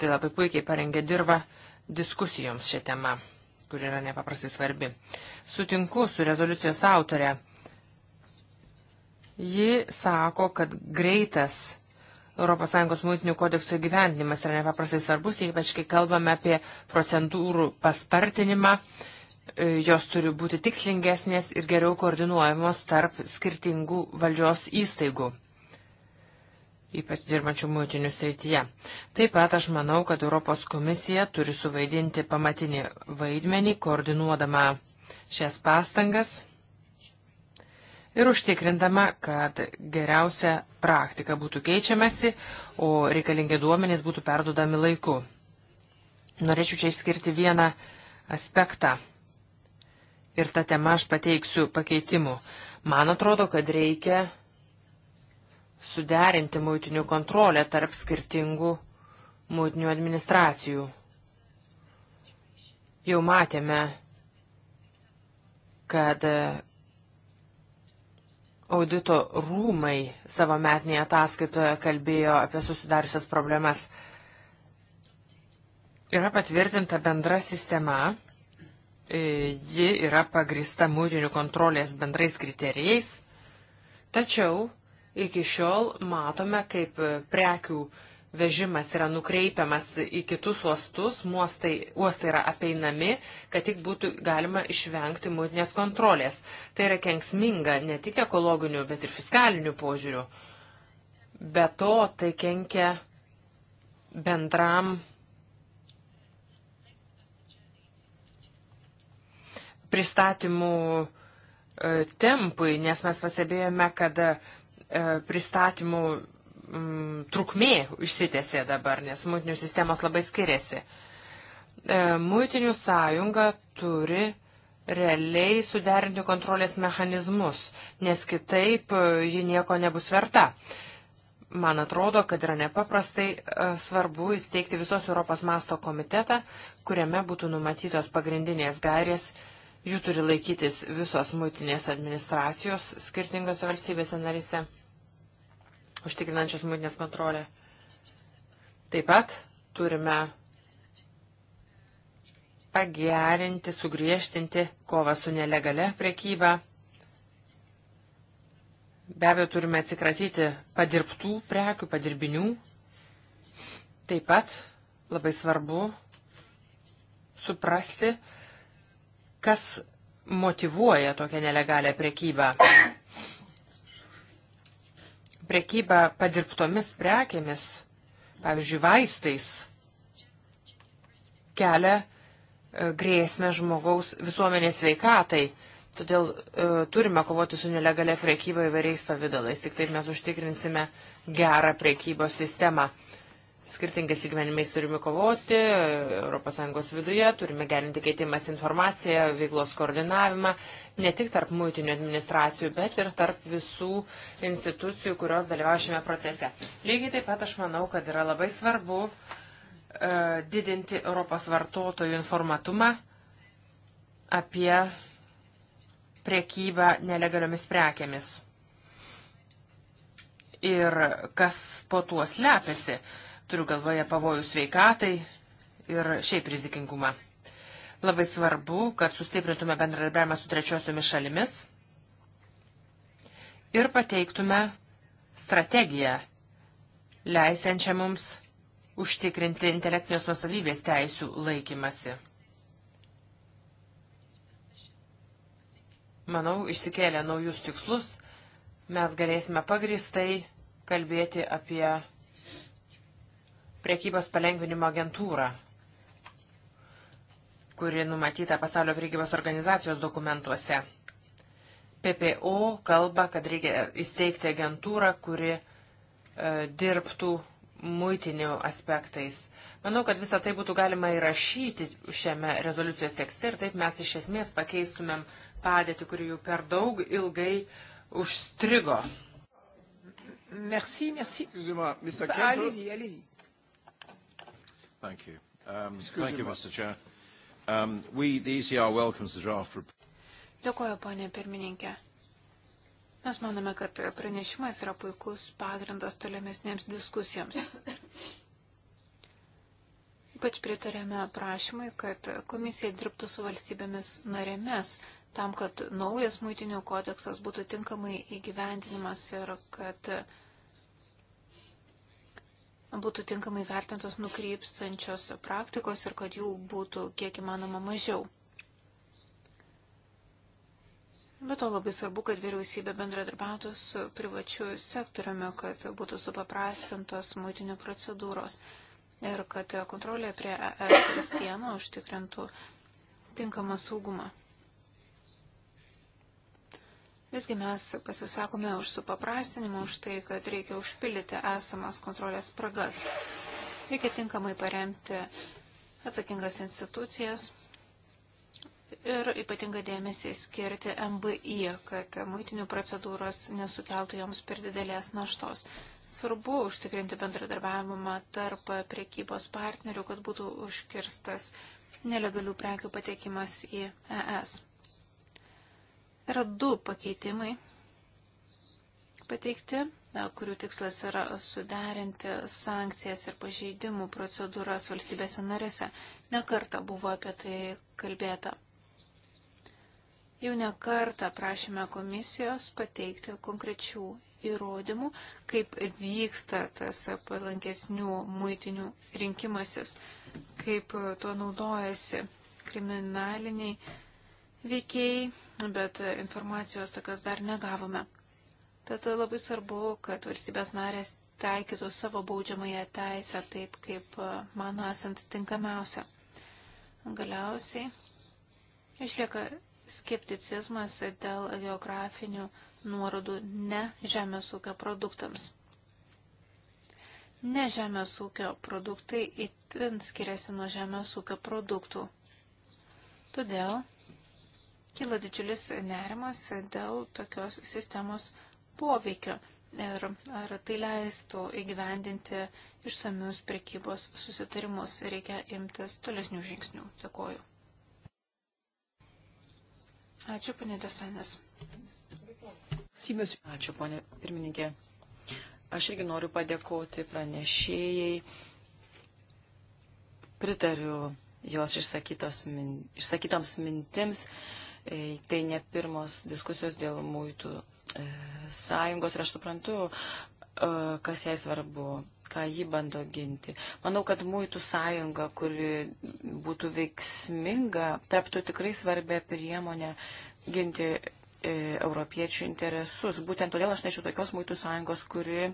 Tai labai puikiai parengė dirbą diskusijoms šią temą, kur yra nepaprastai svarbi. Sutinku su rezoliucijos autorė. Ji sako, kad greitas ES muitinių kodekso gyvendinimas yra nepaprastai svarbus, ypač kai kalbame apie procedūrų paspartinimą, e, jos turi būti tikslingesnės ir geriau koordinuojamos tarp skirtingų valdžios įstaigų ypač dirbančių mūtinių srityje. Taip pat aš manau, kad Europos komisija turi suvaidinti pamatinį vaidmenį, koordinuodama šias pastangas ir užtikrindama, kad geriausia praktika būtų keičiamasi, o reikalingi duomenys būtų perdudami laiku. Norėčiau čia išskirti vieną aspektą. Ir tą temą aš pateiksiu pakeitimu. Man atrodo, kad reikia suderinti muitinių kontrolę tarp skirtingų muitinių administracijų. Jau matėme, kad e, audito rūmai savo metinėje ataskaitoje kalbėjo apie susidariusias problemas. Yra patvirtinta bendra sistema, e, ji yra pagrista mūrinių kontrolės bendrais kriterijais, tačiau Iki šiol matome, kaip prekių vežimas yra nukreipiamas į kitus uostus, muostai, uostai yra apeinami, kad tik būtų galima išvengti mūtinės kontrolės. Tai yra kenksminga ne tik ekologiniu, bet ir fiskaliniu požiūriu. Be to, tai kenkia bendram pristatymų e, tempui, nes mes pasibėjome, kad E, pristatymų mm, trukmė išsitėsi dabar, nes muitinių sistemos labai skiriasi. E, muitinių sąjunga turi realiai suderinti kontrolės mechanizmus, nes kitaip e, ji nieko nebus verta. Man atrodo, kad yra nepaprastai svarbu įsteigti visos Europos masto komitetą, kuriame būtų numatytos pagrindinės gairės, jų turi laikytis visos muitinės administracijos skirtingose valstybėse narise užtikrinančios mūtinės kontrolę. Taip pat turime pagerinti, sugriežtinti kovą su nelegale prekyba. Be abejo, turime atsikratyti padirbtų prekių, padirbinių. Taip pat labai svarbu suprasti, kas motivuoja tokią nelegalę prekybą prekyba padirbtomis prekėmis, pavyzdžiui, vaistais, kelia e, grėsmę žmogaus visuomenės sveikatai. Todėl e, turime kovoti su nelegalia priekyba įvairiais pavydalais. Tik taip mes užtikrinsime gerą priekybos sistemą skirtingais lygmenimais turime kovoti, ES viduje turime gerinti keitimas informaciją, veiklos koordinavimą, ne tik tarp muitinių administracijų, bet ir tarp visų institucijų, kurios dalyvauja šiame procese. Lygiai taip pat aš manau, kad yra labai svarbu e, didinti Europos vartotojų informatumą apie priekybą nelegaliomis prekėmis. Ir kas po tuo slepiasi. E, Turiu galvoje pavojų sveikatai ir šiaip rizikingumą. Labai svarbu, kad sustiprintume bendradarbiavimą su trečiosiomis šalimis ir pateiktume strategiją, leisiančią mums užtikrinti intelektinės nusavybės teisių laikymasi. Manau, išsikėlę naujus tikslus, mes galėsime pagristai kalbėti apie priekybos palengvinimo agentūrą, kuri numatyta pasaulio priekybos organizacijos dokumentuose. PPO kalba, kad reikia įsteigti agentūrą, kuri e, dirbtų muitinių aspektais. Manau, kad visą tai būtų galima įrašyti šiame rezoliucijos tekste ir taip mes iš esmės pakeistumėm padėtį, kuri jau per daug ilgai užstrigo. Merci, merci. Allez-y, allez-y. Thank you. Um, Excuse thank you, Mr. Chair. Um, we, the ECR, welcomes the draft report. Dėkuoju, ponė pirmininkė. Mes manome, kad pranešimas yra puikus pagrindas tolimesnėms diskusijoms. Ypač pritarėme prašymui, kad komisija dirbtų su valstybėmis narėmis tam, kad naujas muitinių kodeksas būtų tinkamai įgyvendinimas ir kad uh, būtų tinkamai vertintos nukrypstančios praktikos ir kad jų būtų kiek įmanoma mažiau. Bet to labai svarbu, kad vyriausybė bendradarbiautų su privačiu sektoriumi, kad būtų supaprastintos mūtinių procedūros ir kad kontrolė prie ES sienų užtikrintų tinkamą saugumą. Visgi mes pasisakome už supaprastinimą, už tai, kad reikia užpildyti esamas kontrolės spragas. Reikia tinkamai paremti atsakingas institucijas ir ypatingą dėmesį skirti MBI, kad muitinių procedūros nesukeltų joms per didelės naštos. Svarbu užtikrinti bendradarbiavimą tarp priekybos partnerių, kad būtų užkirstas nelegalių prekių patekimas į ES. Yra du pakeitimai pateikti, kurių tikslas yra suderinti sankcijas ir pažeidimų procedūras valstybėse narėse. Nekarta buvo apie tai kalbėta. Jau nekarta prašėme komisijos pateikti konkrečių įrodymų, kaip vyksta tas palankesnių muitinių rinkimasis, kaip tuo naudojasi kriminaliniai veikėjai, bet informacijos tokios dar negavome. Tad labai svarbu, kad valstybės narės taikytų savo baudžiamąją teisę taip, kaip e, man esant tinkamiausia. Galiausiai išlieka skepticizmas dėl geografinių nuorodų ne žemės ūkio produktams. Ne žemės ūkio produktai itin skiriasi nuo žemės ūkio produktų. Todėl kyla didžiulis nerimas dėl tokios sistemos poveikio ir ar tai leistų įgyvendinti išsamius prekybos susitarimus. Reikia imtis tolesnių žingsnių. Dėkoju. Ačiū, ponė Desanės. Ačiū, ponė pirmininkė. Aš irgi noriu padėkoti pranešėjai. Pritariu jos min, išsakytoms mintims E, tai ne pirmos diskusijos dėl muitų e, sąjungos ir aš suprantu, e, kas jai svarbu, ką ji bando ginti. Manau, kad muitų sąjunga, kuri būtų veiksminga, taptų tikrai svarbia priemonė ginti e, europiečių interesus. Būtent todėl aš nešiu tokios muitų sąjungos, kuri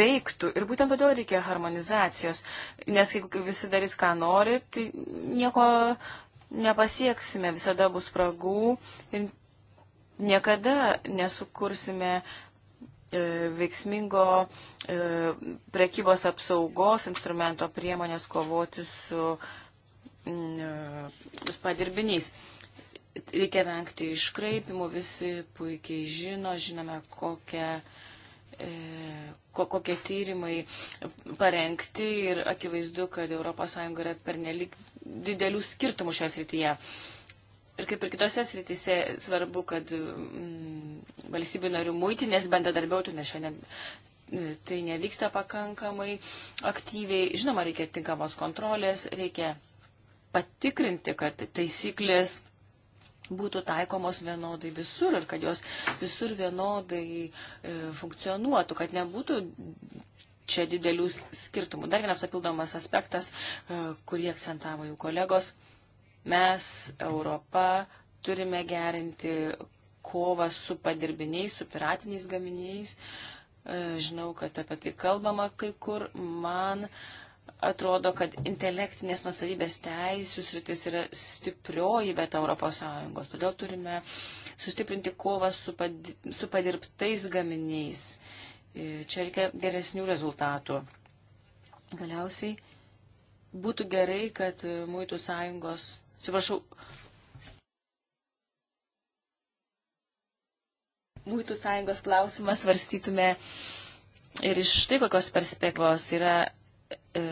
veiktų. Ir būtent todėl reikia harmonizacijos, nes jeigu visi darys, ką nori, tai nieko nepasieksime, visada bus spragų ir niekada nesukursime e, veiksmingo e, prekybos apsaugos instrumento priemonės kovoti mm, e, su padirbiniais. Reikia vengti iškraipimų, visi puikiai žino, žinome, kokią, kokie tyrimai parengti ir akivaizdu, kad ES yra pernelik didelių skirtumų šioje srityje. Ir kaip ir kitose srityse svarbu, kad mm, valstybių narių muitinės bendradarbiautų, nes šiandien e, tai nevyksta pakankamai aktyviai. Žinoma, reikia tinkamos kontrolės, reikia patikrinti, kad taisyklės būtų taikomos vienodai visur ir kad jos visur vienodai e, funkcionuotų, kad nebūtų čia didelių skirtumų. Dar vienas papildomas aspektas, e, kurį akcentavo jų kolegos. Mes, Europa, turime gerinti kovą su padirbiniais, su piratiniais gaminiais. E, žinau, kad apie tai kalbama kai kur. Man atrodo, kad intelektinės nusavybės teisų sritis yra stiprioji vieta Europos Sąjungos. Todėl turime sustiprinti kovą su, pad, su padirbtais gaminiais. Čia reikia geresnių rezultatų. Galiausiai būtų gerai, kad Muitų sąjungos, atsiprašau, Muitų sąjungos klausimą svarstytume ir iš štai kokios perspektyvos yra e,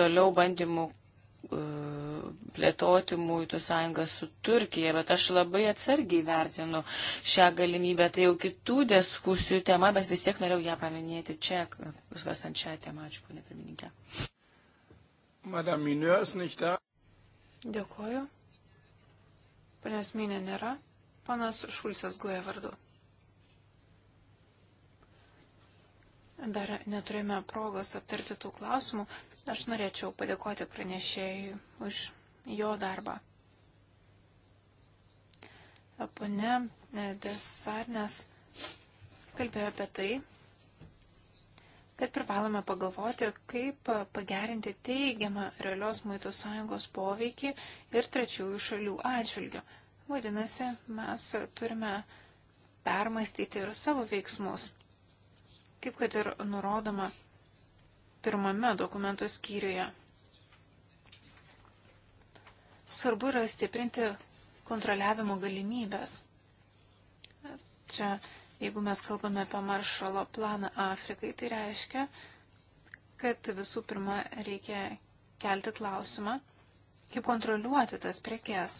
toliau bandymų e, plėtoti mūtų sąjungą su Turkija, bet aš labai atsargiai vertinu šią galimybę. Tai jau kitų diskusijų tema, bet vis tiek norėjau ją paminėti čia, svarstant šią temą. Ačiū, ponė pirmininkė. Madame Mineurs, ništa. Dėkuoju. Ponios Minė nėra. Panas Šulcas guoja vardu. Dar neturėjome progos aptarti tų klausimų. Aš norėčiau padėkoti pranešėjui už jo darbą. Pone Desarnes kalbėjo apie tai, kad privalome pagalvoti, kaip pagerinti teigiamą realios muitų sąjungos poveikį ir trečiųjų šalių atžvilgių. Vadinasi, mes turime permastyti ir savo veiksmus. Kaip kad ir nurodoma pirmame dokumento skyriuje. Svarbu yra stiprinti kontroliavimo galimybės. Čia, jeigu mes kalbame apie maršalo planą Afrikai, tai reiškia, kad visų pirma reikia kelti klausimą, kaip kontroliuoti tas prekes.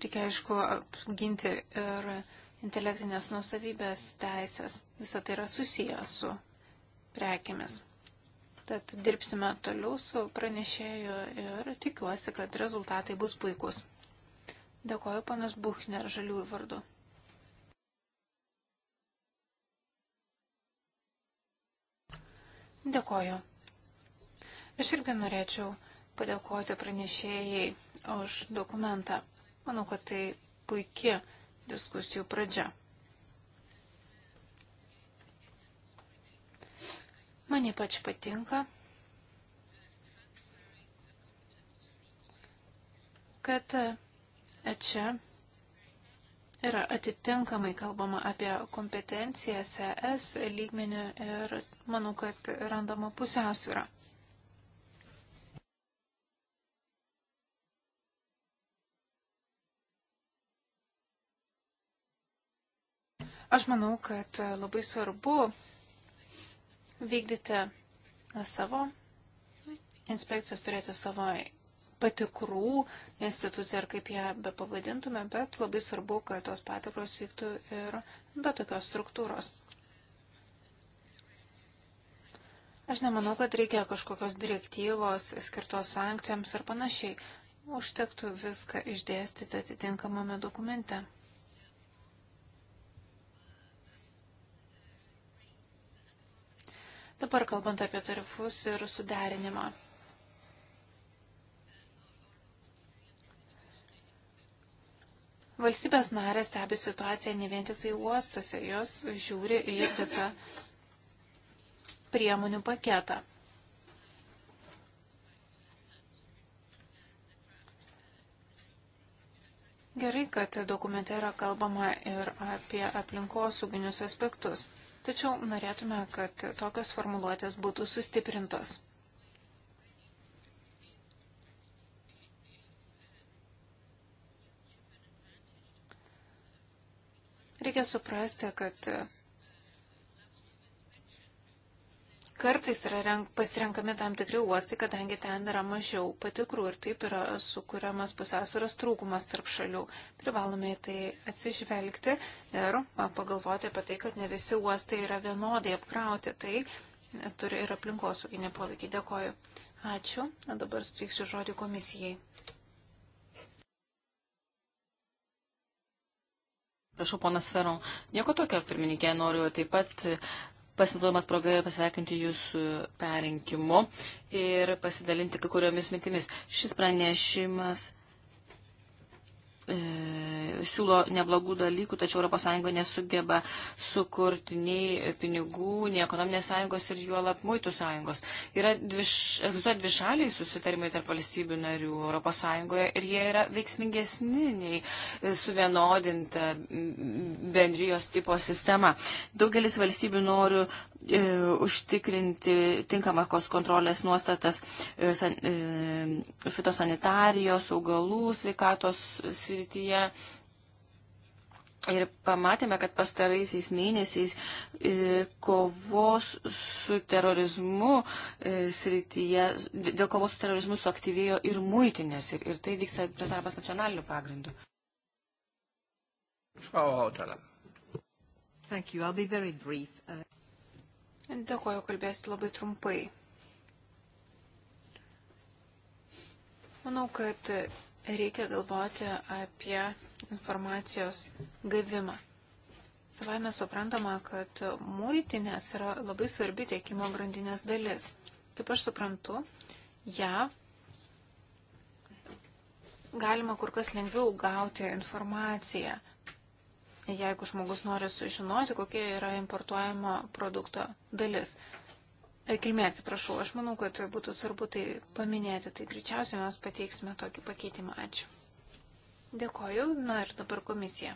Reikia, aišku, apginti ir intelektinės nusavybės teisės. Visą tai yra susiję su prekėmis. Tad dirbsime toliau su pranešėju ir tikiuosi, kad rezultatai bus puikus. Dėkoju panas Buchner žaliųjų vardu. Dėkoju. Aš irgi norėčiau padėkoti pranešėjai už dokumentą. Manau, kad tai puikia diskusijų pradžia. Man ypač patinka, kad čia yra atitinkamai kalbama apie kompetencijas ES lygmenių ir manau, kad randama pusiausvyrą. Aš manau, kad labai svarbu vykdyti savo inspekcijos, turėti savo patikrų instituciją ar kaip ją be pavadintume, bet labai svarbu, kad tos patikros vyktų ir be tokios struktūros. Aš nemanau, kad reikia kažkokios direktyvos skirtos sankcijams ar panašiai. Užtektų viską išdėstyti atitinkamame dokumente. Dabar kalbant apie tarifus ir suderinimą. Valstybės narės stebi situaciją ne vien tik tai uostuose, jos žiūri į visą priemonių paketą. Gerai, kad dokumente yra kalbama ir apie aplinkosauginius aspektus. Tačiau norėtume, kad tokios formuluotės būtų sustiprintos. Reikia suprasti, kad Kartais yra renk, pasirenkami tam tikri uostai, kadangi ten yra mažiau patikrų ir taip yra sukūriamas pusiausvėros trūkumas tarp šalių. Privalome į tai atsižvelgti ir pagalvoti apie tai, kad ne visi uostai yra vienodai apkrauti. Tai turi ir aplinkosauginį poveikį. Dėkoju. Ačiū. Na, dabar suteiksiu žodį komisijai. Prašau, ponas Feron. Nieko tokio, pirmininkė, noriu taip pat pasinaudodamas progą pasveikinti jūsų perinkimu ir pasidalinti kai kuriomis mintimis. Šis pranešimas E, siūlo neblogų dalykų, tačiau ES nesugeba sukurti nei pinigų, nei ekonominės sąjungos ir juolap muitų sąjungos. Yra dviš, egzistuoja dvi šaliai susitarimai tarp valstybių narių ES ir jie yra veiksmingesni nei suvienodinta bendrijos tipo sistema. Daugelis valstybių noriu, E, užtikrinti tinkamakos kontrolės nuostatas e, e, fitosanitarijos, augalų sveikatos srityje. Ir pamatėme, kad pastaraisiais mėnesiais kovos su terorizmu srityje, dėl kovos su terorizmu suaktyvėjo ir muitinės, ir, ir tai vyksta prie arabas nacionalinių pagrindų. Frau Hautala. Thank you. I'll be very brief. Uh... Dėkoju, kalbėsiu labai trumpai. Manau, kad reikia galvoti apie informacijos gavimą. Savame suprantama, kad muitinės yra labai svarbi tiekimo grandinės dalis. Kaip aš suprantu, ją galima kur kas lengviau gauti informaciją jeigu žmogus nori sužinoti, kokia yra importuojama produkto dalis. E, kilmė, atsiprašau, aš manau, kad būtų svarbu tai paminėti, tai greičiausiai mes pateiksime tokį pakeitimą. Ačiū. Dėkoju, na ir dabar komisija.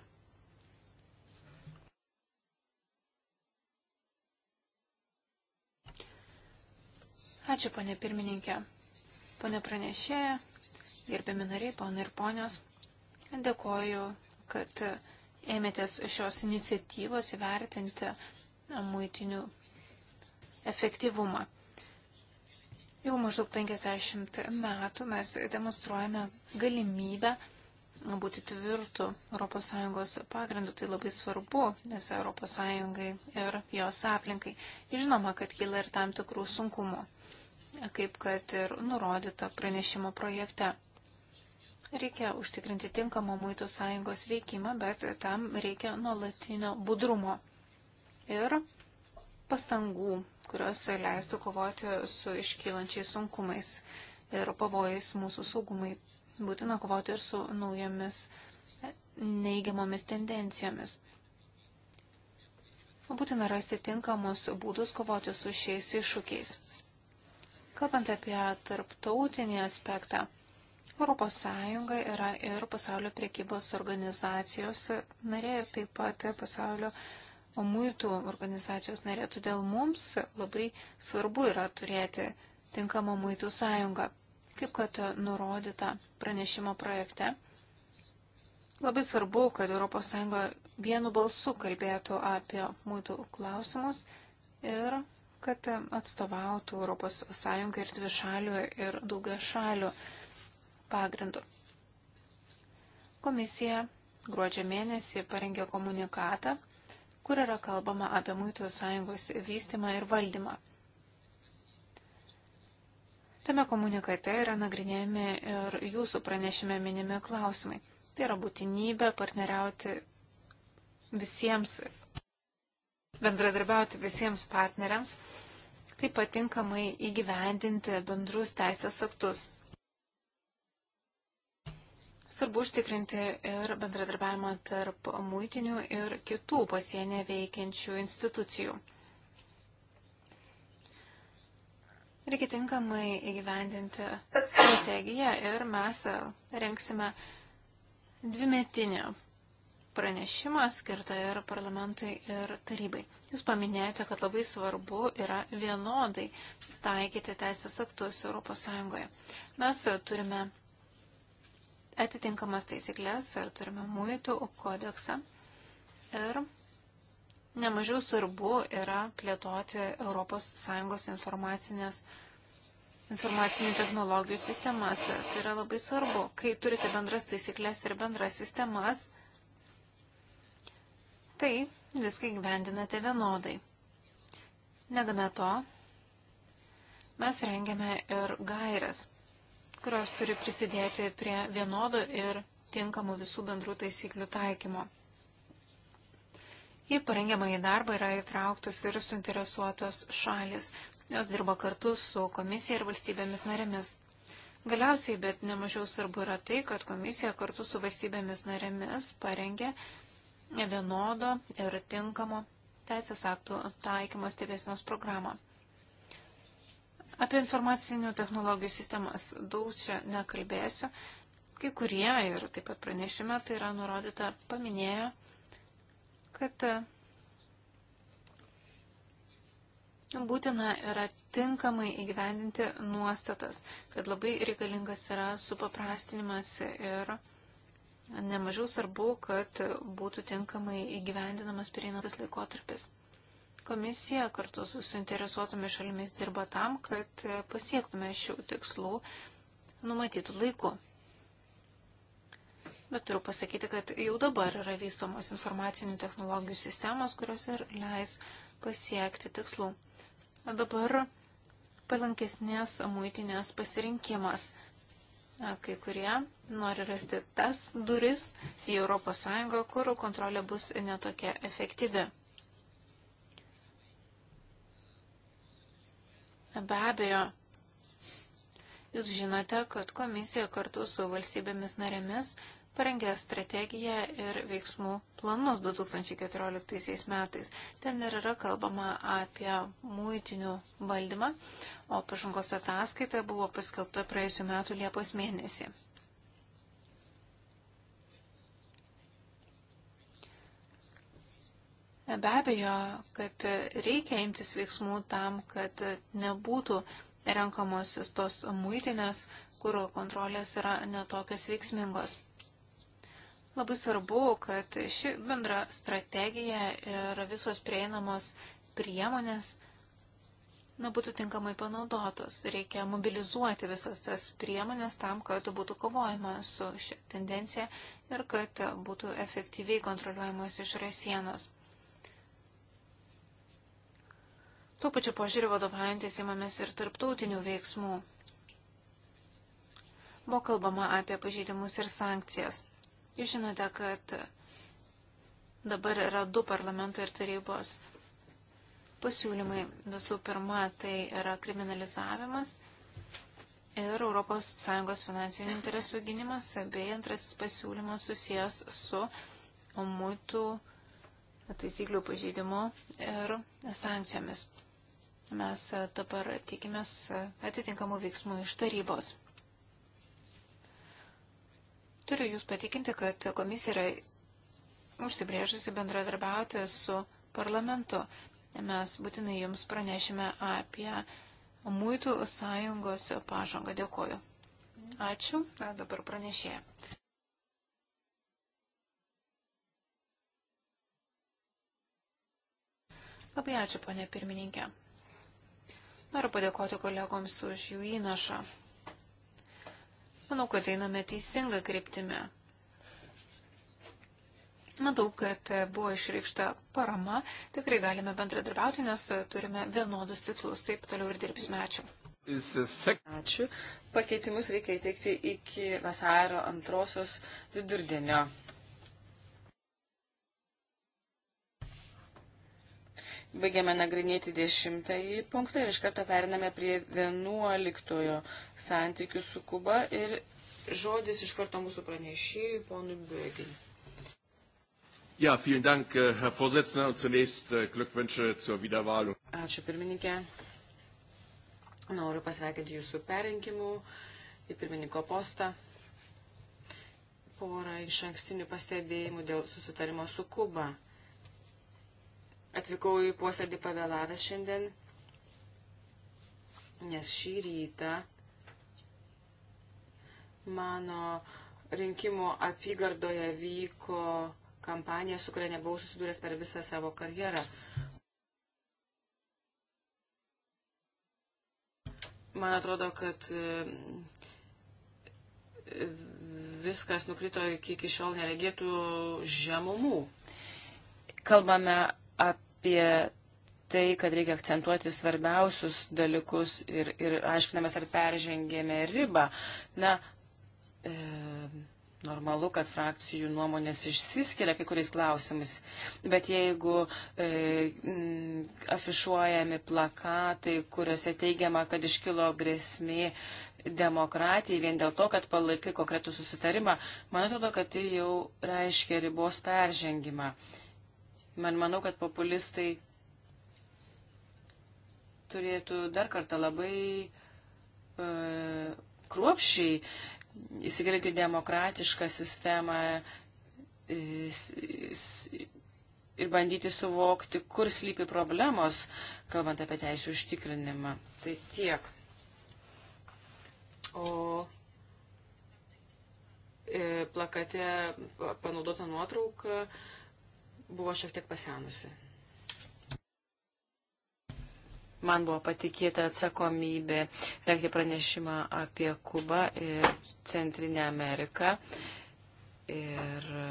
Ačiū, ponė pirmininkė, ponė pranešėja, gerbiami nariai, ponai ir ponios. Dėkoju, kad uh, ėmėtės šios iniciatyvos įvertinti muitinių efektyvumą. Jau maždaug 50 metų mes demonstruojame galimybę būti tvirtų ES pagrindų. Tai labai svarbu visai ES ir jos aplinkai. Žinoma, kad kyla ir tam tikrų sunkumų, kaip kad ir nurodyta pranešimo projekte. Reikia užtikrinti tinkamą muitų sąjungos veikimą, bet tam reikia nuolatinio budrumo ir pastangų, kurios leistų kovoti su iškylančiais sunkumais ir pavojais mūsų saugumai. Būtina kovoti ir su naujomis neigiamomis tendencijomis. Būtina rasti tinkamus būdus kovoti su šiais iššūkiais. Kalbant apie tarptautinį aspektą, ES yra ir pasaulio priekybos organizacijos narė ir taip pat pasaulio muitų organizacijos narė. Todėl mums labai svarbu yra turėti tinkamą muitų sąjungą. Kaip kad nurodyta pranešimo projekte, labai svarbu, kad ES vienu balsu kalbėtų apie muitų klausimus ir kad atstovautų ES ir dvišalių ir daugia šalių pagrindu. Komisija gruodžio mėnesį parengė komunikatą, kur yra kalbama apie Muitų sąjungos vystimą ir valdymą. Tame komunikate yra nagrinėjami ir jūsų pranešime minimi klausimai. Tai yra būtinybė partneriauti visiems, bendradarbiauti visiems partneriams, taip patinkamai įgyvendinti bendrus teisės aktus. Svarbu užtikrinti ir bendradarbiavimą tarp muitinių ir kitų pasienė veikiančių institucijų. Reikia tinkamai įgyvendinti strategiją ir mes renksime dvimetinį pranešimą skirtą ir parlamentui ir tarybai. Jūs paminėjote, kad labai svarbu yra vienodai taikyti teisės aktus ES. Mes turime atitinkamas taisyklės ir e, turime muitų kodeksą. Ir nemažiau svarbu yra plėtoti ES informacinės informacinių technologijų sistemas. E, tai yra labai svarbu, kai turite bendras taisyklės ir bendras sistemas, tai viską gyvendinate vienodai. Negana to, mes rengiame ir gairias kurios turi prisidėti prie vienodo ir tinkamų visų bendrų taisyklių taikymo. Į parengiamąjį darbą yra įtrauktos ir suinteresuotos šalis. Jos dirba kartu su komisija ir valstybėmis narėmis. Galiausiai, bet nemažiau svarbu yra tai, kad komisija kartu su valstybėmis narėmis parengė vienodo ir tinkamo teisės aktų taikymo stebėsinos programą. Apie informacinių technologijų sistemas daug čia nekalbėsiu. Kai kurie ir taip pat pranešime tai yra nurodyta paminėjo, kad e, būtina yra tinkamai įgyvendinti nuostatas, kad labai reikalingas yra supaprastinimas ir nemažiau svarbu, kad būtų tinkamai įgyvendinamas pereinantis laikotarpis. Komisija kartu su suinteresuotomis šalimis dirba tam, kad pasiektume šių tikslų numatytų laiku. Bet turiu pasakyti, kad jau dabar yra vystomos informacinių technologijų sistemos, kurios ir leis pasiekti tikslų. Dabar palankesnės muitinės pasirinkimas. Kai kurie nori rasti tas duris į ES, kur kontrolė bus netokia efektyvi. Be abejo, jūs žinote, kad komisija kartu su valstybėmis narėmis parengė strategiją ir veiksmų planus 2014 metais. Ten ir yra kalbama apie muitinių valdymą, o pažangos ataskaita buvo paskelbta praėjusiu metu Liepos mėnesį. Be abejo, kad reikia imtis veiksmų tam, kad nebūtų renkamosios tos muitinės, kur kontrolės yra netokios veiksmingos. Labai svarbu, kad ši bendra strategija ir visos prieinamos priemonės na, būtų tinkamai panaudotos. Reikia mobilizuoti visas tas priemonės tam, kad būtų kovojama su šią tendenciją ir kad būtų efektyviai kontroliuojamos išorės sienos. Tuo pačiu požiūriu vadovaujantis įmamės ir tarptautinių veiksmų. Buvo kalbama apie pažeidimus ir sankcijas. Jūs žinote, kad dabar yra du parlamento ir tarybos pasiūlymai. Visų pirma, tai yra kriminalizavimas ir ES finansinių interesų gynimas, bei antrasis pasiūlymas susijęs su muitų taisyklių pažeidimu ir sankcijomis. Mes e, dabar tikimės e, atitinkamų veiksmų iš tarybos. Turiu Jūs patikinti, kad komisija yra užsibrėžusi bendradarbiauti su parlamentu. Mes būtinai Jums pranešime apie Muitų sąjungos pažangą. Dėkoju. Ačiū. Na, dabar pranešė. Labai ačiū, ponė pirmininkė. Noriu padėkoti kolegoms už jų įnašą. Manau, kad einame teisingą kryptimę. Matau, kad buvo išreikšta parama. Tikrai galime bendradarbiauti, nes turime vienodus tikslus. Taip toliau ir dirbsime. Ačiū. Ačiū. Pakeitimus reikia įteikti iki vasario antrosios vidurdienio. Baigiame nagrinėti dešimtąjį punktą ir iš karto periname prie vienuoliktojo santykių su Kuba ir žodis iš karto mūsų pranešėjui, ponui Bögin. Ja, vielen Dank, äh, Herr Vorsitzender, und zunächst äh, Glückwünsche zur Wiederwahl. Ačiū pirmininkė. Noriu pasveikinti jūsų perrinkimų į pirmininko postą. Porą iš ankstinių pastebėjimų dėl susitarimo su Kuba Atvykau į posėdį pavėlavęs šiandien, nes šį rytą mano rinkimų apygardoje vyko kampanija, su kuria nebuvau susidūręs per visą savo karjerą. Man atrodo, kad e, viskas nukrito iki, iki šiol neregėtų žemumų. Kalbame apie tai, kad reikia akcentuoti svarbiausius dalykus ir, ir aiškinamės, ar peržengėme ribą. Na, e, normalu, kad frakcijų nuomonės išsiskiria kai kuriais klausimais, bet jeigu e, m, afišuojami plakatai, kuriuose teigiama, kad iškilo grėsmė demokratijai vien dėl to, kad palaikai konkretų susitarimą, man atrodo, kad tai jau reiškia ribos peržengimą. E, Man manau, kad populistai turėtų dar kartą labai uh, e, kruopšiai įsigilinti demokratišką sistemą e, ir bandyti suvokti, kur slypi problemos, kalbant apie teisų užtikrinimą. Tai tiek. O e, plakate panaudota nuotrauka buvo šiek tiek pasenusi. Man buvo patikėta atsakomybė rengti pranešimą apie Kubą ir Centrinę Ameriką. Ir e,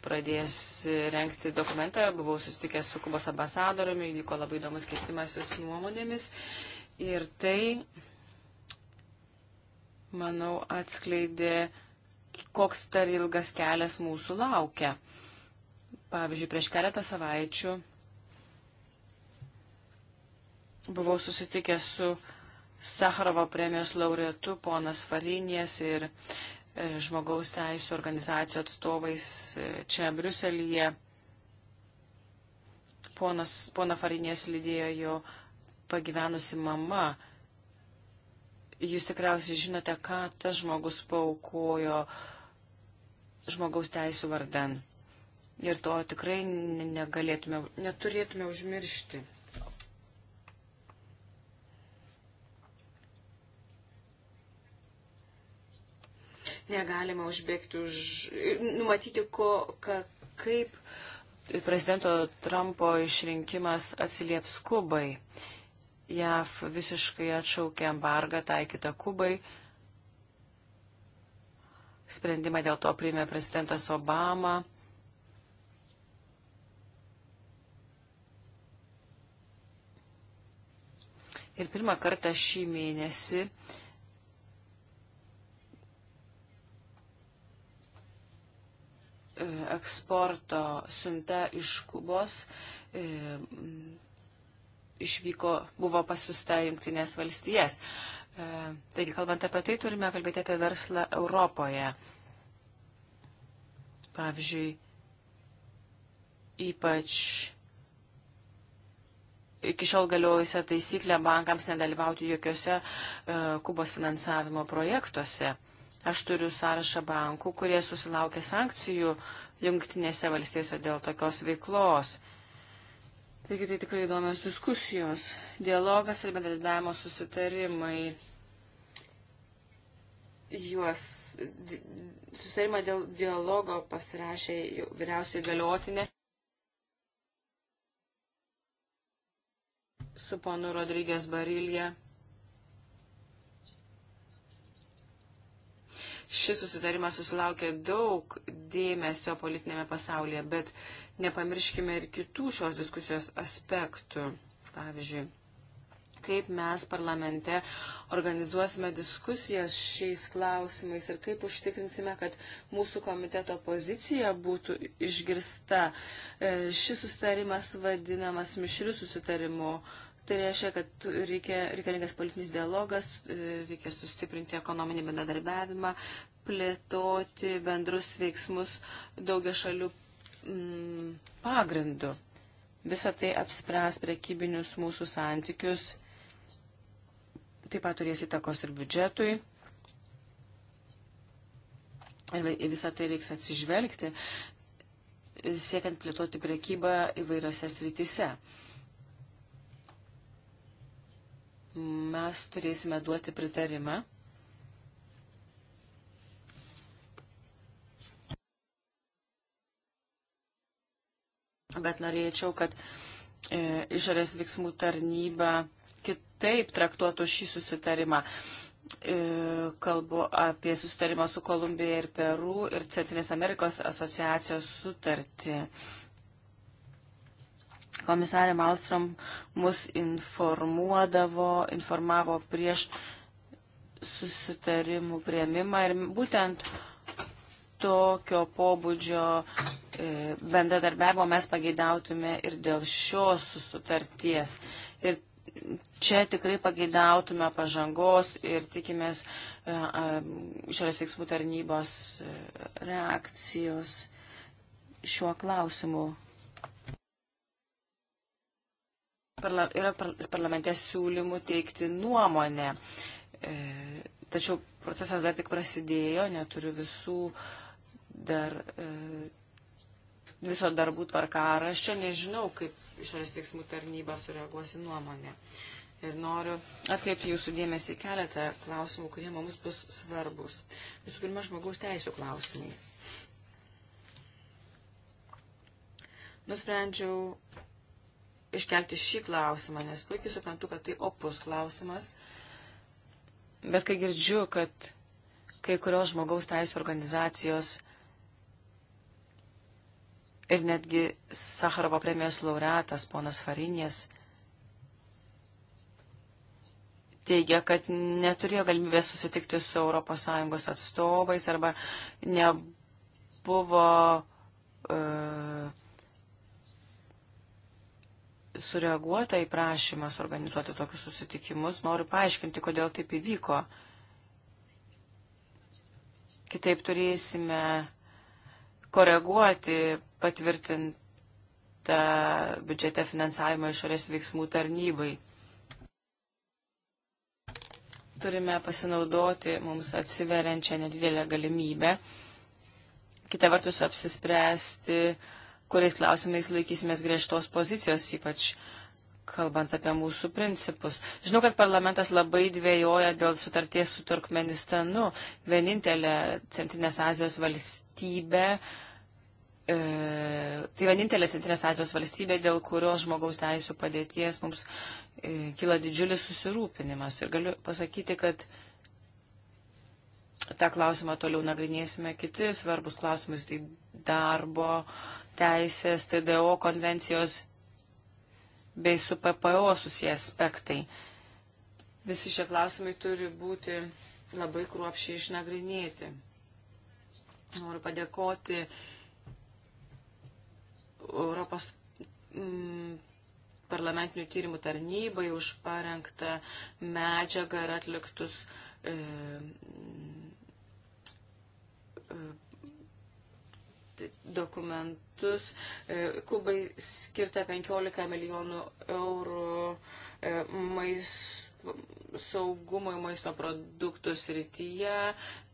pradės renkti dokumentą, buvau susitikęs su Kubos ambasadoriumi, vyko labai įdomus keitimasis nuomonėmis. Ir tai, manau, atskleidė, koks dar ilgas kelias mūsų laukia. Pavyzdžiui, prieš keletą savaičių buvau susitikęs su Sakarovo premijos laureatu ponas Falinės ir e, žmogaus teisų organizacijų atstovais e, čia Briuselyje. Ponas, pona Farinės lydėjo jo pagyvenusi mama. Jūs tikriausiai žinote, ką tas žmogus paukojo žmogaus teisų vardan. Ir to tikrai negalėtume, neturėtume užmiršti. Negalima užbėgti už, numatyti, ko, ka, kaip prezidento Trumpo išrinkimas atsilieps Kubai. JAV visiškai atšaukė embargą taikytą Kubai. Sprendimą dėl to priėmė prezidentas Obama. Ir pirmą kartą šį mėnesį e, eksporto siunta iš Kubos e, išvyko, buvo pasiusta Junktinės valstijas. E, taigi, kalbant apie tai, turime kalbėti apie verslą Europoje. Pavyzdžiui, ypač iki šiol galiojusią taisyklę bankams nedalyvauti jokiuose e, Kubos finansavimo projektuose. Aš turiu sąrašą bankų, kurie susilaukė sankcijų jungtinėse valstijose dėl tokios veiklos. Taigi tai tikrai įdomios diskusijos, dialogas ir bendradarbiavimo susitarimai. Juos susitarimą dėl dialogo pasirašė vyriausiai galiotinė. su ponu Rodrygės Barilė. Šis susitarimas susilaukė daug dėmesio politinėme pasaulyje, bet nepamirškime ir kitų šios diskusijos aspektų. Pavyzdžiui, kaip mes parlamente organizuosime diskusijas šiais klausimais ir kaip užtikrinsime, kad mūsų komiteto pozicija būtų išgirsta. E, šis susitarimas vadinamas mišrių susitarimu Tai reiškia, kad reikia, reikalingas politinis dialogas, e, reikia sustiprinti ekonominį bendradarbiavimą, plėtoti bendrus veiksmus daugia šalių mm, pagrindu. Visą tai apspręs prekybinius mūsų santykius, taip pat turės įtakos ir biudžetui. Ir visą tai reiks atsižvelgti, siekiant plėtoti prekybą įvairiose srityse. mes turėsime duoti pritarimą. Bet norėčiau, kad e, išorės veiksmų tarnyba kitaip traktuotų šį susitarimą. E, kalbu apie susitarimą su Kolumbija ir Peru ir Centrinės Amerikos asociacijos sutartį. E, Komisarė Malstrom mus informuodavo, informavo prieš susitarimų prieimimą ir būtent tokio pobūdžio e, bendradarbiavimo mes pageidautume ir dėl šios sutarties. Ir čia tikrai pageidautume pažangos ir tikimės e, išorės veiksmų tarnybos e, reakcijos šiuo klausimu. parla, yra par, parlamente siūlymų teikti nuomonę. E, tačiau procesas dar tik prasidėjo, neturiu visų dar. E, viso darbų tvarkaraščio, nežinau, kaip išorės veiksmų tarnyba sureaguosi nuomonę. Ir noriu atkreipti jūsų dėmesį keletą klausimų, kurie mums bus svarbus. Visų pirma, žmogaus teisų klausimai. Nusprendžiau iškelti šį klausimą, nes puikiai suprantu, kad tai opus klausimas. Bet kai girdžiu, kad kai kurios žmogaus teisų organizacijos ir netgi Sakarovo premijos laureatas ponas Farinės teigia, kad neturėjo galimybės susitikti su ES atstovais arba nebuvo uh, sureaguota į prašymą suorganizuoti tokius susitikimus. Noriu paaiškinti, kodėl taip įvyko. Kitaip turėsime koreguoti patvirtintą biudžete finansavimą išorės veiksmų tarnybai. Turime pasinaudoti mums atsiveriančią nedidelę galimybę. Kita vertus apsispręsti, uh, kuriais klausimais laikysimės griežtos pozicijos, ypač kalbant apie mūsų principus. Žinau, kad parlamentas labai dvėjoja dėl sutarties su Turkmenistanu, vienintelė Centrinės Azijos valstybė. E, tai vienintelė Centrinės Azijos valstybė, dėl kurios žmogaus teisų padėties mums e, kyla didžiulis susirūpinimas. Ir galiu pasakyti, kad tą klausimą toliau nagrinėsime kiti svarbus klausimus, tai darbo, e, teisės, TDO konvencijos bei su PPO susiję aspektai. Visi šie klausimai turi būti labai kruopšiai išnagrinėti. Noriu padėkoti Europos mm, parlamentinių tyrimų tarnybai už parengtą medžiagą ir atliktus e, e dokumentus. E, Kubai skirta 15 milijonų eurų e, maistų saugumui maisto produktų srityje,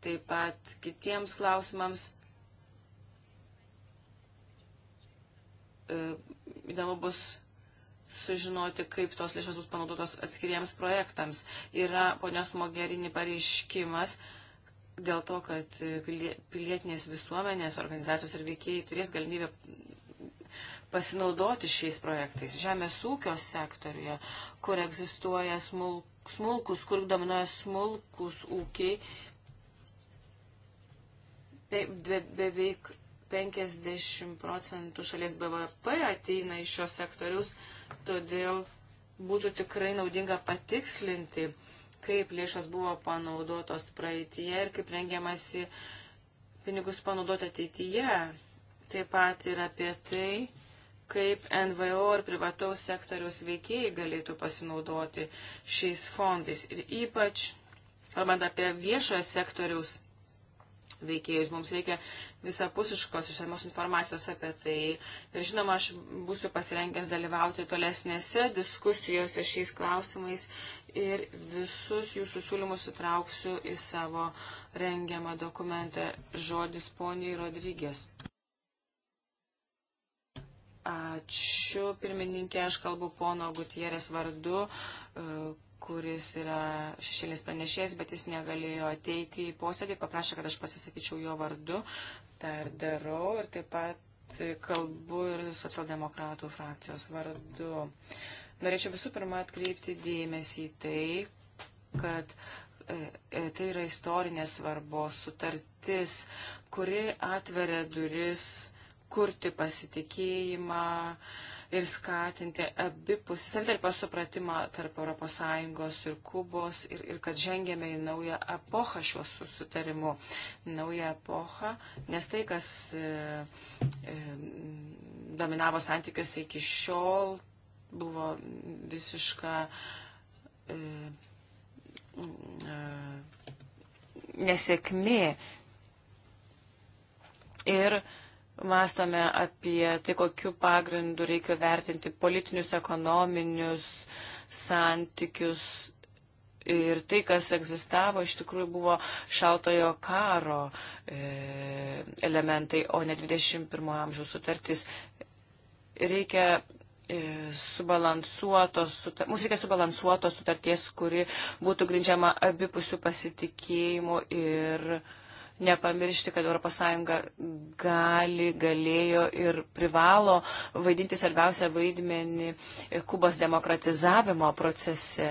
taip pat kitiems klausimams. E, įdomu bus sužinoti, kaip tos lėšas bus panaudotos atskiriems projektams. Yra ponios Mogerini pareiškimas, dėl to, kad pilietinės visuomenės organizacijos ir veikėjai turės galimybę pasinaudoti šiais projektais. Žemės ūkio sektoriuje, kur egzistuoja smulkus, kur dominuoja smulkus ūkiai, be, be, beveik 50 procentų šalies BVP ateina iš šios sektorius, todėl būtų tikrai naudinga patikslinti kaip lėšos buvo panaudotos praeitie ir kaip rengiamasi pinigus panaudoti ateityje. Taip pat ir apie tai, kaip NVO ir privataus sektoriaus veikėjai galėtų pasinaudoti šiais fondais. Ir ypač, kalbant apie viešojo sektoriaus veikėjus, mums reikia visapusiškos išsamos informacijos apie tai. Ir žinoma, aš būsiu pasirengęs dalyvauti tolesnėse diskusijose šiais klausimais ir visus jūsų siūlymus įtrauksiu į savo rengiamą dokumentą. Žodis poniai Rodrygės. Ačiū, pirmininkė, aš kalbu pono Gutierės vardu, e, kuris yra šešėlis pranešėjas, bet jis negalėjo ateiti į posėdį, paprašė, kad aš pasisakyčiau jo vardu. Tai ir darau ir taip pat kalbu ir socialdemokratų frakcijos vardu. Uh, Norėčiau visų pirma atkreipti dėmesį į tai, kad e, e, tai yra istorinės svarbos sutartis, kuri atveria duris kurti pasitikėjimą ir skatinti abipusį savitarpio supratimą tarp ES ir Kubos ir, ir kad žengėme į naują epochą šiuo susitarimu. Naują epochą, nes tai, kas e, e, dominavo santykiuose iki šiol, buvo visiška e, e, nesėkmė. Ir mąstome apie tai, kokiu pagrindu reikia vertinti politinius, ekonominius santykius. Ir tai, kas egzistavo, iš tikrųjų buvo šaltojo karo e, elementai, o ne 21 amžiaus sutartis reikia E, subalansuotos, mums reikia subalansuotos sutarties, kuri būtų grindžiama abipusių pasitikėjimų ir nepamiršti, kad ES gali, galėjo ir privalo vaidinti svarbiausią vaidmenį Kubos demokratizavimo procese,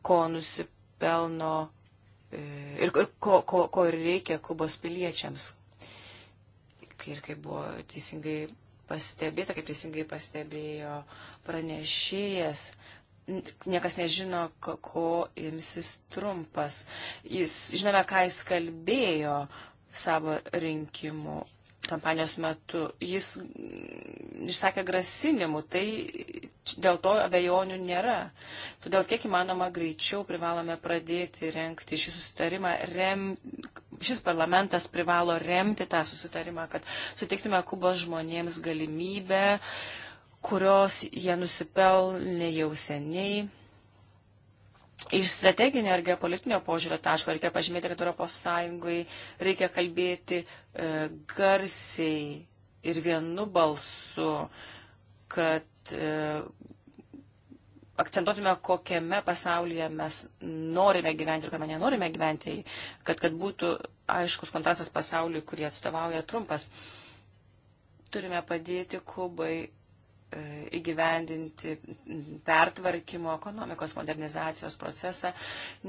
ko nusipelno e, ir, ir ko, ko, ko ir reikia Kubos piliečiams. Ir kaip buvo teisingai pastebėta, kaip teisingai pastebėjo pranešėjas, niekas nežino, ko imsis Trumpas. Jis, žinome, ką jis kalbėjo savo rinkimų kampanijos metu. Jis mm, išsakė grasinimų, tai dėl to abejonių nėra. Todėl kiek įmanoma greičiau privalome pradėti renkti šį susitarimą, rem, šis parlamentas privalo remti tą susitarimą, kad sutiktume Kubos žmonėms galimybę, kurios jie nusipelnė jau seniai. Iš strateginio ar geopolitinio požiūrio taško reikia pažymėti, kad ES reikia kalbėti e, garsiai ir vienu balsu, kad e, akcentuotume, kokiame pasaulyje mes norime gyventi ir kame nenorime gyventi, kad, kad būtų aiškus kontrastas pasauliui, kurį atstovauja Trumpas. Turime padėti Kubai e, įgyvendinti pertvarkymo, ekonomikos modernizacijos procesą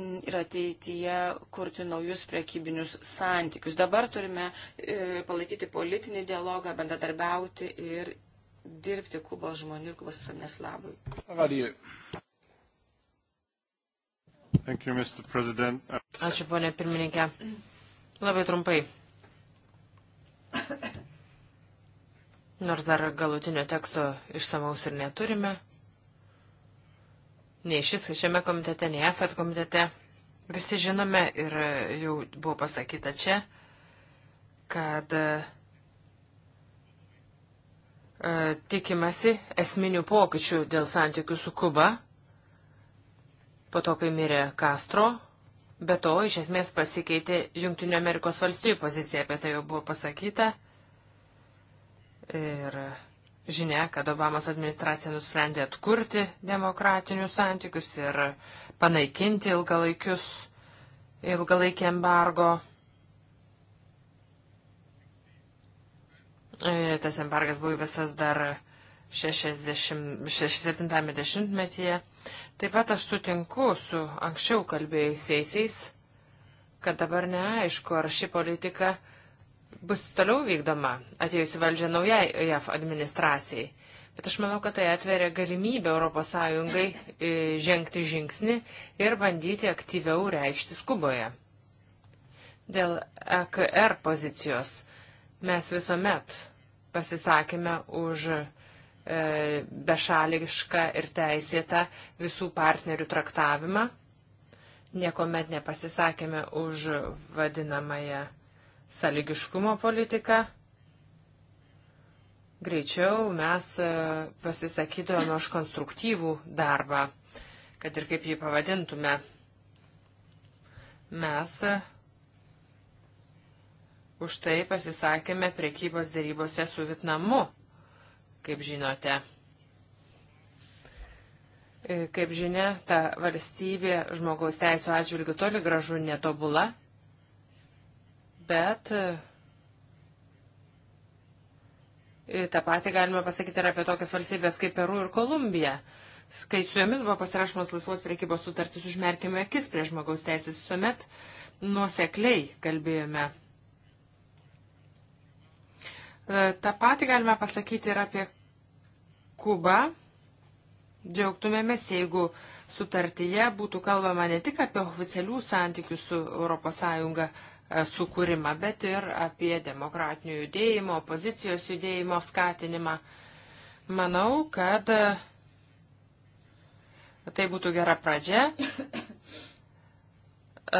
ir ateityje kurti naujus priekybinius santykius. Dabar turime e, palaikyti politinį dialogą, bendradarbiauti ir dirbti Kubos žmonių ir Kubos visuomenės labui. Ačiū, ponė pirmininkė. Labai trumpai. Nors dar galutinio teksto išsamaus ir neturime. Nei šis šiame komitete, nei EFET komitete. Visi žinome ir jau buvo pasakyta čia, kad uh, E, tikimasi esminių pokyčių dėl santykių su Kuba, po to, kai mirė Castro, be to iš esmės pasikeitė Junktinio Amerikos valstybių pozicija, apie tai jau buvo pasakyta. Ir žinia, kad Obamos administracija nusprendė atkurti demokratinius santykius ir panaikinti ilgalaikius, ilgalaikį embargo E, tas embargas buvo įvestas dar 60-70-metyje. Taip pat aš sutinku su anksčiau kalbėjusiais, kad dabar neaišku, ar ši politika bus toliau vykdoma atėjusi valdžia naujai JAF administracijai. Bet aš manau, kad tai atveria galimybę ES e, žengti žingsnį ir bandyti aktyviau reikštis Kuboje. Dėl EKR pozicijos Mes visuomet pasisakėme už e, bešališką ir teisėtą visų partnerių traktavimą. Niekuomet nepasisakėme už vadinamąją saligiškumo politiką. Greičiau mes e, pasisakydavome už konstruktyvų darbą, kad ir kaip jį pavadintume. Mes Už tai pasisakėme prekybos dėrybose su Vietnamu, kaip žinote. E, kaip žinia, ta valstybė žmogaus teisų atžvilgių toli gražu netobula, bet e, tą patį galime pasakyti ir apie tokias valstybės kaip Peru ir Kolumbija. Kai su jomis buvo pasirašomas laisvos priekybos sutartis, užmerkėme akis prie žmogaus teisės visuomet nuosekliai kalbėjome E, Ta pati galime pasakyti ir apie Kubą. Džiaugtumėmės, jeigu sutartyje būtų kalbama ne tik apie oficialių santykių su ES e, sukūrimą, bet ir apie demokratinių judėjimo, opozicijos judėjimo skatinimą. Manau, kad e, tai būtų gera pradžia E,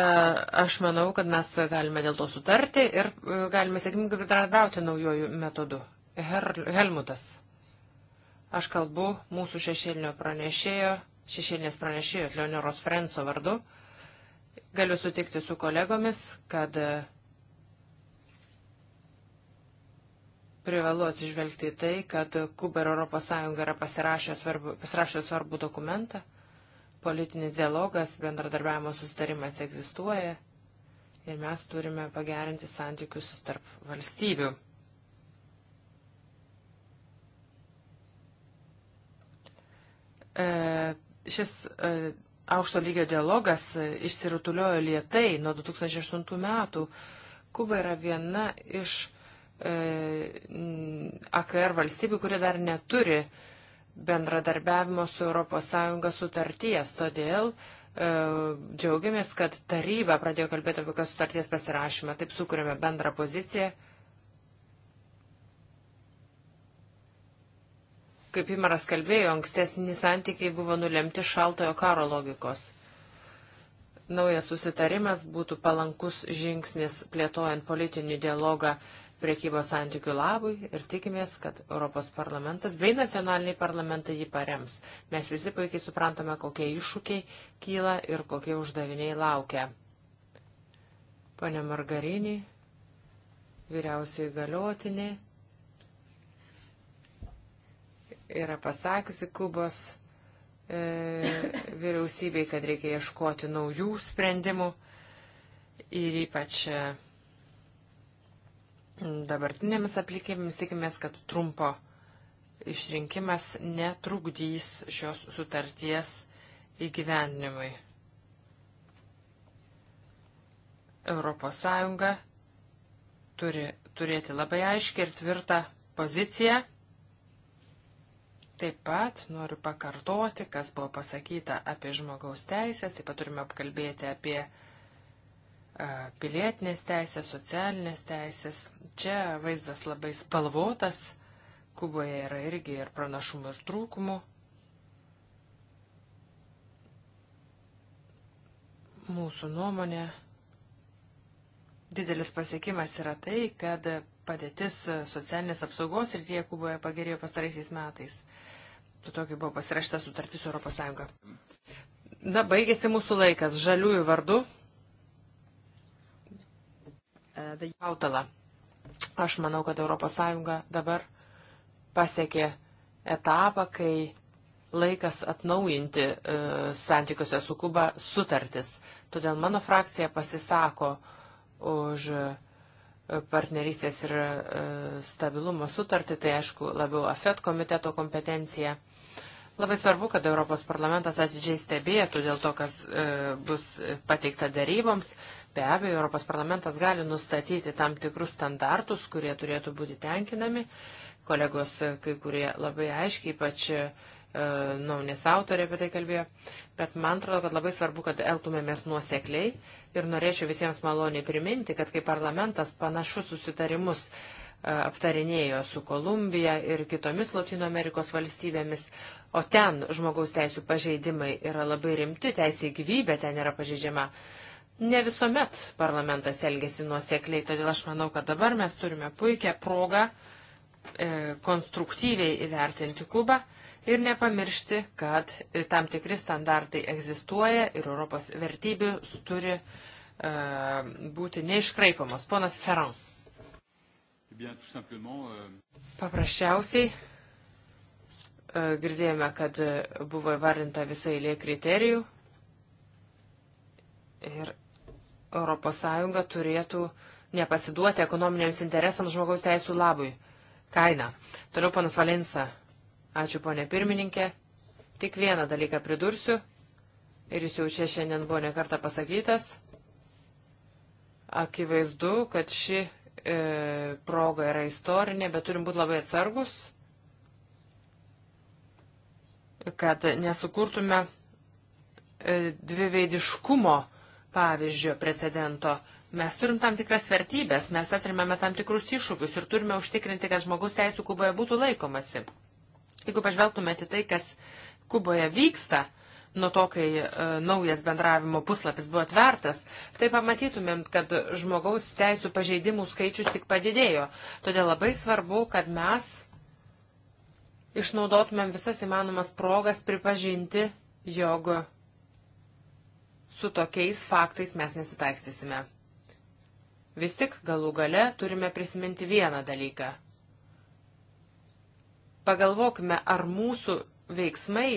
aš manau, kad mes galime dėl to sutarti ir e, galime sėkmingai bendradarbiauti naujojų metodų. Her, Helmutas. Aš kalbu mūsų šešėlinio pranešėjo, šešėlinės pranešėjos Leonoros Frenso vardu. Galiu sutikti su kolegomis, kad e, privalu atsižvelgti į tai, kad Kuba ir Europos Sąjunga yra pasirašę svarbų, pasirašę svarbų dokumentą Politinis dialogas, bendradarbiavimo sustarimas egzistuoja ir mes turime pagerinti santykius tarp valstybių. E, šis e, aukšto lygio dialogas išsirutuliojo lietai nuo 2008 metų. Kuba yra viena iš e, AKR valstybių, kurie dar neturi e, bendradarbiavimo su ES sutarties. Todėl e, džiaugiamės, kad taryba pradėjo kalbėti apie kokios sutarties pasirašymą. Taip sukūrėme bendrą poziciją. Kaip Imaras kalbėjo, ankstesni santykiai buvo nulemti šaltojo karo logikos. Naujas susitarimas būtų palankus žingsnis plėtojant politinį dialogą priekybos santykių labui ir tikimės, kad Europos parlamentas bei nacionaliniai parlamentai jį parems. Mes visi puikiai suprantame, kokie iššūkiai kyla ir kokie uždaviniai laukia. Pane Margarinį, vyriausiai galiotinė, yra pasakiusi Kubos e, vyriausybei, kad reikia ieškoti naujų sprendimų ir ypač e, Dabartinėmis aplikėmis tikimės, kad trumpo išrinkimas netrukdys šios sutarties įgyvendinimui. Europos Sąjunga turi turėti labai aiškį ir tvirtą poziciją. Taip pat noriu pakartoti, kas buvo pasakyta apie žmogaus teisės, taip pat turime apkalbėti apie uh, pilietinės teisės, socialinės teisės. Čia vaizdas labai spalvotas, Kuboje yra irgi ir pranašumų ir trūkumų. Mūsų nuomonė. Didelis pasiekimas yra tai, kad padėtis socialinės apsaugos ir tie Kuboje pagerėjo pastaraisiais metais. Tu tokį buvo pasirašta sutartis su ES. Na, baigėsi mūsų laikas. Žaliųjų vardu the... Autala. Aš manau, kad ES dabar pasiekė etapą, kai laikas atnaujinti e, santykiuose su Kuba sutartis. Todėl mano frakcija pasisako už e, partnerystės ir e, stabilumo sutartį, tai aišku labiau AFET komiteto kompetencija. Labai svarbu, kad Europos parlamentas atidžiai stebėtų dėl to, kas e, bus pateikta daryboms, Be abejo, Europos parlamentas gali nustatyti tam tikrus standartus, kurie turėtų būti tenkinami. Kolegos kai kurie labai aiškiai, ypač e, nuomonės autorė apie tai kalbėjo, bet man atrodo, kad labai svarbu, kad elgtumėmės nuosekliai ir norėčiau visiems maloniai priminti, kad kai parlamentas panašus susitarimus e, aptarinėjo su Kolumbija ir kitomis Latino Amerikos valstybėmis, o ten žmogaus teisų pažeidimai yra labai rimti, teisė į gyvybę ten yra pažeidžiama. Uh, Ne visuomet parlamentas elgesi nuosekliai, todėl aš manau, kad dabar mes turime puikią progą e, konstruktyviai įvertinti Kubą ir nepamiršti, kad tam tikri standartai egzistuoja ir Europos vertybių turi e, būti neiškraipamos. Ponas Ferran. Eh euh, Paprasčiausiai e, girdėjome, kad e, buvo įvardinta visai lė kriterijų ir ES turėtų nepasiduoti ekonominiams interesams žmogaus teisų labui. Kaina. Toliau panas Valensa. Ačiū, ponė pirmininkė. Tik vieną dalyką pridursiu. Ir jis jau čia šiandien buvo nekarta pasakytas. Akivaizdu, kad ši e, proga yra istorinė, bet turim būti labai atsargus, kad nesukurtume e, dviveidiškumo pavyzdžio precedento. Mes turim tam tikras vertybės, mes atrimame tam tikrus iššūkius ir turime užtikrinti, kad žmogus teisų Kuboje būtų laikomasi. Jeigu pažvelgtumėte tai, kas Kuboje vyksta, nuo to, kai e, naujas bendravimo puslapis buvo atvertas, tai pamatytumėm, kad žmogaus teisų pažeidimų skaičius tik padidėjo. Todėl labai svarbu, kad mes išnaudotumėm visas įmanomas progas pripažinti, jog su tokiais faktais mes nesitaikstysime. Vis tik galų gale turime prisiminti vieną dalyką. Pagalvokime, ar mūsų veiksmai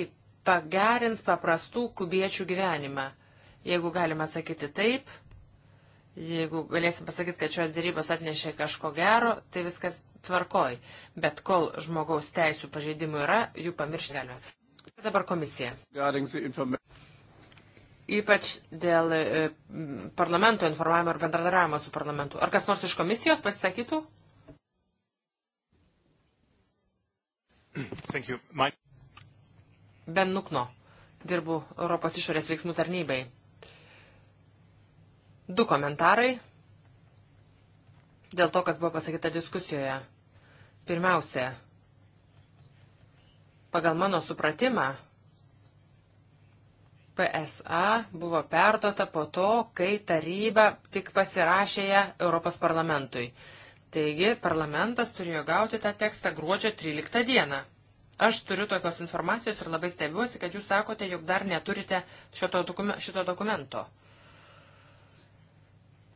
pagerins paprastų kubiečių gyvenimą. Jeigu galima sakyti taip, jeigu galėsim pasakyti, kad šios dėrybos atnešė kažko gero, tai viskas tvarkoj. Bet kol žmogaus teisų pažeidimų yra, jų pamiršti galime. Dabar komisija ypač dėl e, parlamento informavimo ir bendradarbiavimo su parlamentu. Ar kas nors iš komisijos pasisakytų? My... Ben Nukno. Dirbu Europos išorės veiksmų tarnybai. Du komentarai dėl to, kas buvo pasakyta diskusijoje. Pirmiausia, pagal mano supratimą, PSA buvo perduota po to, kai taryba tik pasirašė ją Europos parlamentui. Taigi parlamentas turėjo gauti tą tekstą gruodžio 13 dieną. Aš turiu tokios informacijos ir labai stebiuosi, kad jūs sakote, jog dar neturite šito, dokume, šito dokumento.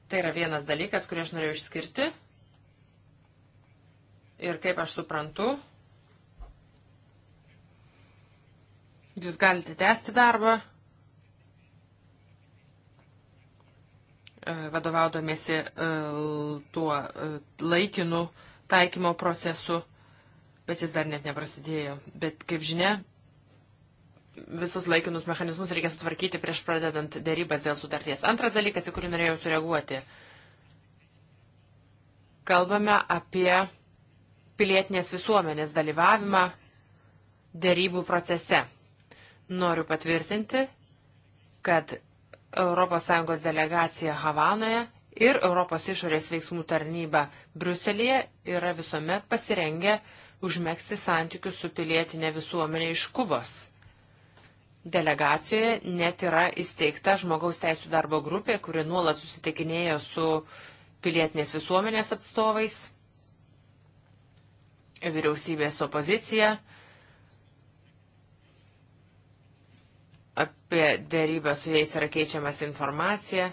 Tai yra vienas dalykas, kurį aš norėjau išskirti. Ir kaip aš suprantu, jūs galite tęsti darbą, E, vadovaudomėsi e, tuo e, laikinu taikymo procesu, bet jis dar net neprasidėjo. Bet kaip žinia, visus laikinus mechanizmus reikia sutvarkyti prieš pradedant dėrybas dėl sutarties. Antras dalykas, į kurį norėjau sureaguoti. Kalbame apie pilietinės visuomenės dalyvavimą dėrybų procese. Noriu patvirtinti, kad ES delegacija Havanoje ir Europos išorės veiksmų tarnyba Bruselėje yra visuomet pasirengę užmėgsti santykius su pilietinė visuomenė iš Kubos. Delegacijoje net yra įsteigta žmogaus teisų darbo grupė, kuri nuolat susitikinėjo su pilietinės visuomenės atstovais, vyriausybės opozicija, apie dėrybę su jais yra keičiamas informacija.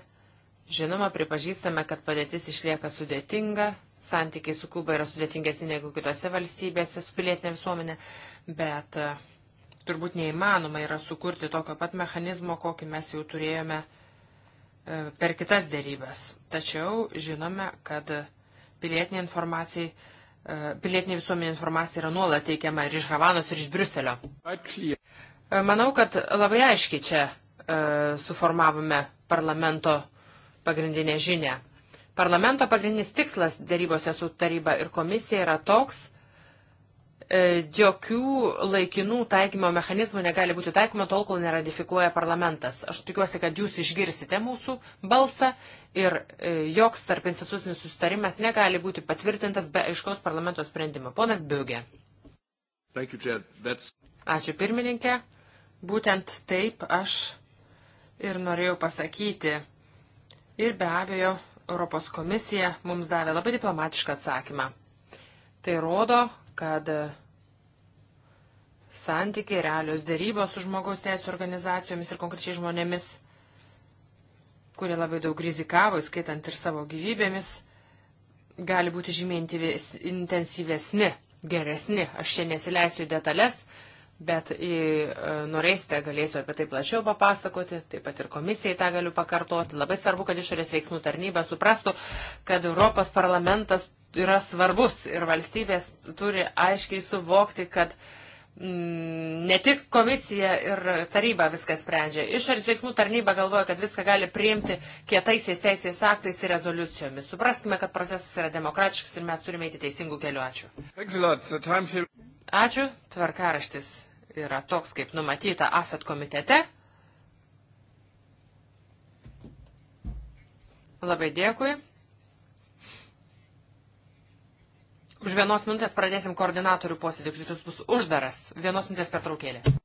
Žinoma, pripažįstame, kad padėtis išlieka sudėtinga, santykiai su Kuba yra sudėtingesni negu kitose valstybėse su pilietinė visuomenė, bet e, turbūt neįmanoma yra sukurti tokio pat mechanizmo, kokį mes jau turėjome e, per kitas dėrybės. Tačiau žinome, kad pilietinė informacija e, pilietinė visuomenė informacija yra nuolat teikiama ir iš Havanos, ir iš Briuselio. Manau, kad labai aiškiai čia e, suformavome parlamento pagrindinę žinę. Parlamento pagrindinis tikslas dėrybose su taryba ir komisija yra toks, e, jokių laikinų taikymo mechanizmų negali būti taikoma tol, kol neratifikuoja parlamentas. Aš tikiuosi, kad jūs išgirsite mūsų balsą ir e, joks tarp institucinis sustarimas negali būti patvirtintas be aiškaus parlamento sprendimo. Ponas Biugė. Ačiū pirmininkė. Būtent taip aš ir norėjau pasakyti. Ir be abejo, Europos komisija mums davė labai diplomatišką atsakymą. Tai rodo, kad santykiai, realios dėrybos su žmogaus teisų organizacijomis ir konkrečiai žmonėmis, kurie labai daug rizikavo, skaitant ir savo gyvybėmis, gali būti žymiai intensyvesni, geresni. Aš čia nesileisiu į detalės, bet jei norėsite, galėsiu apie tai plačiau papasakoti, taip pat ir komisijai tą galiu pakartoti. Labai svarbu, kad išorės veiksmų tarnyba suprastų, kad Europos parlamentas yra svarbus ir valstybės turi aiškiai suvokti, kad m, mm, Ne tik komisija ir taryba viską sprendžia. Išorės veiksmų tarnyba galvoja, kad viską gali priimti kietaisiais teisės aktais ir rezoliucijomis. Supraskime, kad procesas yra demokratiškas ir mes turime eiti teisingų kelių. Ačiū. Ačiū. Tvarkaraštis yra toks, kaip numatyta AFET komitete. Labai dėkui. Už vienos minutės pradėsim koordinatorių posėdį, kuris bus uždaras. Vienos minutės pertraukėlė.